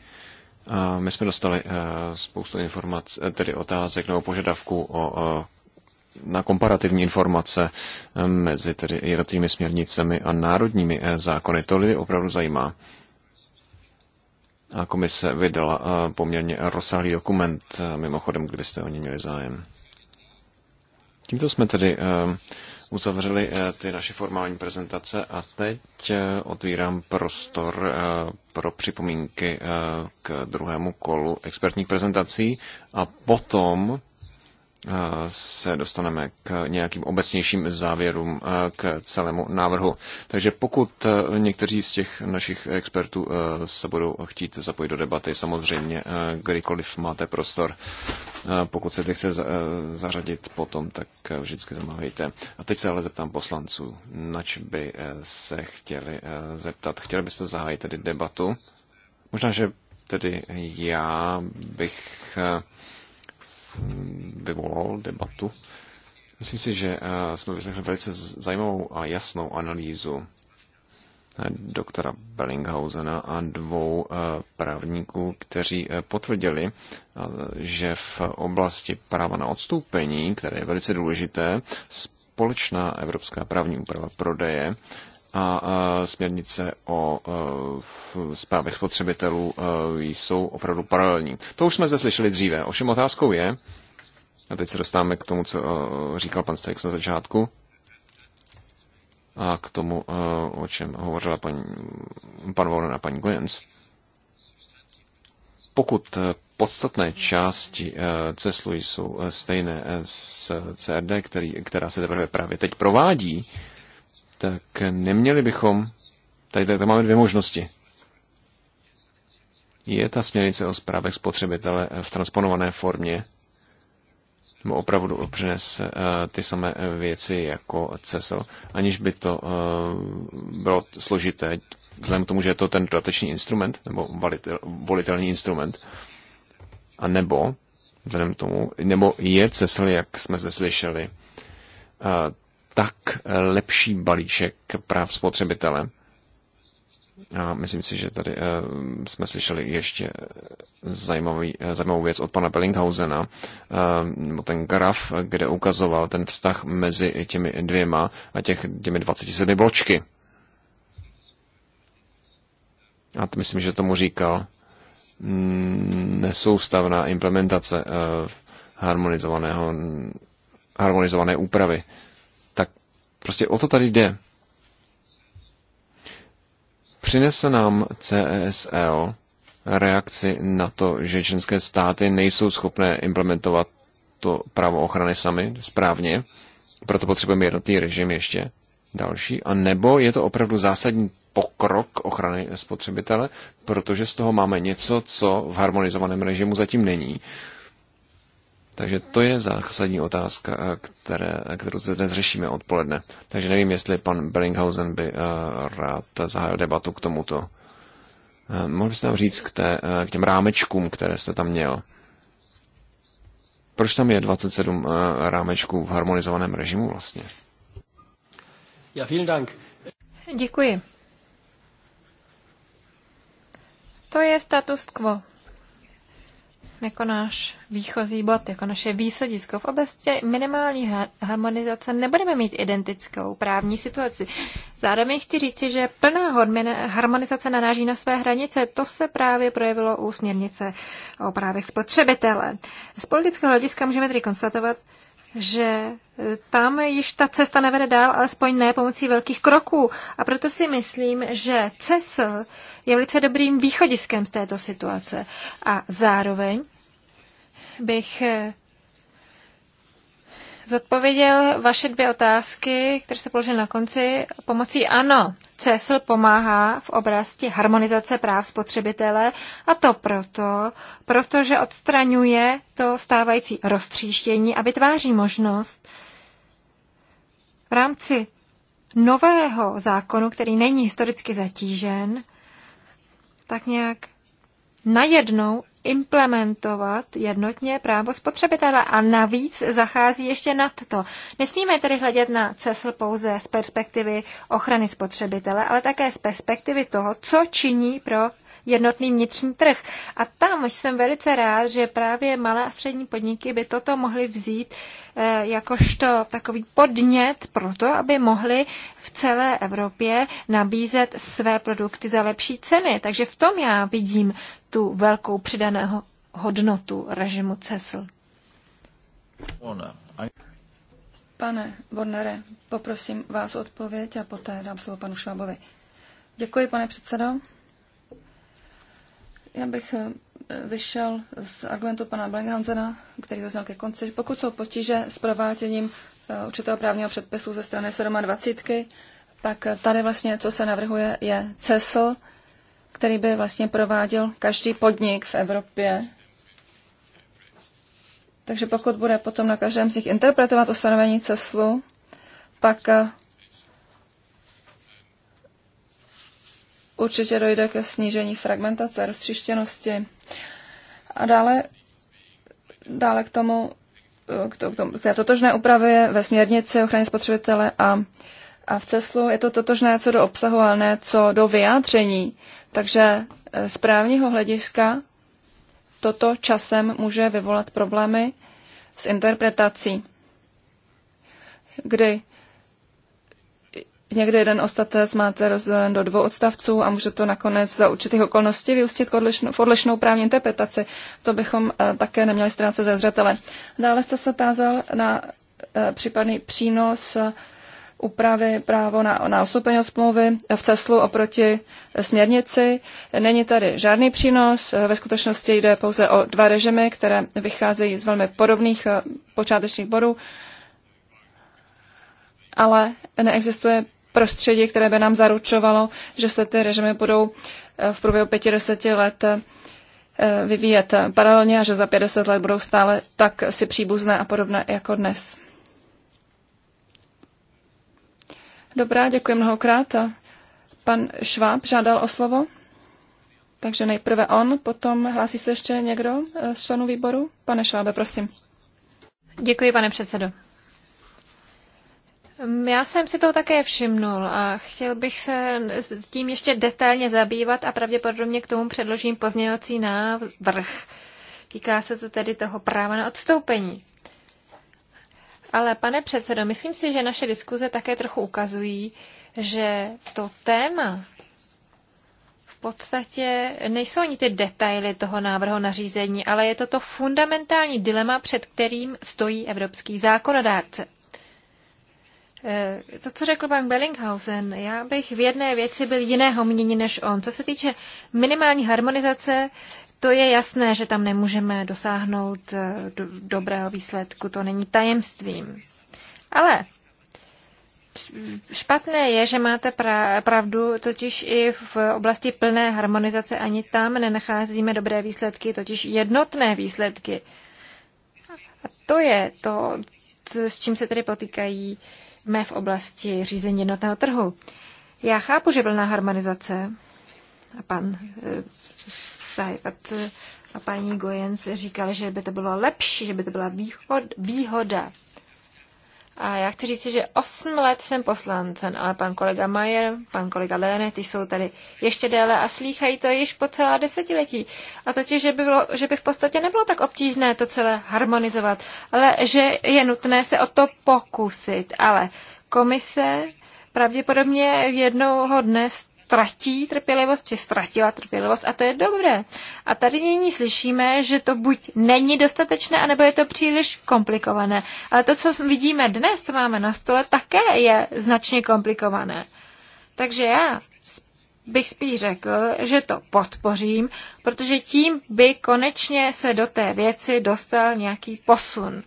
my jsme dostali eh, spoustu informací, eh, tedy otázek nebo požadavků o eh, na komparativní informace mezi tedy jednotlivými směrnicemi a národními zákony. To lidi opravdu zajímá. A komise vydala poměrně rozsáhlý dokument, mimochodem, kdybyste o ně měli zájem. Tímto jsme tedy uzavřeli eh, ty naše formální prezentace a teď eh, otvírám prostor eh, pro připomínky k druhému kolu expertních prezentací a potom Eh, se dostaneme k nějakým obecnějším závěrům eh, k celému návrhu. Takže pokud eh, někteří z těch našich expertů se budou chtít zapojit do debaty, samozřejmě kdykoliv máte prostor, pokud se chce zařadit potom, tak vždycky zamávejte. A teď se ale zeptám poslanců, nač by se chtěli zeptat. Chtěli byste zahájit tedy debatu? Možná, že tedy já bych vyvolal debatu. Myslím si, že eh, jsme vyslechli velice zajímavou a jasnou analýzu eh, doktora Bellinghausena a dvou eh, právníků, kteří potvrdili, že v oblasti práva na odstoupení, které je velice důležité, společná evropská právní úprava prodeje a směrnice o e, zprávech spotřebitelů e, jsou opravdu paralelní. To už jsme zde slyšeli dříve. Ovšem otázkou je, a teď se dostáváme k tomu, co e, říkal pan Stajks na začátku, a k tomu, o čem hovořila paní, pan Warren a paní Goyens. Pokud podstatné části CESLu jsou stejné s CRD, který, která se teprve právě teď provádí, tak neměli bychom, tady, tady máme dvě možnosti. Je ta směrnice o zprávech spotřebitele v transponované formě, nebo opravdu přines eh, ty samé věci jako CESO, aniž by to eh, bylo složité, vzhledem k tomu, že je to ten dodatečný instrument, nebo volitelný instrument, a nebo, vzhledem k tomu, nebo je CESL, jak jsme zde slyšeli, eh, tak eh, lepší balíček práv spotřebitele. A myslím si, že tady uh, jsme slyšeli ještě zajímavý, eh, zajímavou věc od pana Bellinghausena, uh, ten graf, kde ukazoval ten vztah mezi těmi dvěma a těch, těmi 27 bločky. A to myslím, že tomu říkal mm, nesoustavná implementace uh, harmonizovaného, harmonizované úpravy. Uh, Prostě o to tady jde. Přinese nám CESL reakci na to, že členské státy nejsou schopné implementovat to právo ochrany sami správně, proto potřebujeme jednotný režim ještě další, a nebo je to opravdu zásadní pokrok ochrany spotřebitele, protože z toho máme něco, co v harmonizovaném režimu zatím není. Takže to je zásadní otázka, eh, které, kterou dnes řešíme odpoledne. Takže nevím, jestli pan Bellinghausen by eh, rád zahájil debatu k tomuto. Eh, mohl byste nám říct k, té, k těm rámečkům, které jste tam měl? Proč tam je 27 rámečků v harmonizovaném režimu vlastně? Ja, vielen Dank. Děkuji. To je status quo jako náš výchozí bod, jako naše výsadisko. V oblasti minimální harmonizace nebudeme mít identickou právní situaci. Zároveň chci říci, že plná harmonizace naráží na své hranice. To se právě projevilo u směrnice o právech spotřebitele. Z politického hlediska můžeme tedy konstatovat, že e, tam již ta cesta nevede dál, alespoň ne pomocí velkých kroků. A proto si myslím, že CESL je velice dobrým východiskem z této situace. A zároveň bych e, zodpověděl vaše dvě otázky, které jste položil na konci, pomocí ANO. CESL pomáhá v oblasti harmonizace práv spotřebitele a to proto, protože odstraňuje to stávající roztříštění a vytváří možnost v rámci nového zákonu, který není historicky zatížen, tak nějak najednou implementovat jednotně právo spotřebitele a navíc zachází ještě nad to. Nesmíme tedy hledět na CESL pouze z perspektivy ochrany spotřebitele, ale také z perspektivy toho, co činí pro jednotný vnitřní trh. A tam jsem velice rád, že právě malé a střední podniky by toto mohly vzít eh, jakožto takový podnět pro to, aby mohly v celé Evropě nabízet své produkty za lepší ceny. Takže v tom já vidím tu velkou přidaného hodnotu režimu CESL. Pane Bornere, poprosím vás o odpověď a poté dám slovo panu Švábovi. Děkuji, pane předsedo. Já bych eh, vyšel z argumentu pana Blankhansena, který zazněl ke konci, že pokud jsou potíže s prováděním eh, určitého právního předpisu ze strany 27, pak eh, tady vlastně, co se navrhuje, je CESL, který by vlastně prováděl každý podnik v Evropě. Takže pokud bude potom na každém z nich interpretovat ustanovení CESLu, pak určitě dojde ke snížení fragmentace, roztřištěnosti. A dále, dále k tomu, k, to, k, tomu, k té totožné úpravě ve směrnici ochrany spotřebitele a, a v CESLu je to totožné co do obsahu, ale ne co do vyjádření. Takže eh, z právního hlediska toto časem může vyvolat problémy s interpretací, kdy Někdy jeden ostatec máte rozdělen do dvou odstavců a může to nakonec za určitých okolností vyústit k v odlišnou právní interpretaci. To bychom eh, také neměli ztrácet ze zřetele. Dále jste se tázal na eh, případný přínos eh, úpravy právo na, na ostupeň smlouvy v CESLu oproti směrnici. Není tady žádný přínos, ve skutečnosti jde pouze o dva režimy, které vycházejí z velmi podobných počátečních bodů, ale neexistuje prostředí, které by nám zaručovalo, že se ty režimy budou eh, v průběhu pěti deseti let eh, vyvíjet paralelně a že za 50 let budou stále tak si příbuzné a podobné jako dnes. Dobrá, děkuji mnohokrát. Pan Šváb žádal o slovo. Takže nejprve on, potom hlásí se ještě někdo eh, z členů výboru? Pane Švábe, prosím. Děkuji, pane předsedo. Já jsem si to také všimnul a chtěl bych se tím ještě detailně zabývat a pravděpodobně k tomu předložím pozměňovací návrh. Týká se to tedy toho práva na odstoupení. Ale pane předsedo, myslím si, že naše diskuze také trochu ukazují, že to téma v podstatě nejsou ani ty detaily toho návrhu nařízení, ale je to to fundamentální dilema, před kterým stojí evropský zákonodárce. Eh, to, co řekl pan Bellinghausen, já bych v jedné věci byl jiného mění než on. Co se týče minimální harmonizace, to je jasné, že tam nemůžeme dosáhnout eh, do, dobrého výsledku, to není tajemstvím. Ale špatné je, že máte pravdu, totiž i v oblasti plné harmonizace ani tam nenacházíme dobré výsledky, totiž jednotné výsledky. A to je to, s čím se tedy potýkají jsme v oblasti řízení jednotného trhu. Já chápu, že plná harmonizace a pan eh, Sajpat eh, a paní Gojens říkali, že by to bylo lepší, že by to byla výhod, výhoda a já chci říct, že 8 let jsem poslancem, ale pan kolega Majer, pan kolega Lene, ty jsou tady ještě déle a slýchají to již po celá desetiletí. A totiž, že by, bylo, že by v podstatě nebylo tak obtížné to celé harmonizovat, ale že je nutné se o to pokusit. Ale komise pravděpodobně jednoho dne ztratí trpělivost, či ztratila trpělivost a to je dobré. A tady nyní slyšíme, že to buď není dostatečné, anebo je to příliš komplikované. Ale to, co vidíme dnes, co máme na stole, také je značně komplikované. Takže já bych spíš řekl, že to podpořím, protože tím by konečně se do té věci dostal nějaký posun.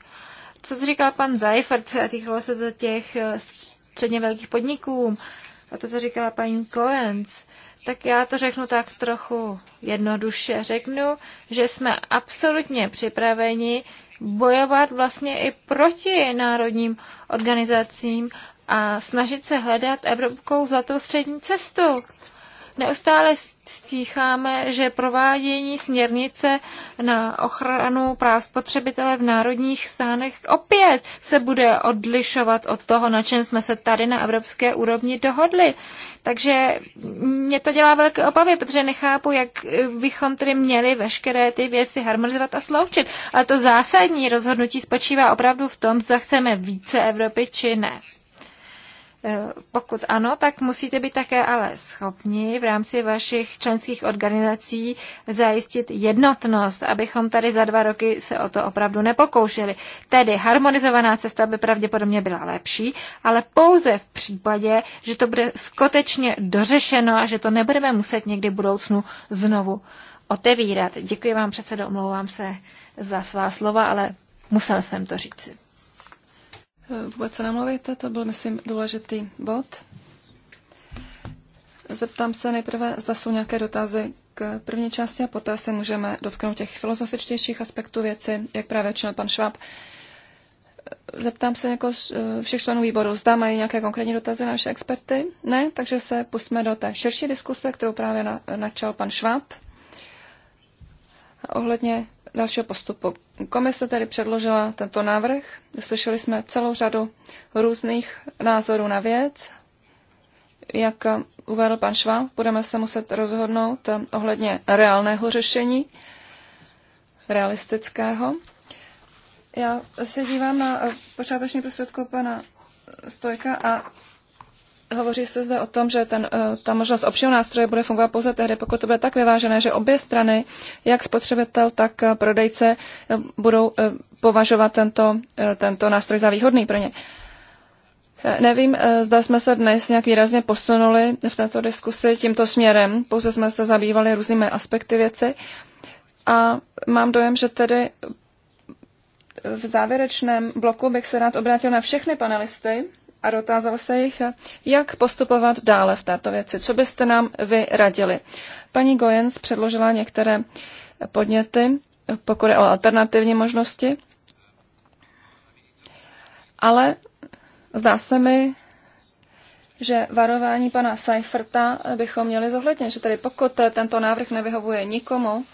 Co říkal pan Zajfert, týkalo se to těch eh, středně velkých podniků, a to, co říkala paní Coens, tak já to řeknu tak trochu jednoduše. Řeknu, že jsme absolutně připraveni bojovat vlastně i proti národním organizacím a snažit se hledat evropskou zlatou střední cestu. Neustále stícháme, že provádění směrnice na ochranu práv spotřebitele v národních stánech opět se bude odlišovat od toho, na čem jsme se tady na evropské úrovni dohodli. Takže mě to dělá velké obavy, protože nechápu, jak bychom tedy měli veškeré ty věci harmonizovat a sloučit. Ale to zásadní rozhodnutí spočívá opravdu v tom, zda chceme více Evropy či ne. Eh, pokud ano, tak musíte být také ale schopni v rámci vašich členských organizací zajistit jednotnost, abychom tady za dva roky se o to opravdu nepokoušeli. Tedy harmonizovaná cesta by pravděpodobně byla lepší, ale pouze v případě, že to bude skutečně dořešeno a že to nebudeme muset někdy v budoucnu znovu otevírat. Děkuji vám, předsedo, omlouvám se za svá slova, ale musel jsem to říci. Vůbec se namluvíte, to byl, myslím, důležitý bod. Zeptám se nejprve, zda jsou nějaké dotazy k první části a poté se můžeme dotknout těch filozofičtějších aspektů věci, jak právě učinil pan Šváb. Zeptám se jako eh, všech členů výboru, zda mají nějaké konkrétní dotazy naše experty. Ne, takže se pustíme do té širší diskuse, kterou právě na, eh, načal pan Šváb ohledně dalšího postupu. Komise tedy předložila tento návrh. Slyšeli jsme celou řadu různých názorů na věc. Jak uvedl pan Šváb, budeme se muset rozhodnout ohledně reálného řešení, realistického. Já se dívám na počáteční prostředku pana Stojka a Hovoří se zde o tom, že ten, eh, ta možnost obšího nástroje bude fungovat pouze tehdy, pokud to bude tak vyvážené, že obě strany, jak spotřebitel, tak eh, prodejce, eh, budou považovat tento, tento nástroj za výhodný pro ně. Nevím, zda jsme se dnes nějak výrazně posunuli v této diskusi tímto směrem, pouze jsme se zabývali různými aspekty věci a mám dojem, že tedy v závěrečném bloku bych se rád obrátil na všechny panelisty, a dotázal se jich, jak postupovat dále v této věci. Co byste nám vy radili? Paní Gojens předložila některé podněty, pokud je o alternativní možnosti, ale zdá se mi, že varování pana Seiferta bychom měli zohlednit, že tedy pokud tento návrh nevyhovuje nikomu,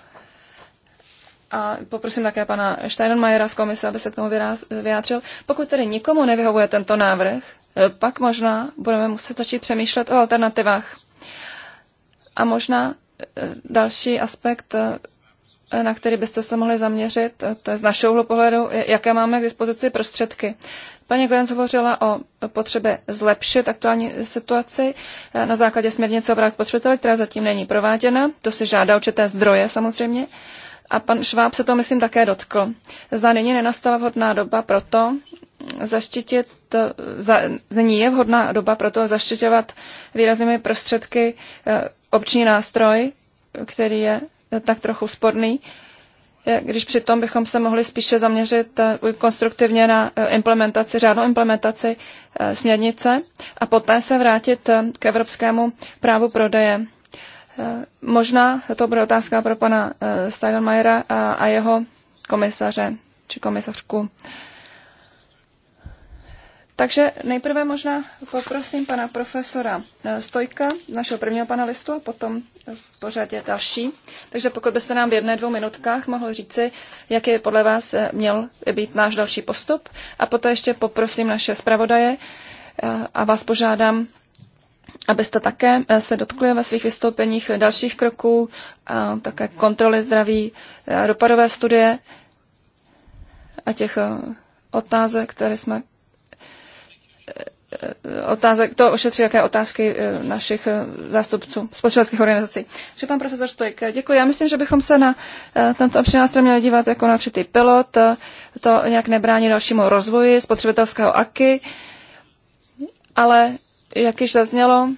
a poprosím také pana Steinmeiera z komise, aby se k tomu vyjádřil. Pokud tedy nikomu nevyhovuje tento návrh, eh, pak možná budeme muset začít přemýšlet o alternativách. A možná eh, další aspekt, eh, na který byste se mohli zaměřit, to je z našeho pohledu, jaké máme k dispozici prostředky. Paní Gojens hovořila o potřebě zlepšit aktuální situaci na základě směrnice o právech spotřebitele, která zatím není prováděna. To si žádá určité zdroje samozřejmě. A pan Šváb se to, myslím, také dotkl. Zda nyní nenastala vhodná doba pro to zaštítit, za, nyní je vhodná doba pro to zaštiťovat výraznými prostředky eh, obční nástroj, který je tak trochu sporný, když přitom bychom se mohli spíše zaměřit eh, konstruktivně na eh, implementaci, řádnou implementaci směrnice a poté se vrátit k evropskému právu prodeje Eh, možná to bude otázka pro pana eh, Steinmeiera a jeho komisaře či komisařku. Takže nejprve možná poprosím pana profesora eh, Stojka, našeho prvního panelistu, a potom v pořadě další. Takže pokud byste nám v jedné, dvou minutkách mohl říci, jaký je podle vás měl být náš další postup. A poté ještě poprosím naše zpravodaje a vás požádám abyste také eh, se dotkli ve svých vystoupeních dalších kroků, také kontroly zdraví, eh, dopadové studie a těch eh, otázek, které jsme otázek, to ošetří jaké otázky našich zástupců společenských organizací. Že pan profesor Stojk, děkuji. Já myslím, že bychom se na tento obční nástroj měli dívat jako na určitý pilot. To nějak nebrání dalšímu rozvoji spotřebitelského AKY, ale jak již zaznělo,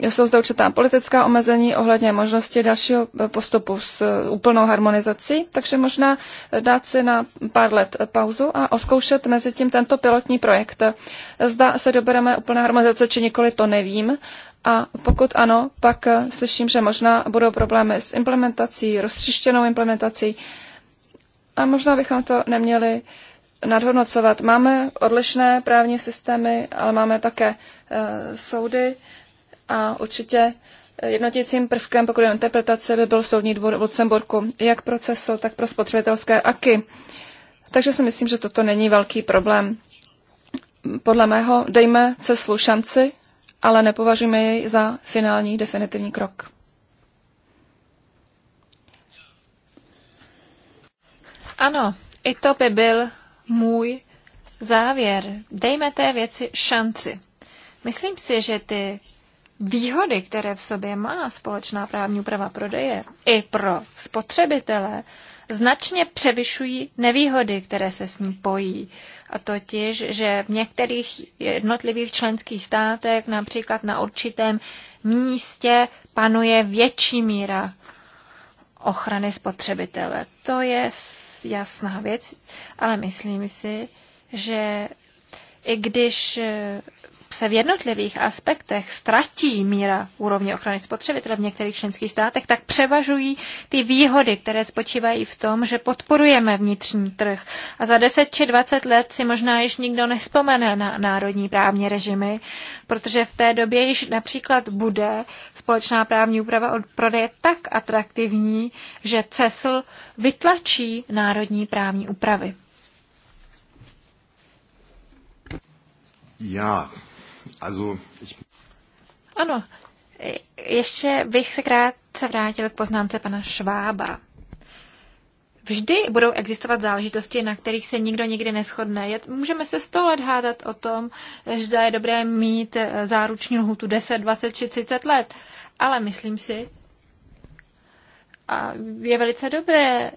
jsou zde určitá politická omezení ohledně možnosti dalšího postupu s úplnou harmonizací, takže možná dát si na pár let pauzu a oskoušet mezi tím tento pilotní projekt. Zda se dobereme úplné harmonizace či nikoli, to nevím. A pokud ano, pak slyším, že možná budou problémy s implementací, rozstřištěnou implementací. A možná bychom to neměli uh, nadhodnocovat. Máme odlišné právní systémy, ale máme také eh, soudy a určitě jednotícím prvkem, pokud je interpretace, by byl soudní dvůr v Lucemburku, jak pro CESO, tak pro spotřebitelské aky. Takže si myslím, že toto není velký problém. Podle mého dejme CESLu šanci, ale nepovažujeme jej za finální definitivní krok. Ano, i to by byl můj závěr. Dejme té věci šanci. Myslím si, že ty výhody, které v sobě má společná právní úprava prodeje i pro spotřebitele, značně převyšují nevýhody, které se s ní pojí. A totiž, že v některých jednotlivých členských státech, například na určitém místě, panuje větší míra ochrany spotřebitele. To je jasná věc, ale myslím si, že i když se v jednotlivých aspektech ztratí míra úrovně ochrany spotřebitele v některých členských státech, tak převažují ty výhody, které spočívají v tom, že podporujeme vnitřní trh. A za 10 či 20 let si možná již nikdo nespomene na národní právní režimy, protože v té době již například bude společná právní úprava od prodeje tak atraktivní, že CESL vytlačí národní právní úpravy. Já also ich... Ano, ještě bych se krátce vrátil k poznámce pana Švába. Vždy budou existovat záležitosti, na kterých se nikdo nikdy neschodne. Můžeme se sto let hádat o tom, že je dobré mít eh, záruční lhutu 10, 20 či 30 let, ale myslím si, a je velice dobré,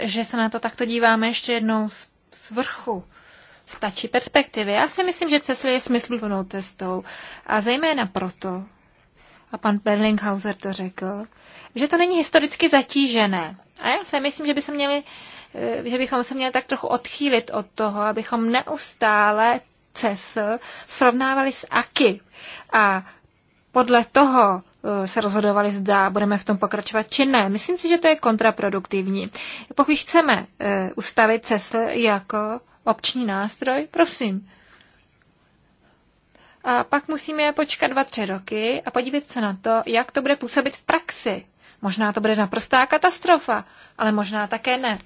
že se na to takto díváme ještě jednou z, z vrchu z tačí perspektivy. Já si myslím, že Cecil je smysluplnou cestou a zejména proto, a pan Berlinghauser to řekl, že to není historicky zatížené. A já si myslím, že by se měli eh, že bychom se měli tak trochu odchýlit od toho, abychom neustále CESL srovnávali s AKY a podle toho eh, se rozhodovali, zda budeme v tom pokračovat či ne. Myslím si, že to je kontraproduktivní. Pokud chceme eh, ustavit CESL jako opční nástroj? Prosím. A pak musíme počkat dva, tři roky a podívat se na to, jak to bude působit v praxi. Možná to bude naprostá katastrofa, ale možná také ne.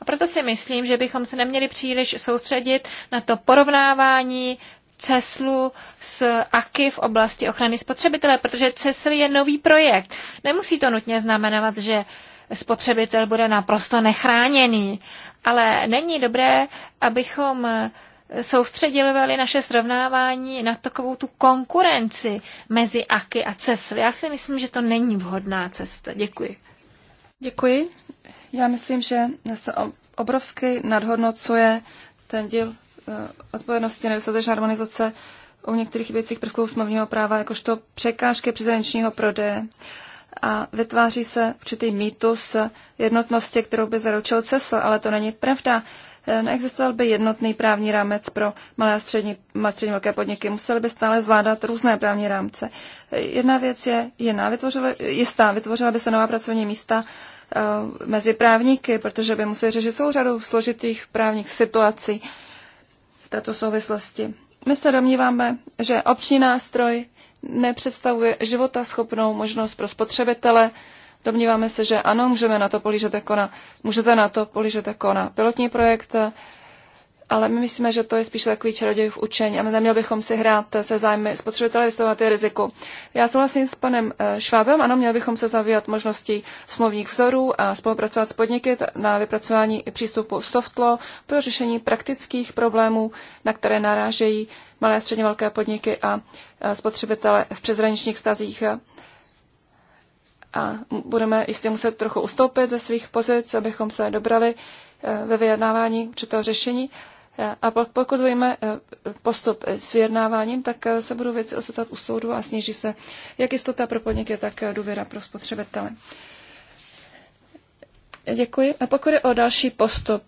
A proto si myslím, že bychom se neměli příliš soustředit na to porovnávání CESLu s AKY v oblasti ochrany spotřebitele, protože CESL je nový projekt. Nemusí to nutně znamenat, že spotřebitel bude naprosto nechráněný. Ale není dobré, abychom soustředili naše srovnávání na takovou tu konkurenci mezi AKY a CESV. Já si myslím, že to není vhodná cesta. Děkuji. Děkuji. Já myslím, že se obrovsky nadhodnocuje ten díl eh, odpovědnosti nedostatečné harmonizace u některých věcích prvků smluvního práva, jakožto překážky přizraničního prodeje a vytváří se určitý mýtus jednotnosti, kterou by zaručil CESL, ale to není pravda. E, neexistoval by jednotný právní rámec pro malé a střední, malé a střední velké podniky. Museli by stále zvládat různé právní rámce. E, jedna věc je jiná, vytvořila, jistá, vytvořila by se nová pracovní místa uh, mezi právníky, protože by museli řešit celou řadu složitých právních situací v této souvislosti. My se domníváme, že obční nástroj nepředstavuje životaschopnou možnost pro spotřebitele. Domníváme se, že ano, můžeme na to polížet jako na, můžete na to polížet jako na pilotní projekt, ale my myslíme, že to je spíše takový čaroděj v učení a my neměli bychom si hrát se zájmy spotřebitele, vystovat je riziku. Já souhlasím s panem eh, Švábem, ano, měli bychom se zabývat možností smluvních vzorů a spolupracovat s podniky na vypracování přístupu softlo pro řešení praktických problémů, na které narážejí malé a středně velké podniky a spotřebitele v přezraničních stazích. A budeme jistě muset trochu ustoupit ze svých pozic, abychom se dobrali e, ve vyjednávání určitého řešení. E, a pokud zvojíme e, postup s vyjednáváním, tak se budou věci osetat u soudu a sníží se jak jistota pro podniky, tak důvěra pro spotřebitele. Děkuji. A pokud je o další postup,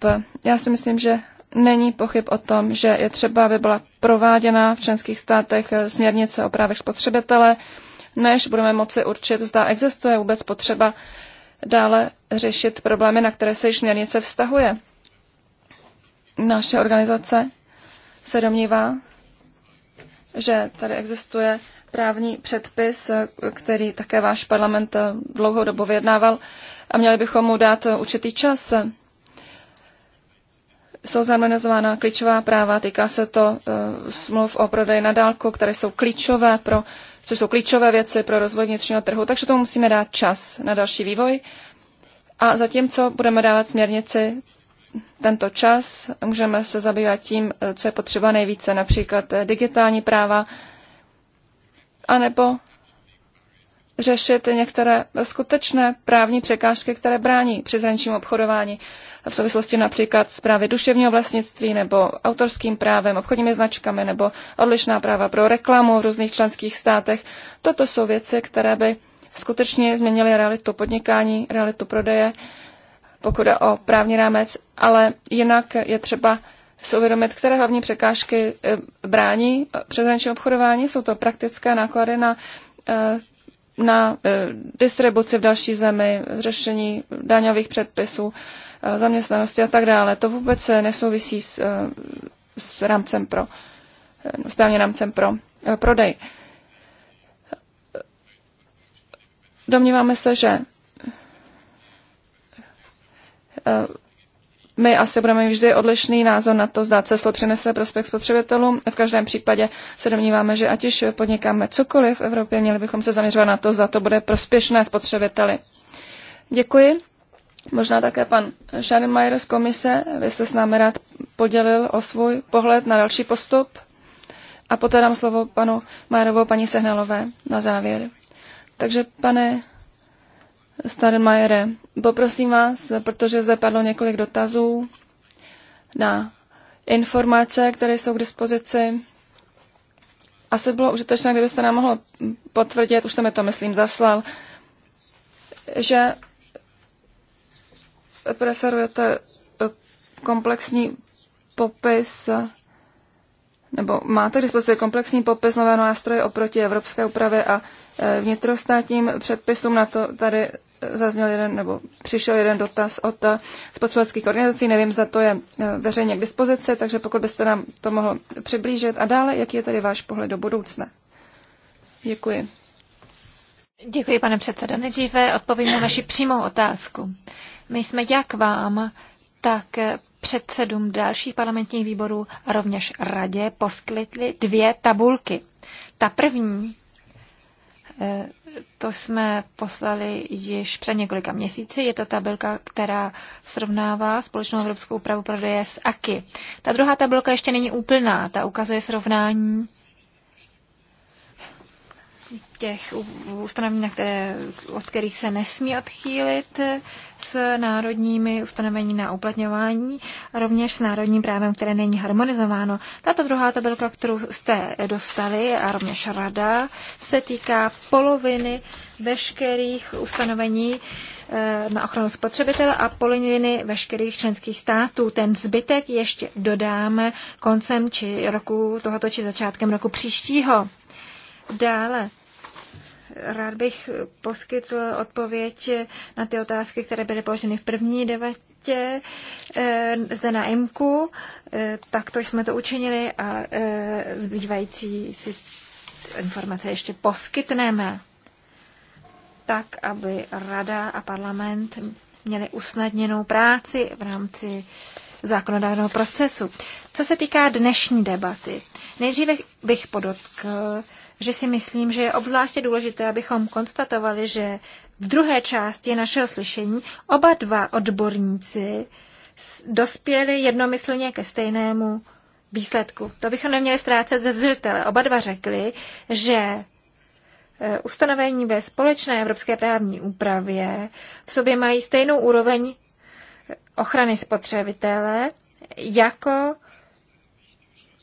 já si myslím, že není pochyb o tom, že je třeba, aby byla prováděna v členských státech eh, směrnice o právech spotřebitele, než budeme moci určit, zda existuje vůbec potřeba dále řešit problémy, na které se již směrnice vztahuje. Naše organizace se domnívá, že tady existuje právní předpis, eh, který také váš parlament eh, dlouhou dobu vyjednával a měli bychom mu dát určitý čas, jsou zaměnozována klíčová práva, týká se to uh, smluv o prodeji na dálku, které jsou klíčové pro, což jsou klíčové věci pro rozvoj vnitřního trhu, takže tomu musíme dát čas na další vývoj. A zatímco budeme dávat směrnici tento čas, můžeme se zabývat tím, eh, co je potřeba nejvíce, například eh, digitální práva, anebo řešit některé skutečné právní překážky, které brání přeshraničnímu obchodování v souvislosti například s právy duševního vlastnictví nebo autorským právem, obchodními značkami nebo odlišná práva pro reklamu v různých členských státech. Toto jsou věci, které by skutečně změnily realitu podnikání, realitu prodeje, pokud je o právní rámec, ale jinak je třeba se uvědomit, které hlavní překážky eh, brání přeshraničnímu obchodování. Jsou to praktické náklady na eh, na e, distribuci v další zemi, řešení daňových předpisů, e, zaměstnanosti a tak dále. To vůbec e, nesouvisí s, s rámcem pro, správně rámcem pro prodej. Domníváme se, že my asi budeme vždy odlišný názor na to, zda CESL přinese prospěch spotřebitelům. V každém případě se domníváme, že ať už podnikáme cokoliv v Evropě, měli bychom se zaměřovat na to, zda to bude prospěšné spotřebiteli. Děkuji. Možná také pan Schadenmayer z komise, vy se s námi rád podělil o svůj pohled na další postup. A poté dám slovo panu Majerovou, paní Sehnalové na závěr. Takže pane Stademajere. Poprosím vás, protože zde padlo několik dotazů na informace, které jsou k dispozici. Asi bylo užitečné, kdybyste nám mohl potvrdit, už jsem mi to, myslím, zaslal, že preferujete komplexní popis nebo máte k dispozici komplexní popis nového nástroje oproti evropské úpravě a e, vnitrostátním předpisům na to tady zazněl jeden, nebo přišel jeden dotaz od eh, spotřebitelských organizací. Nevím, za to je eh, veřejně k dispozici, takže pokud byste nám to mohl přiblížit. A dále, jaký je tedy váš pohled do budoucna? Děkuji. Děkuji, pane předsedo. Nejdříve odpovím na vaši přímou otázku. My jsme jak vám, tak předsedům dalších parlamentních výborů a rovněž radě poskytli dvě tabulky. Ta první eh, to jsme poslali již před několika měsíci. Je to tabulka, která srovnává společnou evropskou úpravu prodeje s AKI. Ta druhá tabulka ještě není úplná. Ta ukazuje srovnání těch ustanovení, na které, od kterých se nesmí odchýlit s národními ustanovení na uplatňování, rovněž s národním právem, které není harmonizováno. Tato druhá tabulka, kterou jste dostali, a rovněž rada, se týká poloviny veškerých ustanovení eh, na ochranu spotřebitele a poloviny veškerých členských států. Ten zbytek ještě dodáme koncem či roku tohoto či začátkem roku příštího. Dále Rád bych poskytl odpověď na ty otázky, které byly položeny v první debatě eh, zde na IMKU. Eh, takto jsme to učinili a eh, zbývající si informace ještě poskytneme tak, aby Rada a parlament měli usnadněnou práci v rámci zákonodárného procesu. Co se týká dnešní debaty, nejdříve bych podotkl, že si myslím, že je obzvláště důležité, abychom konstatovali, že v druhé části našeho slyšení oba dva odborníci dospěli jednomyslně ke stejnému výsledku. To bychom neměli ztrácet ze zřetele. Oba dva řekli, že e, ustanovení ve společné evropské právní úpravě v sobě mají stejnou úroveň e, ochrany spotřebitele jako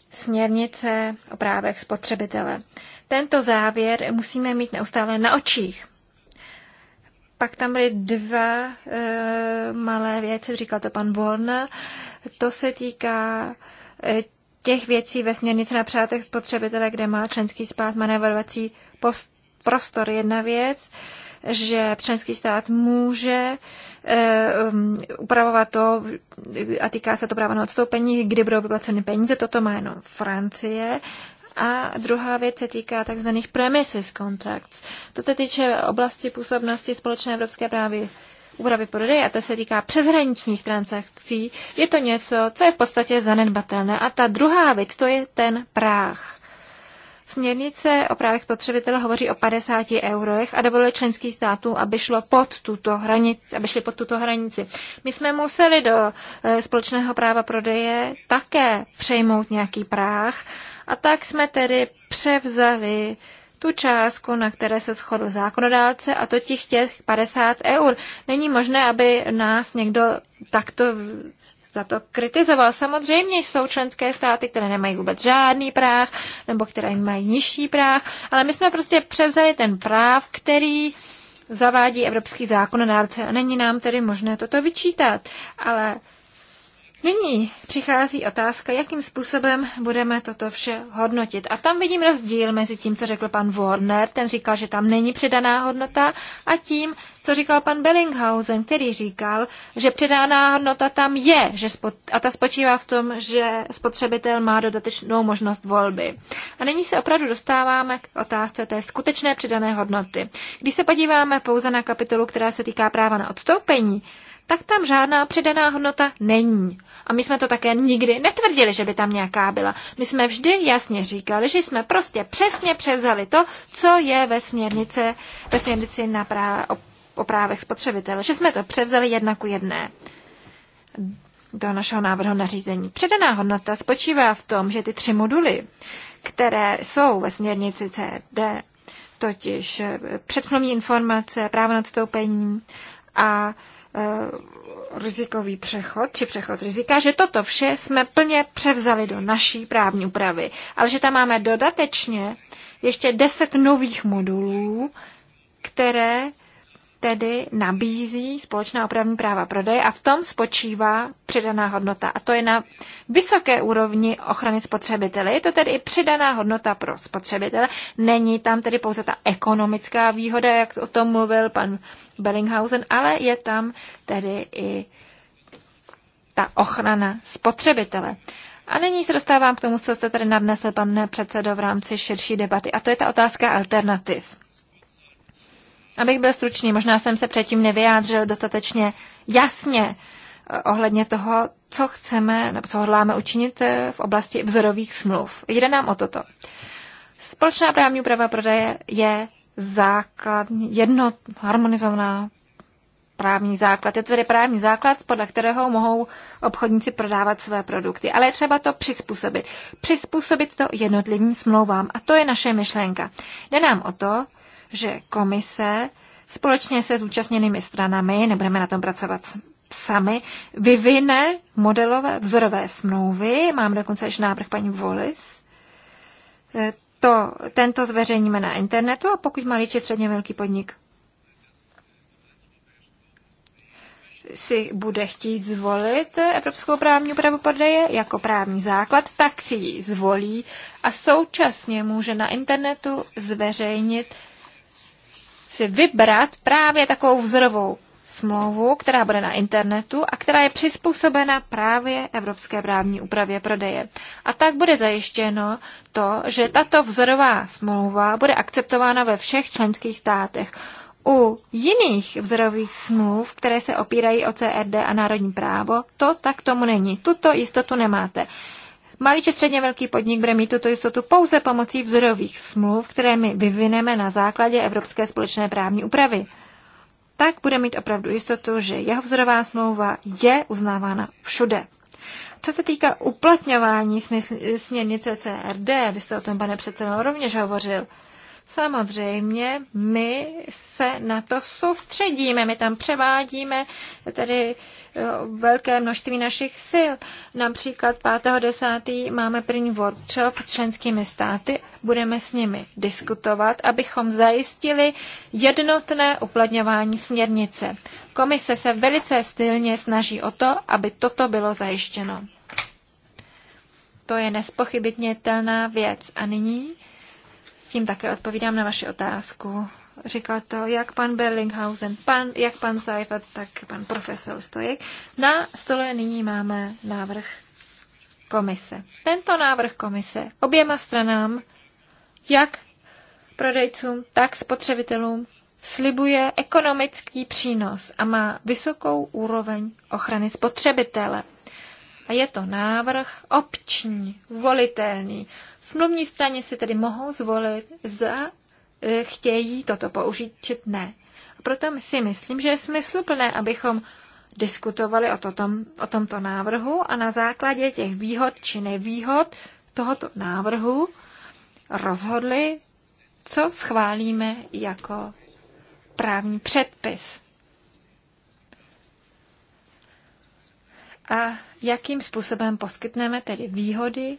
směrnice o právech spotřebitele. Tento závěr musíme mít neustále na očích. Pak tam byly dva e, malé věci, říkal to pan Born. To se týká e, těch věcí ve směrnici na přátek spotřebitele, kde má členský spát manévrovací post, prostor. Jedna věc, že členský stát může e, um, upravovat to, a týká se to práva na odstoupení, kdy budou vyplaceny peníze, toto má jenom Francie. A druhá věc se týká tzv. premises contracts. To se týče oblasti působnosti společné evropské právy úpravy prodeje, a to se týká přeshraničních transakcí, je to něco, co je v podstatě zanedbatelné. A ta druhá věc, to je ten práh. Směrnice o právech potřebitele hovoří o 50 eurech a dovoluje členských států, aby, šlo pod tuto hranici, aby šli pod tuto hranici. My jsme museli do eh, společného práva prodeje také přejmout nějaký práh a tak jsme tedy převzali tu částku, na které se shodl zákonodáce, a to těch těch 50 eur. Není možné, aby nás někdo takto za to kritizoval. Samozřejmě jsou členské státy, které nemají vůbec žádný práh, nebo které mají nižší práh, ale my jsme prostě převzali ten práv, který zavádí evropský zákonodárce a není nám tedy možné toto vyčítat. Ale Nyní přichází otázka, jakým způsobem budeme toto vše hodnotit. A tam vidím rozdíl mezi tím, co řekl pan Warner, ten říkal, že tam není předaná hodnota, a tím, co říkal pan Bellinghausen, který říkal, že předaná hodnota tam je, že a ta spočívá v tom, že spotřebitel má dodatečnou možnost volby. A nyní se opravdu dostáváme k otázce té skutečné předané hodnoty. Když se podíváme pouze na kapitolu, která se týká práva na odstoupení, tak tam žádná předaná hodnota není. A my jsme to také nikdy netvrdili, že by tam nějaká byla. My jsme vždy jasně říkali, že jsme prostě přesně převzali to, co je ve, směrnici, ve směrnici na prá- o, o právech spotřebitele. Že jsme to převzali jedna ku jedné do našeho návrhu nařízení. Předaná hodnota spočívá v tom, že ty tři moduly, které jsou ve směrnici CD, totiž předsmluvní informace, právo na odstoupení a e, rizikový přechod, či přechod rizika, že toto vše jsme plně převzali do naší právní úpravy, ale že tam máme dodatečně ještě deset nových modulů, které tedy nabízí společná opravní práva prodeje a v tom spočívá přidaná hodnota. A to je na vysoké úrovni ochrany spotřebitele. Je to tedy i přidaná hodnota pro spotřebitele. Není tam tedy pouze ta ekonomická výhoda, jak o tom mluvil pan Bellinghausen, ale je tam tedy i ta ochrana spotřebitele. A nyní se dostávám k tomu, co se tady nadnesl pan předsedo v rámci širší debaty, a to je ta otázka alternativ. Abych byl stručný, možná jsem se předtím nevyjádřil dostatečně jasně eh, ohledně toho, co chceme nebo co hodláme učinit eh, v oblasti vzorových smluv. Jde nám o toto. Společná právní úprava prodeje je základ, jedno harmonizovaná právní základ. Je to tedy právní základ, podle kterého mohou obchodníci prodávat své produkty. Ale je třeba to přizpůsobit. Přizpůsobit to jednotlivým smlouvám. A to je naše myšlenka. Jde nám o to, že komise společně se zúčastněnými stranami, nebudeme na tom pracovat sami, vyvine modelové vzorové smlouvy, mám dokonce ještě návrh paní Wallis, e, to, tento zveřejníme na internetu a pokud malý či středně velký podnik si bude chtít zvolit Evropskou právní úpravu prodeje jako právní základ, tak si ji zvolí a současně může na internetu zveřejnit si vybrat právě takovou vzorovou smlouvu, která bude na internetu a která je přizpůsobena právě evropské právní úpravě prodeje. A tak bude zajištěno to, že tato vzorová smlouva bude akceptována ve všech členských státech. U jiných vzorových smluv, které se opírají o CRD a národní právo, to tak tomu není. Tuto jistotu nemáte. Malý či středně velký podnik bude mít tuto jistotu pouze pomocí vzorových smluv, které my vyvineme na základě Evropské společné právní úpravy. Tak bude mít opravdu jistotu, že jeho vzorová smlouva je uznávána všude. Co se týká uplatňování směrnice CRD, vy jste o tom, pane předsedo, rovněž hovořil, Samozřejmě my se na to soustředíme, my tam převádíme tedy eh, velké množství našich sil. Například 5.10. máme první workshop s členskými státy, budeme s nimi diskutovat, abychom zajistili jednotné uplatňování směrnice. Komise se velice stylně snaží o to, aby toto bylo zajištěno. To je nespochybitnětelná věc. A nyní tím také odpovídám na vaši otázku. Říkal to jak pan Berlinghausen, pan, jak pan Seifert, tak pan profesor Stojek. Na stole nyní máme návrh komise. Tento návrh komise oběma stranám, jak prodejcům, tak spotřebitelům, slibuje ekonomický přínos a má vysokou úroveň ochrany spotřebitele. A je to návrh opční, volitelný. Smluvní straně si tedy mohou zvolit, za e, chtějí toto použít, či ne. A proto si myslím, že je smysluplné, abychom diskutovali o, totom, o tomto návrhu a na základě těch výhod či nevýhod tohoto návrhu rozhodli, co schválíme jako právní předpis. A jakým způsobem poskytneme tedy výhody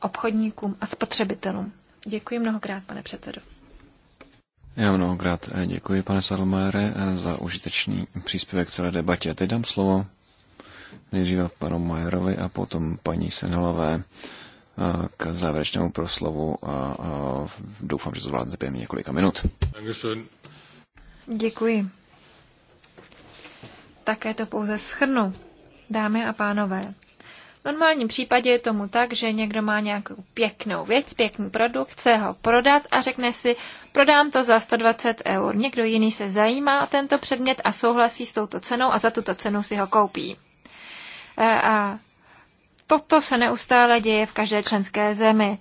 obchodníkům a spotřebitelům. Děkuji mnohokrát, pane předsedo. Já mnohokrát eh, děkuji, pane Salomére, eh, za užitečný příspěvek celé debatě. Teď dám slovo nejdříve panu Majerovi a potom paní Senelové eh, k závěrečnému proslovu a, a doufám, že zvládnete během několika minut. Děkuji. Také to pouze schrnu. Dámy a pánové, v normálním případě je tomu tak, že někdo má nějakou pěknou věc, pěkný produkt, chce ho prodat a řekne si, prodám to za 120 eur. Někdo jiný se zajímá o tento předmět a souhlasí s touto cenou a za tuto cenu si ho koupí. E, a toto se neustále děje v každé členské zemi.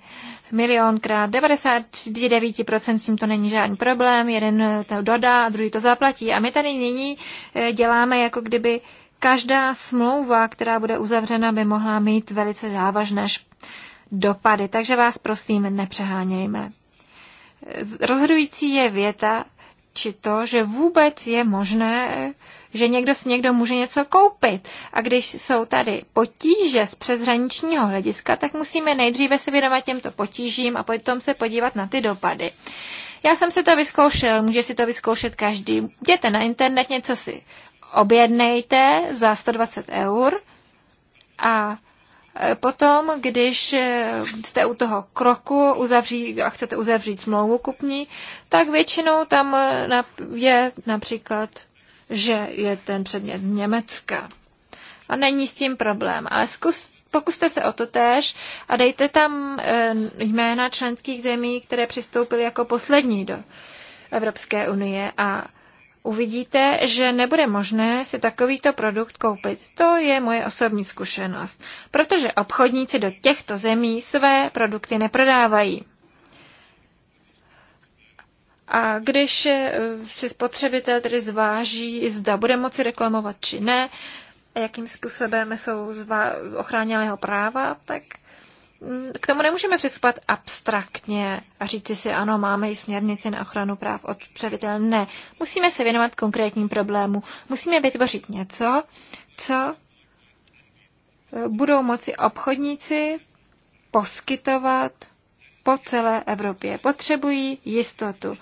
Milionkrát 99% s tím to není žádný problém, jeden to dodá, druhý to zaplatí. A my tady nyní e, děláme, jako kdyby každá smlouva, která bude uzavřena, by mohla mít velice závažné dopady. Takže vás prosím, nepřehánějme. Rozhodující je věta, či to, že vůbec je možné, že někdo s někdo může něco koupit. A když jsou tady potíže z přeshraničního hlediska, tak musíme nejdříve se věnovat těmto potížím a potom se podívat na ty dopady. Já jsem si to vyzkoušel, může si to vyzkoušet každý. Jděte na internet, něco si objednejte za 120 eur a e, Potom, když e, jste u toho kroku uzavří, a chcete uzavřít smlouvu kupní, tak většinou tam e, je například, že je ten předmět z Německa. A není s tím problém. Ale zkus, pokuste se o to též a dejte tam jména členských zemí, které přistoupily jako poslední do Evropské unie a uvidíte, že nebude možné si takovýto produkt koupit. To je moje osobní zkušenost, protože obchodníci do těchto zemí své produkty neprodávají. A když eh, si spotřebitel tedy zváží, zda bude moci reklamovat či ne, a jakým způsobem jsou ochráněné jeho práva, tak k tomu nemůžeme přispat abstraktně a říci si, ano, máme i směrnici na ochranu práv od převitel. Ne, musíme se věnovat konkrétním problému. Musíme vytvořit něco, co eh, budou moci obchodníci poskytovat po celé Evropě. Potřebují jistotu.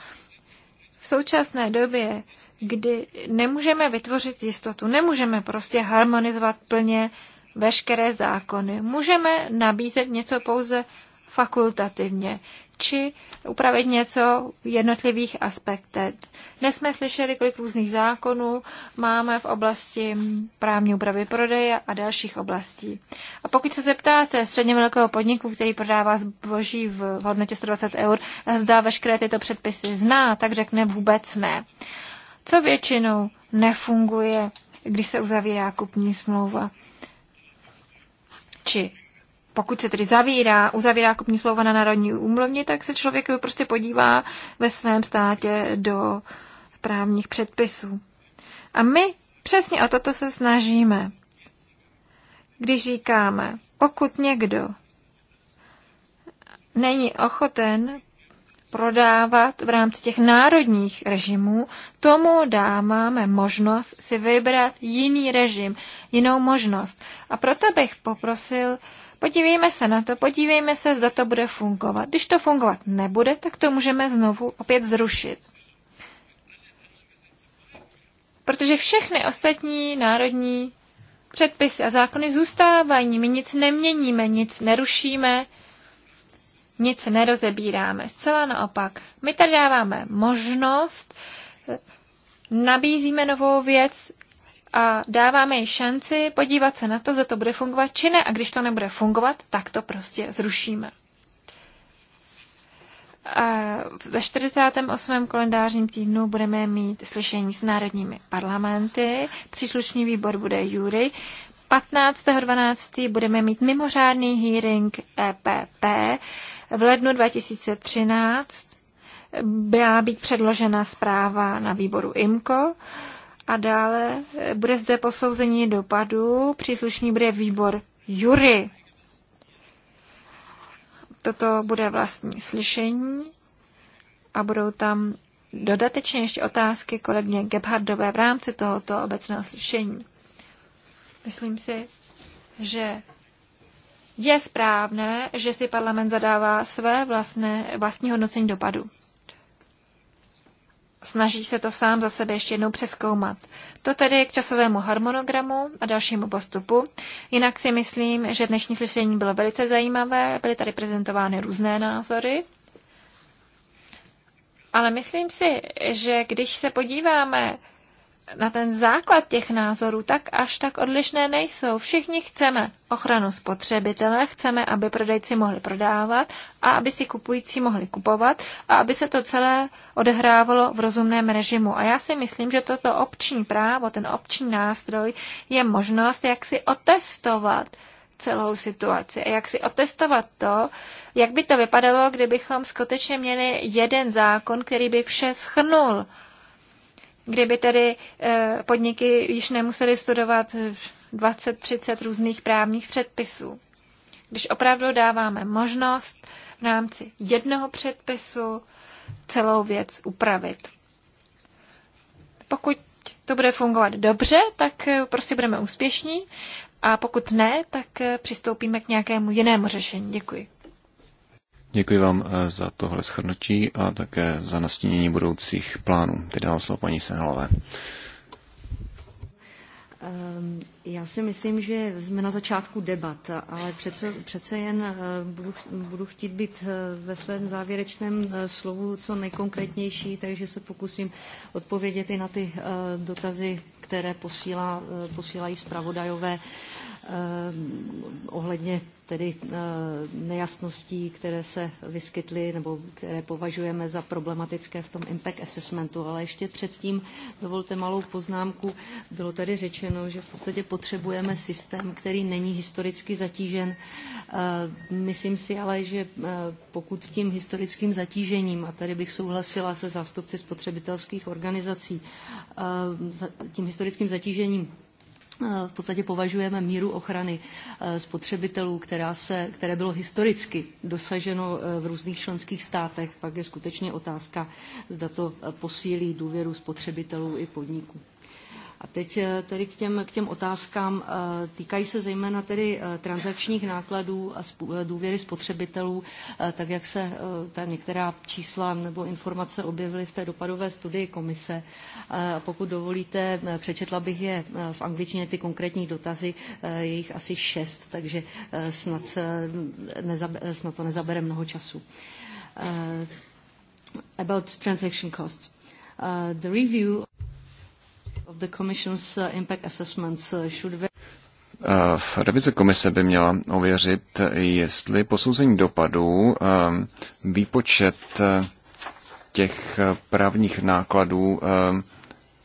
V současné době, kdy nemůžeme vytvořit jistotu, nemůžeme prostě harmonizovat plně veškeré zákony. Můžeme nabízet něco pouze fakultativně či upravit něco v jednotlivých aspektech. Dnes jsme slyšeli, kolik různých zákonů máme v oblasti právní úpravy prodeje a dalších oblastí. A pokud se zeptáte středně velkého podniku, který prodává zboží v hodnotě 120 eur, zda veškeré tyto předpisy zná, tak řekne vůbec ne. Co většinou nefunguje, když se uzavírá kupní smlouva? či pokud se tedy zavírá, uzavírá kupní slova na národní úmluvně, tak se člověk prostě podívá ve svém státě do právních předpisů. A my přesně o toto se snažíme. Když říkáme, pokud někdo není ochoten prodávat v rámci těch národních režimů, tomu dáváme možnost si vybrat jiný režim, jinou možnost. A proto bych poprosil, podívejme se na to, podívejme se, zda to bude fungovat. Když to fungovat nebude, tak to můžeme znovu opět zrušit. Protože všechny ostatní národní předpisy a zákony zůstávají, my nic neměníme, nic nerušíme, nic nerozebíráme. Zcela naopak. My tady dáváme možnost, nabízíme novou věc a dáváme jí šanci podívat se na to, zda to bude fungovat či ne. A když to nebude fungovat, tak to prostě zrušíme. A ve 48. kalendářním týdnu budeme mít slyšení s národními parlamenty, příslušný výbor bude Jury. 15.12. budeme mít mimořádný hearing EPP v lednu 2013 byla být předložena zpráva na výboru IMCO a dále bude zde posouzení dopadů. Příslušný bude výbor Jury. Toto bude vlastní slyšení a budou tam dodatečně ještě otázky kolegyně Gebhardové v rámci tohoto obecného slyšení. Myslím si, že je správné, že si parlament zadává své vlastné, vlastní hodnocení dopadu. Snaží se to sám za sebe ještě jednou přeskoumat. To tedy k časovému harmonogramu a dalšímu postupu. Jinak si myslím, že dnešní slyšení bylo velice zajímavé, byly tady prezentovány různé názory. Ale myslím si, že když se podíváme na ten základ těch názorů, tak až tak odlišné nejsou. Všichni chceme ochranu spotřebitele, chceme, aby prodejci mohli prodávat a aby si kupující mohli kupovat a aby se to celé odehrávalo v rozumném režimu. A já si myslím, že toto obční právo, ten obční nástroj je možnost, jak si otestovat celou situaci a jak si otestovat to, jak by to vypadalo, kdybychom skutečně měli jeden zákon, který by vše schnul kdyby tedy eh, podniky již nemusely studovat 20-30 různých právních předpisů. Když opravdu dáváme možnost v rámci jednoho předpisu celou věc upravit. Pokud to bude fungovat dobře, tak eh, prostě budeme úspěšní a pokud ne, tak eh, přistoupíme k nějakému jinému řešení. Děkuji. Děkuji vám eh, za tohle shrnutí a také za nastínění budoucích plánů. Teď dávám slovo paní Senhalové. Ehm, já si myslím, že jsme na začátku debat, ale přece, přece jen eh, budu, budu chtít být eh, ve svém závěrečném slovu co nejkonkrétnější, takže se pokusím odpovědět i na ty dotazy, které posílá, posílají zpravodajové ohledně tedy eh, nejasností, které se vyskytly nebo které považujeme za problematické v tom impact assessmentu. Ale ještě předtím dovolte malou poznámku. Bylo tady řečeno, že v podstatě potřebujeme systém, který není historicky zatížen. Eh, myslím si ale, že eh, pokud tím historickým zatížením, a tady bych souhlasila se zástupci spotřebitelských organizací, tím historickým zatížením Eh, v podstatě považujeme míru ochrany eh, spotřebitelů, která se, které bylo historicky dosaženo eh, v různých členských státech, pak je skutečně otázka, zda to posílí důvěru spotřebitelů i podniků. A teď eh, tedy k těm, k těm otázkám. Eh, týkají se zejména tedy eh, transakčních nákladů a důvěry spotřebitelů, tak jak se ta některá čísla nebo informace objevily v té dopadové studii komise. A pokud dovolíte, přečetla bych je v angličtině ty konkrétní dotazy, je jich asi šest, takže snad, nezabe, snad to nezabere mnoho času. About transaction costs. Uh, the review v revize komise by měla ověřit, jestli posouzení dopadů, eh, výpočet eh, těch eh, právních nákladů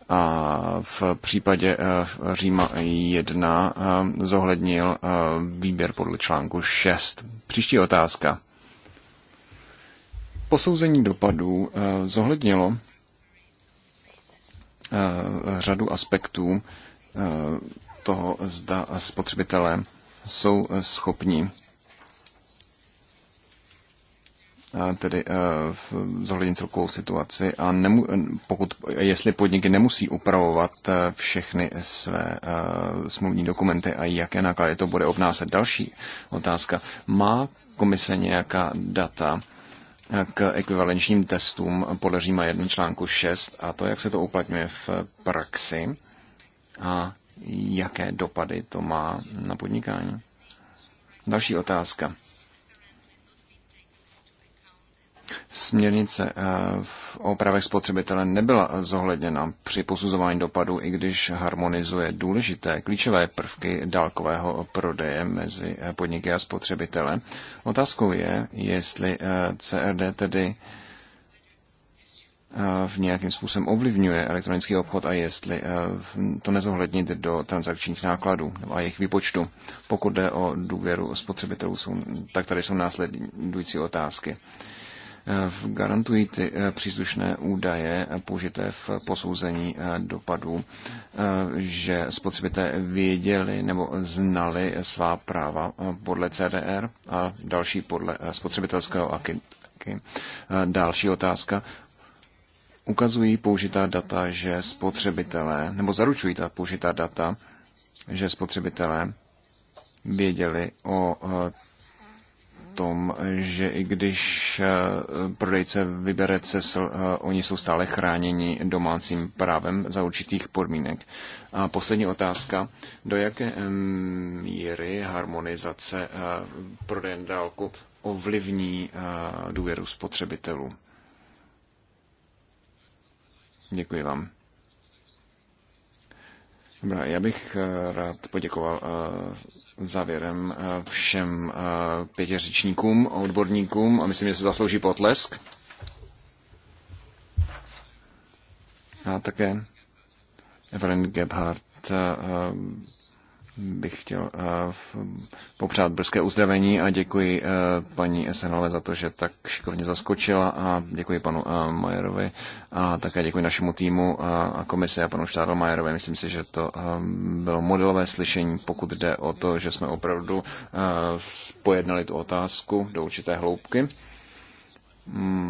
a v případě Říma 1 zohlednil výběr podle článku 6. Příští otázka. Posouzení dopadů zohlednilo Eh, řadu aspektů eh, toho, zda spotřebitelé jsou eh, schopni tedy zohlednit celkovou situaci a nemu, pokud, jestli podniky nemusí upravovat všechny své smluvní dokumenty a jaké náklady to bude obnášet. Další otázka. Má komise nějaká data k ekvivalenčním testům podle Říma 1 článku 6 a to, jak se to uplatňuje v praxi a jaké dopady to má na podnikání. Další otázka. Směrnice eh, o opravech spotřebitele nebyla zohledněna při posuzování dopadu, i když harmonizuje důležité klíčové prvky dálkového prodeje mezi eh, podniky a spotřebitele. Otázkou je, jestli eh, CRD tedy v nějakým způsobem ovlivňuje elektronický obchod a jestli to nezohlednit do transakčních nákladů a jejich výpočtu. Pokud jde o důvěru spotřebitelů, tak tady jsou následující otázky garantují ty eh, příslušné údaje eh, použité v posouzení eh, dopadů, že spotřebitelé věděli nebo znali svá práva podle CDR a další podle spotřebitelského aky. Další otázka ukazují použitá data, že spotřebitelé, nebo zaručují ta použitá data, že spotřebitelé věděli o tom, že i když eh, prodejce vybere cesl, eh, oni jsou stále chráněni domácím právem za určitých podmínek. A poslední otázka. Do jaké míry harmonizace eh, prodejen dálku ovlivní důvěru spotřebitelů? Děkuji vám. Dobrá, já bych eh, rád poděkoval eh, závěrem eh, všem pěti řečníkům, odborníkům a myslím, že se zaslouží potlesk. A také Evelyn Gebhardt bych chtěl eh, popřát brzké uzdravení a děkuji eh, paní SNL za to, že tak šikovně zaskočila a děkuji panu eh, Majerovi a také děkuji našemu týmu a komisi a panu Štádl Majerovi. Myslím si, že to bylo modelové slyšení, pokud jde o to, že jsme opravdu pojednali tu otázku do určité hloubky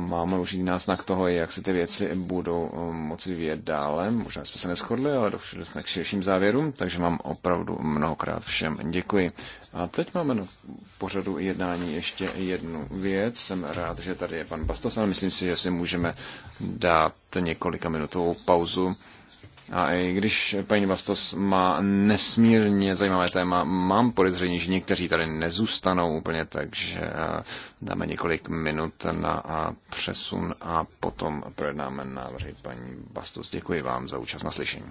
máme jiný náznak toho, jak se ty věci budou eh, moci vyvíjet dále. Možná jsme se neschodli, ale došli jsme k širším závěrům, takže vám opravdu mnohokrát všem děkuji. A teď máme na pořadu jednání ještě jednu věc. Jsem rád, že tady je pan Bastos, ale myslím si, že si můžeme dát několika minutovou pauzu. A i když paní Bastos má nesmírně zajímavé téma, mám podezření, že někteří tady nezůstanou úplně, takže eh, dáme několik minut na eh, přesun a potom projednáme návrhy paní Bastos. Děkuji vám za účast na slyšení.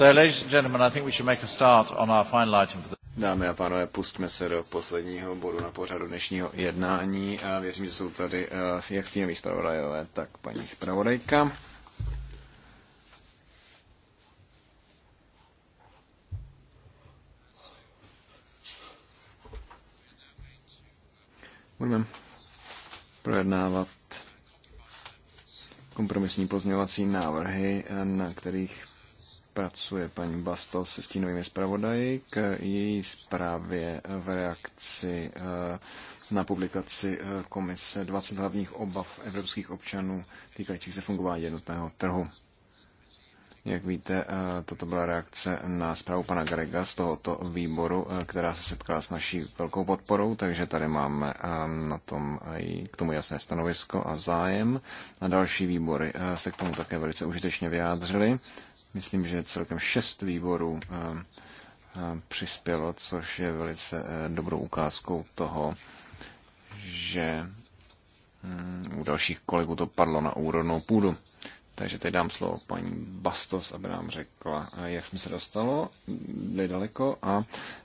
ladies and gentlemen, I think we should make a start on our final item for the... Dámy a pánové, pustme se do posledního bodu na pořadu dnešního jednání. A věřím, že jsou tady eh, jak stínoví zpravodajové, tak paní zpravodajka. Budeme projednávat kompromisní pozměňovací návrhy, eh, na kterých pracuje paní Bastos se stínovými zpravodaji k její zprávě v reakci eh, na publikaci eh, komise 20 hlavních obav evropských občanů týkajících se fungování jednotného trhu. Jak víte, eh, toto byla reakce na zprávu pana Grega z tohoto výboru, která se setkala s naší velkou podporou, takže tady máme na tom i k tomu jasné stanovisko a zájem. A další výbory se k tomu také velice užitečně vyjádřily myslím, že celkem šest výborů eh, eh, přispělo, což je velice eh, dobrou ukázkou toho, že mm, u dalších kolegů to padlo na úrodnou půdu. Takže teď dám slovo paní Bastos, aby nám řekla, jak jsme se dostalo daleko a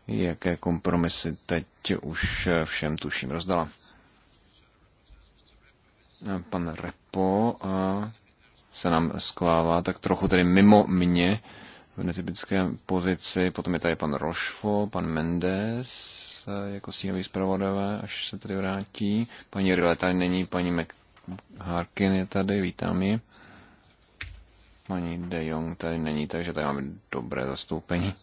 jaké kompromisy teď už všem tuším rozdala. Pan Repo a se nám skvává tak trochu tedy mimo mě v netypické pozici. Potom je tady pan Rošfo, pan Mendes eh, jako stínový zpravodavé, až se tady vrátí. Paní Rile tady není, paní McHarkin je tady, vítám ji. Paní De Jong tady není, takže tady máme dobré zastoupení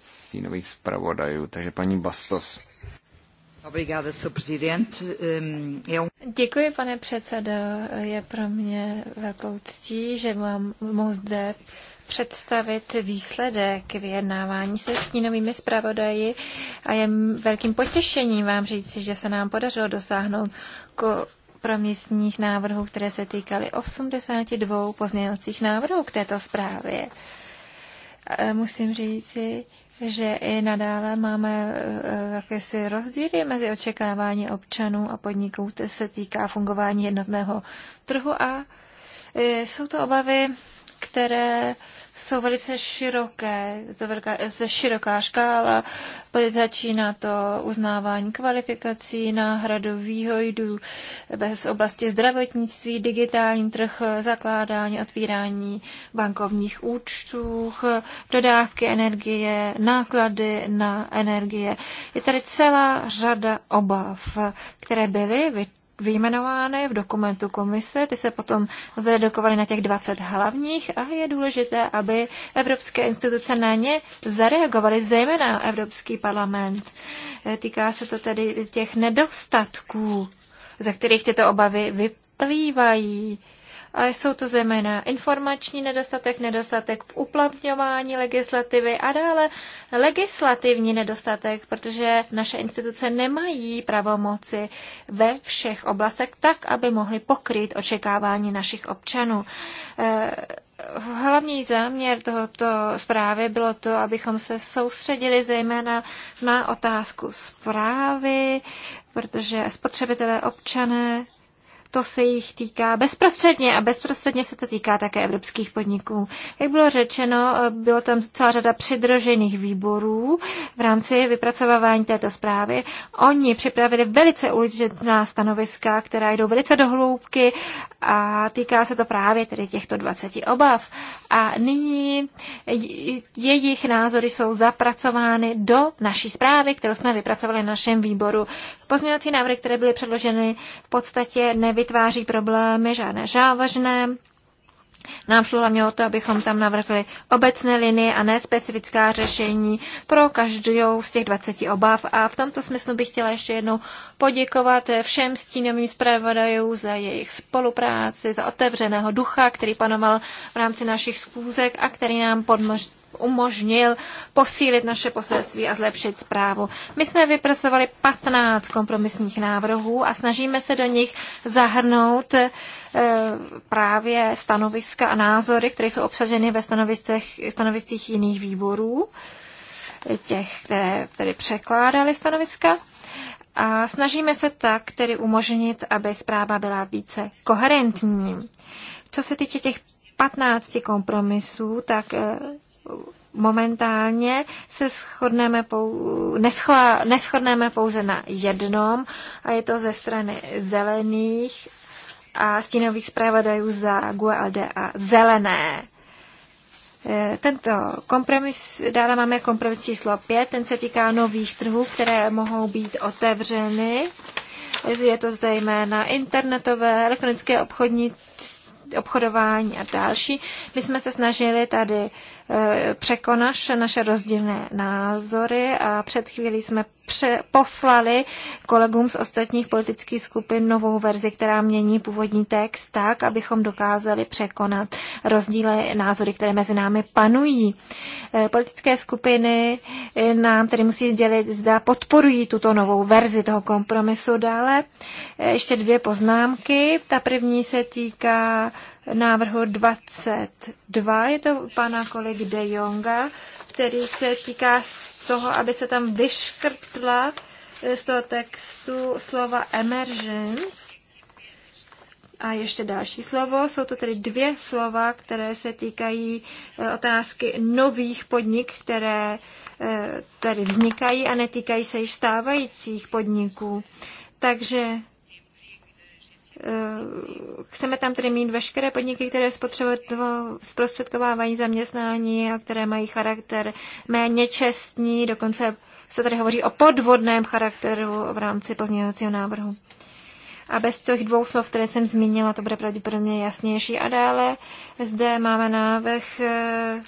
stínových zpravodajů. Takže paní Bastos. Um- Děkuji, pane předsedo. Je pro mě velkou ctí, že mám, mohu zde představit výsledek vyjednávání se stínovými zpravodaji a je velkým potěšením vám říci, že se nám podařilo dosáhnout ko kompromisních návrhů, které se týkaly 82 pozměňovacích návrhů k této zprávě. E, musím říci, že i nadále máme e, jakési rozdíly mezi očekávání občanů a podniků, které se týká fungování jednotného trhu a e, jsou to obavy které jsou velice široké, to velká, ze široká škála, začíná to uznávání kvalifikací, náhradu výhojdu bez oblasti zdravotnictví, digitální trh, zakládání, otvírání bankovních účtů, dodávky energie, náklady na energie. Je tady celá řada obav, které byly vyjmenovány v dokumentu komise, ty se potom zredukovaly na těch 20 hlavních a je důležité, aby evropské instituce na ně zareagovaly, zejména Evropský parlament. Eh, týká se to tedy těch nedostatků, ze kterých tyto obavy vyplývají a jsou to zejména informační nedostatek, nedostatek v uplatňování legislativy a dále legislativní nedostatek, protože naše instituce nemají pravomoci ve všech oblastech tak, aby mohly pokryt očekávání našich občanů. Eh, hlavní záměr tohoto zprávy bylo to, abychom se soustředili zejména na otázku zprávy, protože spotřebitelé občané to se jich týká bezprostředně a bezprostředně se to týká také evropských podniků. Jak bylo řečeno, bylo tam celá řada přidrožených výborů v rámci vypracovávání této zprávy. Oni připravili velice úžitná stanoviska, která jdou velice do hloubky a týká se to právě tedy těchto 20 obav. A nyní jejich názory jsou zapracovány do naší zprávy, kterou jsme vypracovali na našem výboru. Pozměňovací návrhy, které byly předloženy, v podstatě nevy nevytváří problémy žádné závažné. Nám šlo hlavně o to, abychom tam navrhli obecné linie a ne specifická řešení pro každou z těch 20 obav. A v tomto smyslu bych chtěla ještě jednou poděkovat všem stínovým zpravodajům za jejich spolupráci, za otevřeného ducha, který panoval v rámci našich schůzek a který nám podmož umožnil posílit naše poselství a zlepšit zprávu. My jsme vypracovali 15 kompromisních návrhů a snažíme se do nich zahrnout eh, právě stanoviska a názory, které jsou obsaženy ve stanoviscích jiných výborů, eh, těch, které tedy překládaly stanoviska. A snažíme se tak tedy umožnit, aby zpráva byla více koherentní. Co se týče těch 15 kompromisů, tak eh, momentálně se shodneme pou, neschla, neschodneme pouze na jednom a je to ze strany zelených a stínových zpravodajů za GULD a zelené. E, tento kompromis, dále máme kompromis číslo 5, ten se týká nových trhů, které mohou být otevřeny. Je to zejména internetové, elektronické obchodní obchodování a další. My jsme se snažili tady eh, překonat naše rozdílné názory a před chvílí jsme poslali kolegům z ostatních politických skupin novou verzi, která mění původní text tak, abychom dokázali překonat rozdíly názory, které mezi námi panují. Eh, politické skupiny eh, nám tedy musí sdělit, zda podporují tuto novou verzi toho kompromisu. Dále eh, ještě dvě poznámky. Ta první se týká návrhu 22, je to pana kolegy De Jonga, který se týká toho, aby se tam vyškrtla eh, z toho textu slova emergence. A ještě další slovo, jsou to tedy dvě slova, které se týkají eh, otázky nových podnik, které eh, tady vznikají a netýkají se již stávajících podniků. Takže Eh, chceme tam tedy mít veškeré podniky, které zprostředkovávají zaměstnání a které mají charakter méně čestní, dokonce se tady hovoří o podvodném charakteru v rámci pozměňovacího návrhu. A bez těch dvou slov, které jsem zmínila, to bude pravděpodobně jasnější. A dále zde máme návrh eh,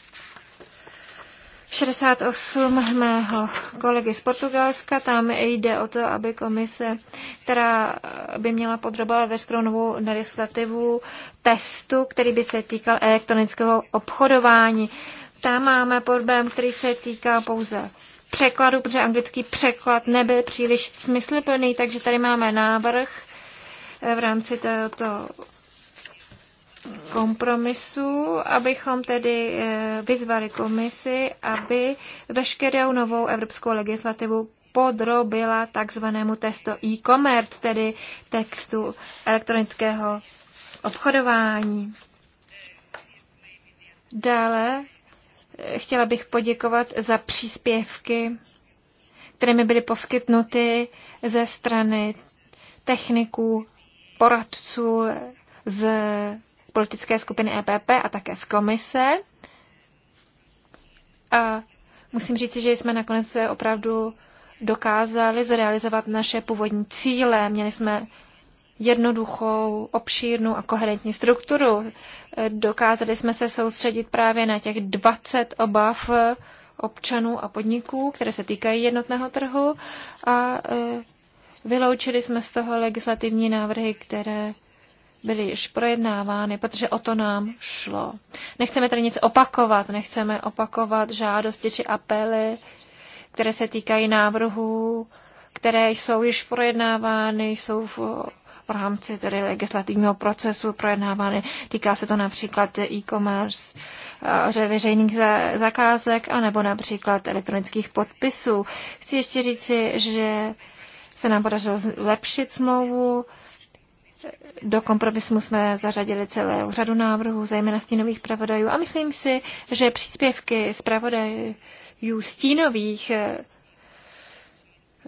68 mého kolegy z Portugalska. Tam jde o to, aby komise, která by měla podrobovat veškerou novou legislativu testu, který by se týkal elektronického obchodování. Tam máme problém, který se týká pouze překladu, protože anglický překlad nebyl příliš smysluplný, takže tady máme návrh v rámci tohoto kompromisu, abychom tedy eh, vyzvali komisi, aby veškerou novou evropskou legislativu podrobila takzvanému testu e-commerce, tedy textu elektronického obchodování. Dále eh, chtěla bych poděkovat za příspěvky, které mi byly poskytnuty ze strany techniků, poradců z politické skupiny EPP a také z komise. A musím říct, že jsme nakonec opravdu dokázali zrealizovat naše původní cíle. Měli jsme jednoduchou, obšírnou a koherentní strukturu. Dokázali jsme se soustředit právě na těch 20 obav občanů a podniků, které se týkají jednotného trhu a e, vyloučili jsme z toho legislativní návrhy, které byly již projednávány, protože o to nám šlo. Nechceme tady nic opakovat, nechceme opakovat žádosti či apely, které se týkají návrhů, které jsou již projednávány, jsou v, v rámci tedy legislativního procesu projednávány. Týká se to například e-commerce, eh, veřejných zakázek, anebo například elektronických podpisů. Chci ještě říci, že se nám podařilo zlepšit smlouvu, do kompromisu jsme zařadili celou řadu návrhů, zejména stínových pravodajů a myslím si, že příspěvky z pravodajů stínových eh,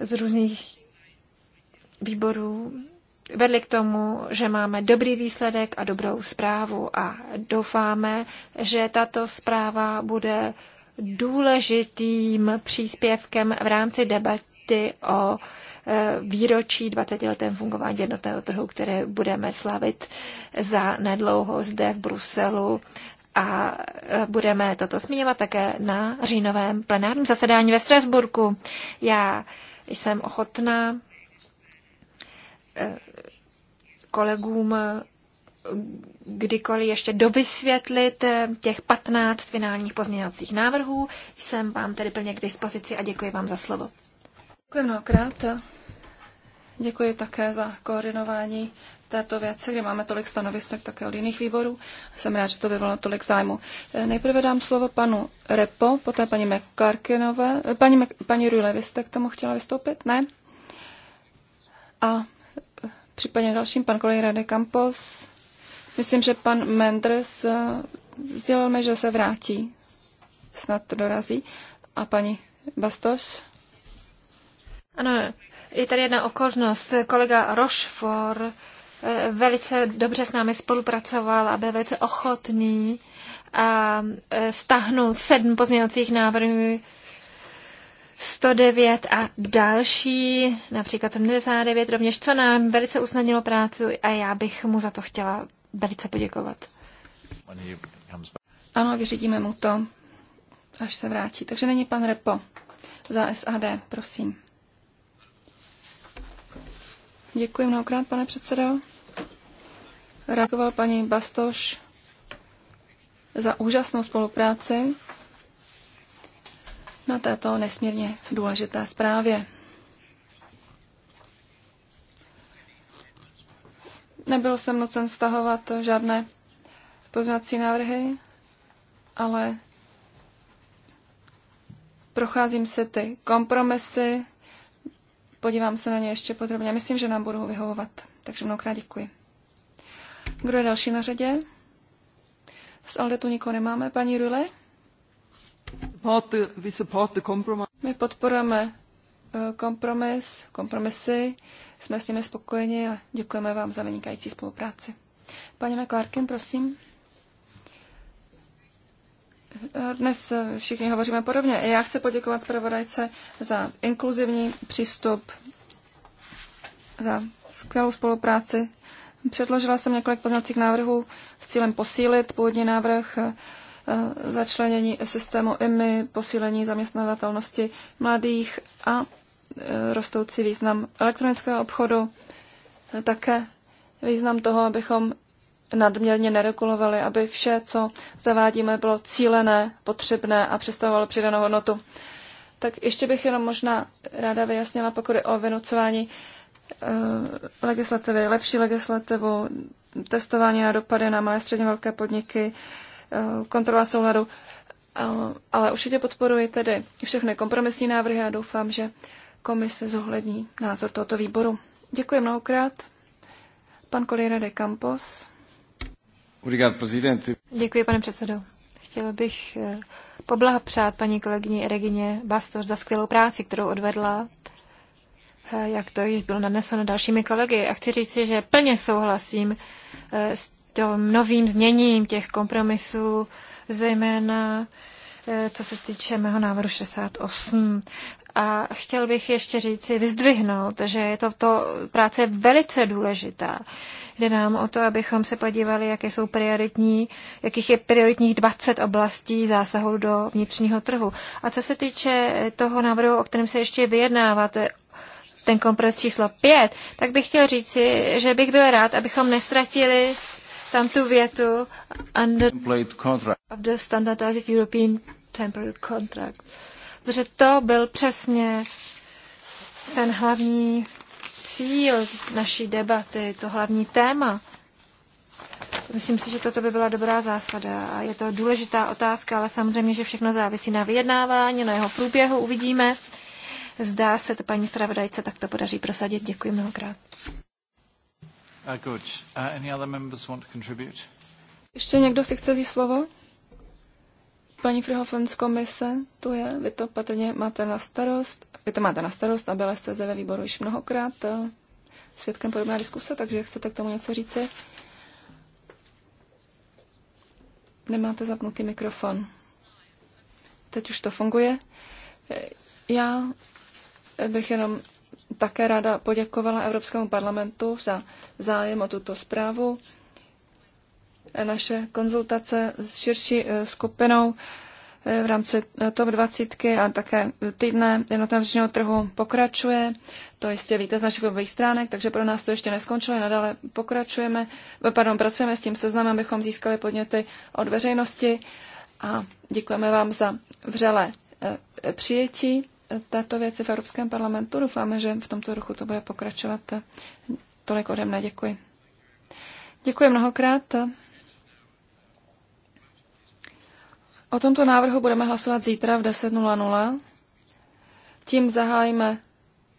z různých výborů vedly k tomu, že máme dobrý výsledek a dobrou zprávu a doufáme, že tato zpráva bude důležitým příspěvkem v rámci debaty o Eh, výročí 20 letém fungování jednotného trhu, které budeme slavit za nedlouho zde v Bruselu a eh, budeme toto zmiňovat také na říjnovém plenárním zasedání ve Strasburku. Já jsem ochotná eh, kolegům kdykoliv ještě dovysvětlit těch 15 finálních pozměňovacích návrhů. Jsem vám tedy plně k dispozici a děkuji vám za slovo. Děkuji mnohokrát. Děkuji také za koordinování této věci, kde máme tolik stanovisek také od jiných výborů. Jsem rád, že to vyvolalo tolik zájmu. Nejprve dám slovo panu Repo, poté paní McClarkinové. Paní, Mac, paní Rule, vy jste k tomu chtěla vystoupit? Ne? A případně dalším pan kolej Rade Campos. Myslím, že pan Mendres eh, sdělil mi, že se vrátí. Snad dorazí. A paní Bastos? Ano, je tady jedna okolnost. Kolega Rochefort eh, velice dobře s námi spolupracoval a byl velice ochotný a eh, stahnul sedm pozměňovacích návrhů 109 a další, například 79 rovněž, co nám velice usnadnilo práci a já bych mu za to chtěla velice poděkovat. Ano, vyřídíme mu to, až se vrátí. Takže není pan Repo za SAD, prosím. Děkuji mnohokrát, pane předsedo. Reagoval paní Bastoš za úžasnou spolupráci na této nesmírně důležité zprávě. Nebyl jsem nucen stahovat žádné pozvací návrhy, ale procházím se ty kompromisy, podívám se na ně ještě podrobně. Myslím, že nám budou vyhovovat. Takže mnohokrát děkuji. Kdo je další na řadě? Z Aldetu nikoho nemáme. Paní Rule? My podporujeme eh, kompromis, kompromisy, jsme s nimi spokojeni a děkujeme vám za vynikající spolupráci. Paní McClarkin, prosím dnes všichni hovoříme podobně. Já chci poděkovat zpravodajce za inkluzivní přístup, za skvělou spolupráci. Předložila jsem několik poznacích návrhů s cílem posílit původní návrh eh, začlenění systému IMI, posílení zaměstnavatelnosti mladých a eh, rostoucí význam elektronického obchodu, také význam toho, abychom nadměrně neregulovali, aby vše, co zavádíme, bylo cílené, potřebné a představovalo přidanou hodnotu. Tak ještě bych jenom možná ráda vyjasnila, pokud je o vynucování e, legislativy, lepší legislativu, testování na dopady na malé středně velké podniky, e, kontrola souladu. E, ale určitě podporuji tedy všechny kompromisní návrhy a doufám, že komise zohlední názor tohoto výboru. Děkuji mnohokrát. Pan kolega de Campos. Děkuji, pane předsedo. Chtěl bych eh, poblahopřát paní kolegyni Regině Bastos za skvělou práci, kterou odvedla, eh, jak to již bylo nadneseno dalšími kolegy. A chci říci, že plně souhlasím eh, s tím novým zněním těch kompromisů, zejména co se týče mého návrhu 68. A chtěl bych ještě říci, vyzdvihnout, že je to, to práce velice důležitá. Jde nám o to, abychom se podívali, jaké jsou prioritní, jakých je prioritních 20 oblastí zásahu do vnitřního trhu. A co se týče toho návrhu, o kterém se ještě vyjednává, ten kompres číslo 5, tak bych chtěl říci, že bych byl rád, abychom nestratili tam tu větu under of the standardized European temporary contract. Protože to byl přesně ten hlavní cíl naší debaty, to hlavní téma. Myslím si, že toto by byla dobrá zásada a je to důležitá otázka, ale samozřejmě, že všechno závisí na vyjednávání, na jeho průběhu uvidíme. Zdá se to paní zpravodajce to podaří prosadit. Děkuji mnohokrát. Uh, good. Uh, any other members want to contribute? Ještě někdo si chce říct slovo? Paní Frihofen z komise, tu je, vy to patrně máte na starost. Vy to máte na starost a byla jste zde ve výboru již mnohokrát eh, svědkem podobné diskuse, takže chcete k tomu něco říci? Nemáte zapnutý mikrofon. Teď už to funguje. Eh, já bych jenom také ráda poděkovala Evropskému parlamentu za zájem o tuto zprávu. Naše konzultace s širší eh, skupinou v rámci eh, TOP 20 a také týdne jednotného trhu pokračuje. To jistě víte z našich webových stránek, takže pro nás to ještě neskončilo. Nadále pokračujeme, eh, pardon, pracujeme s tím seznamem, abychom získali podněty od veřejnosti a děkujeme vám za vřelé eh, přijetí této věci v Evropském parlamentu. Doufáme, že v tomto ruchu to bude pokračovat. Tolik ode mne, děkuji. Děkuji mnohokrát. O tomto návrhu budeme hlasovat zítra v 10.00. Tím zahájíme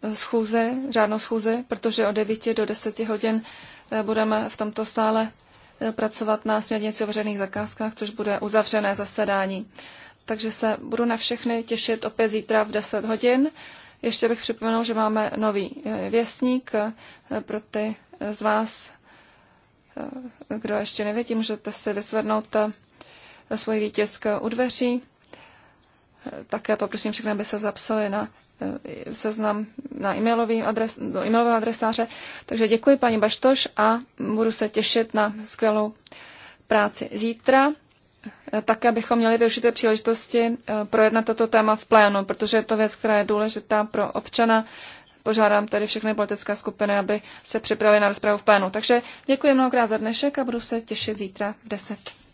eh, schůzi, řádnou schůzi, protože od 9 do 10 hodin eh, budeme v tomto sále eh, pracovat na směrnici o veřejných zakázkách, což bude uzavřené zasedání. Takže se budu na všechny těšit opět zítra v 10 hodin. Ještě bych připomenul, že máme nový věstník pro ty z vás, kdo ještě nevědí, můžete si vysvednout svůj výtisk u dveří. Také poprosím všechny, aby se zapsali na eh, seznam na e-mailový adres, do e-mailového adresáře. Takže děkuji paní Baštoš a budu se těšit na skvělou práci zítra. Eh, také bychom měli využít příležitosti eh, projednat toto téma v plénu, protože je to věc, která je důležitá pro občana. Požádám tedy všechny politické skupiny, aby se připravili na rozpravu v plénu. Takže děkuji mnohokrát za dnešek a budu se těšit zítra v 10.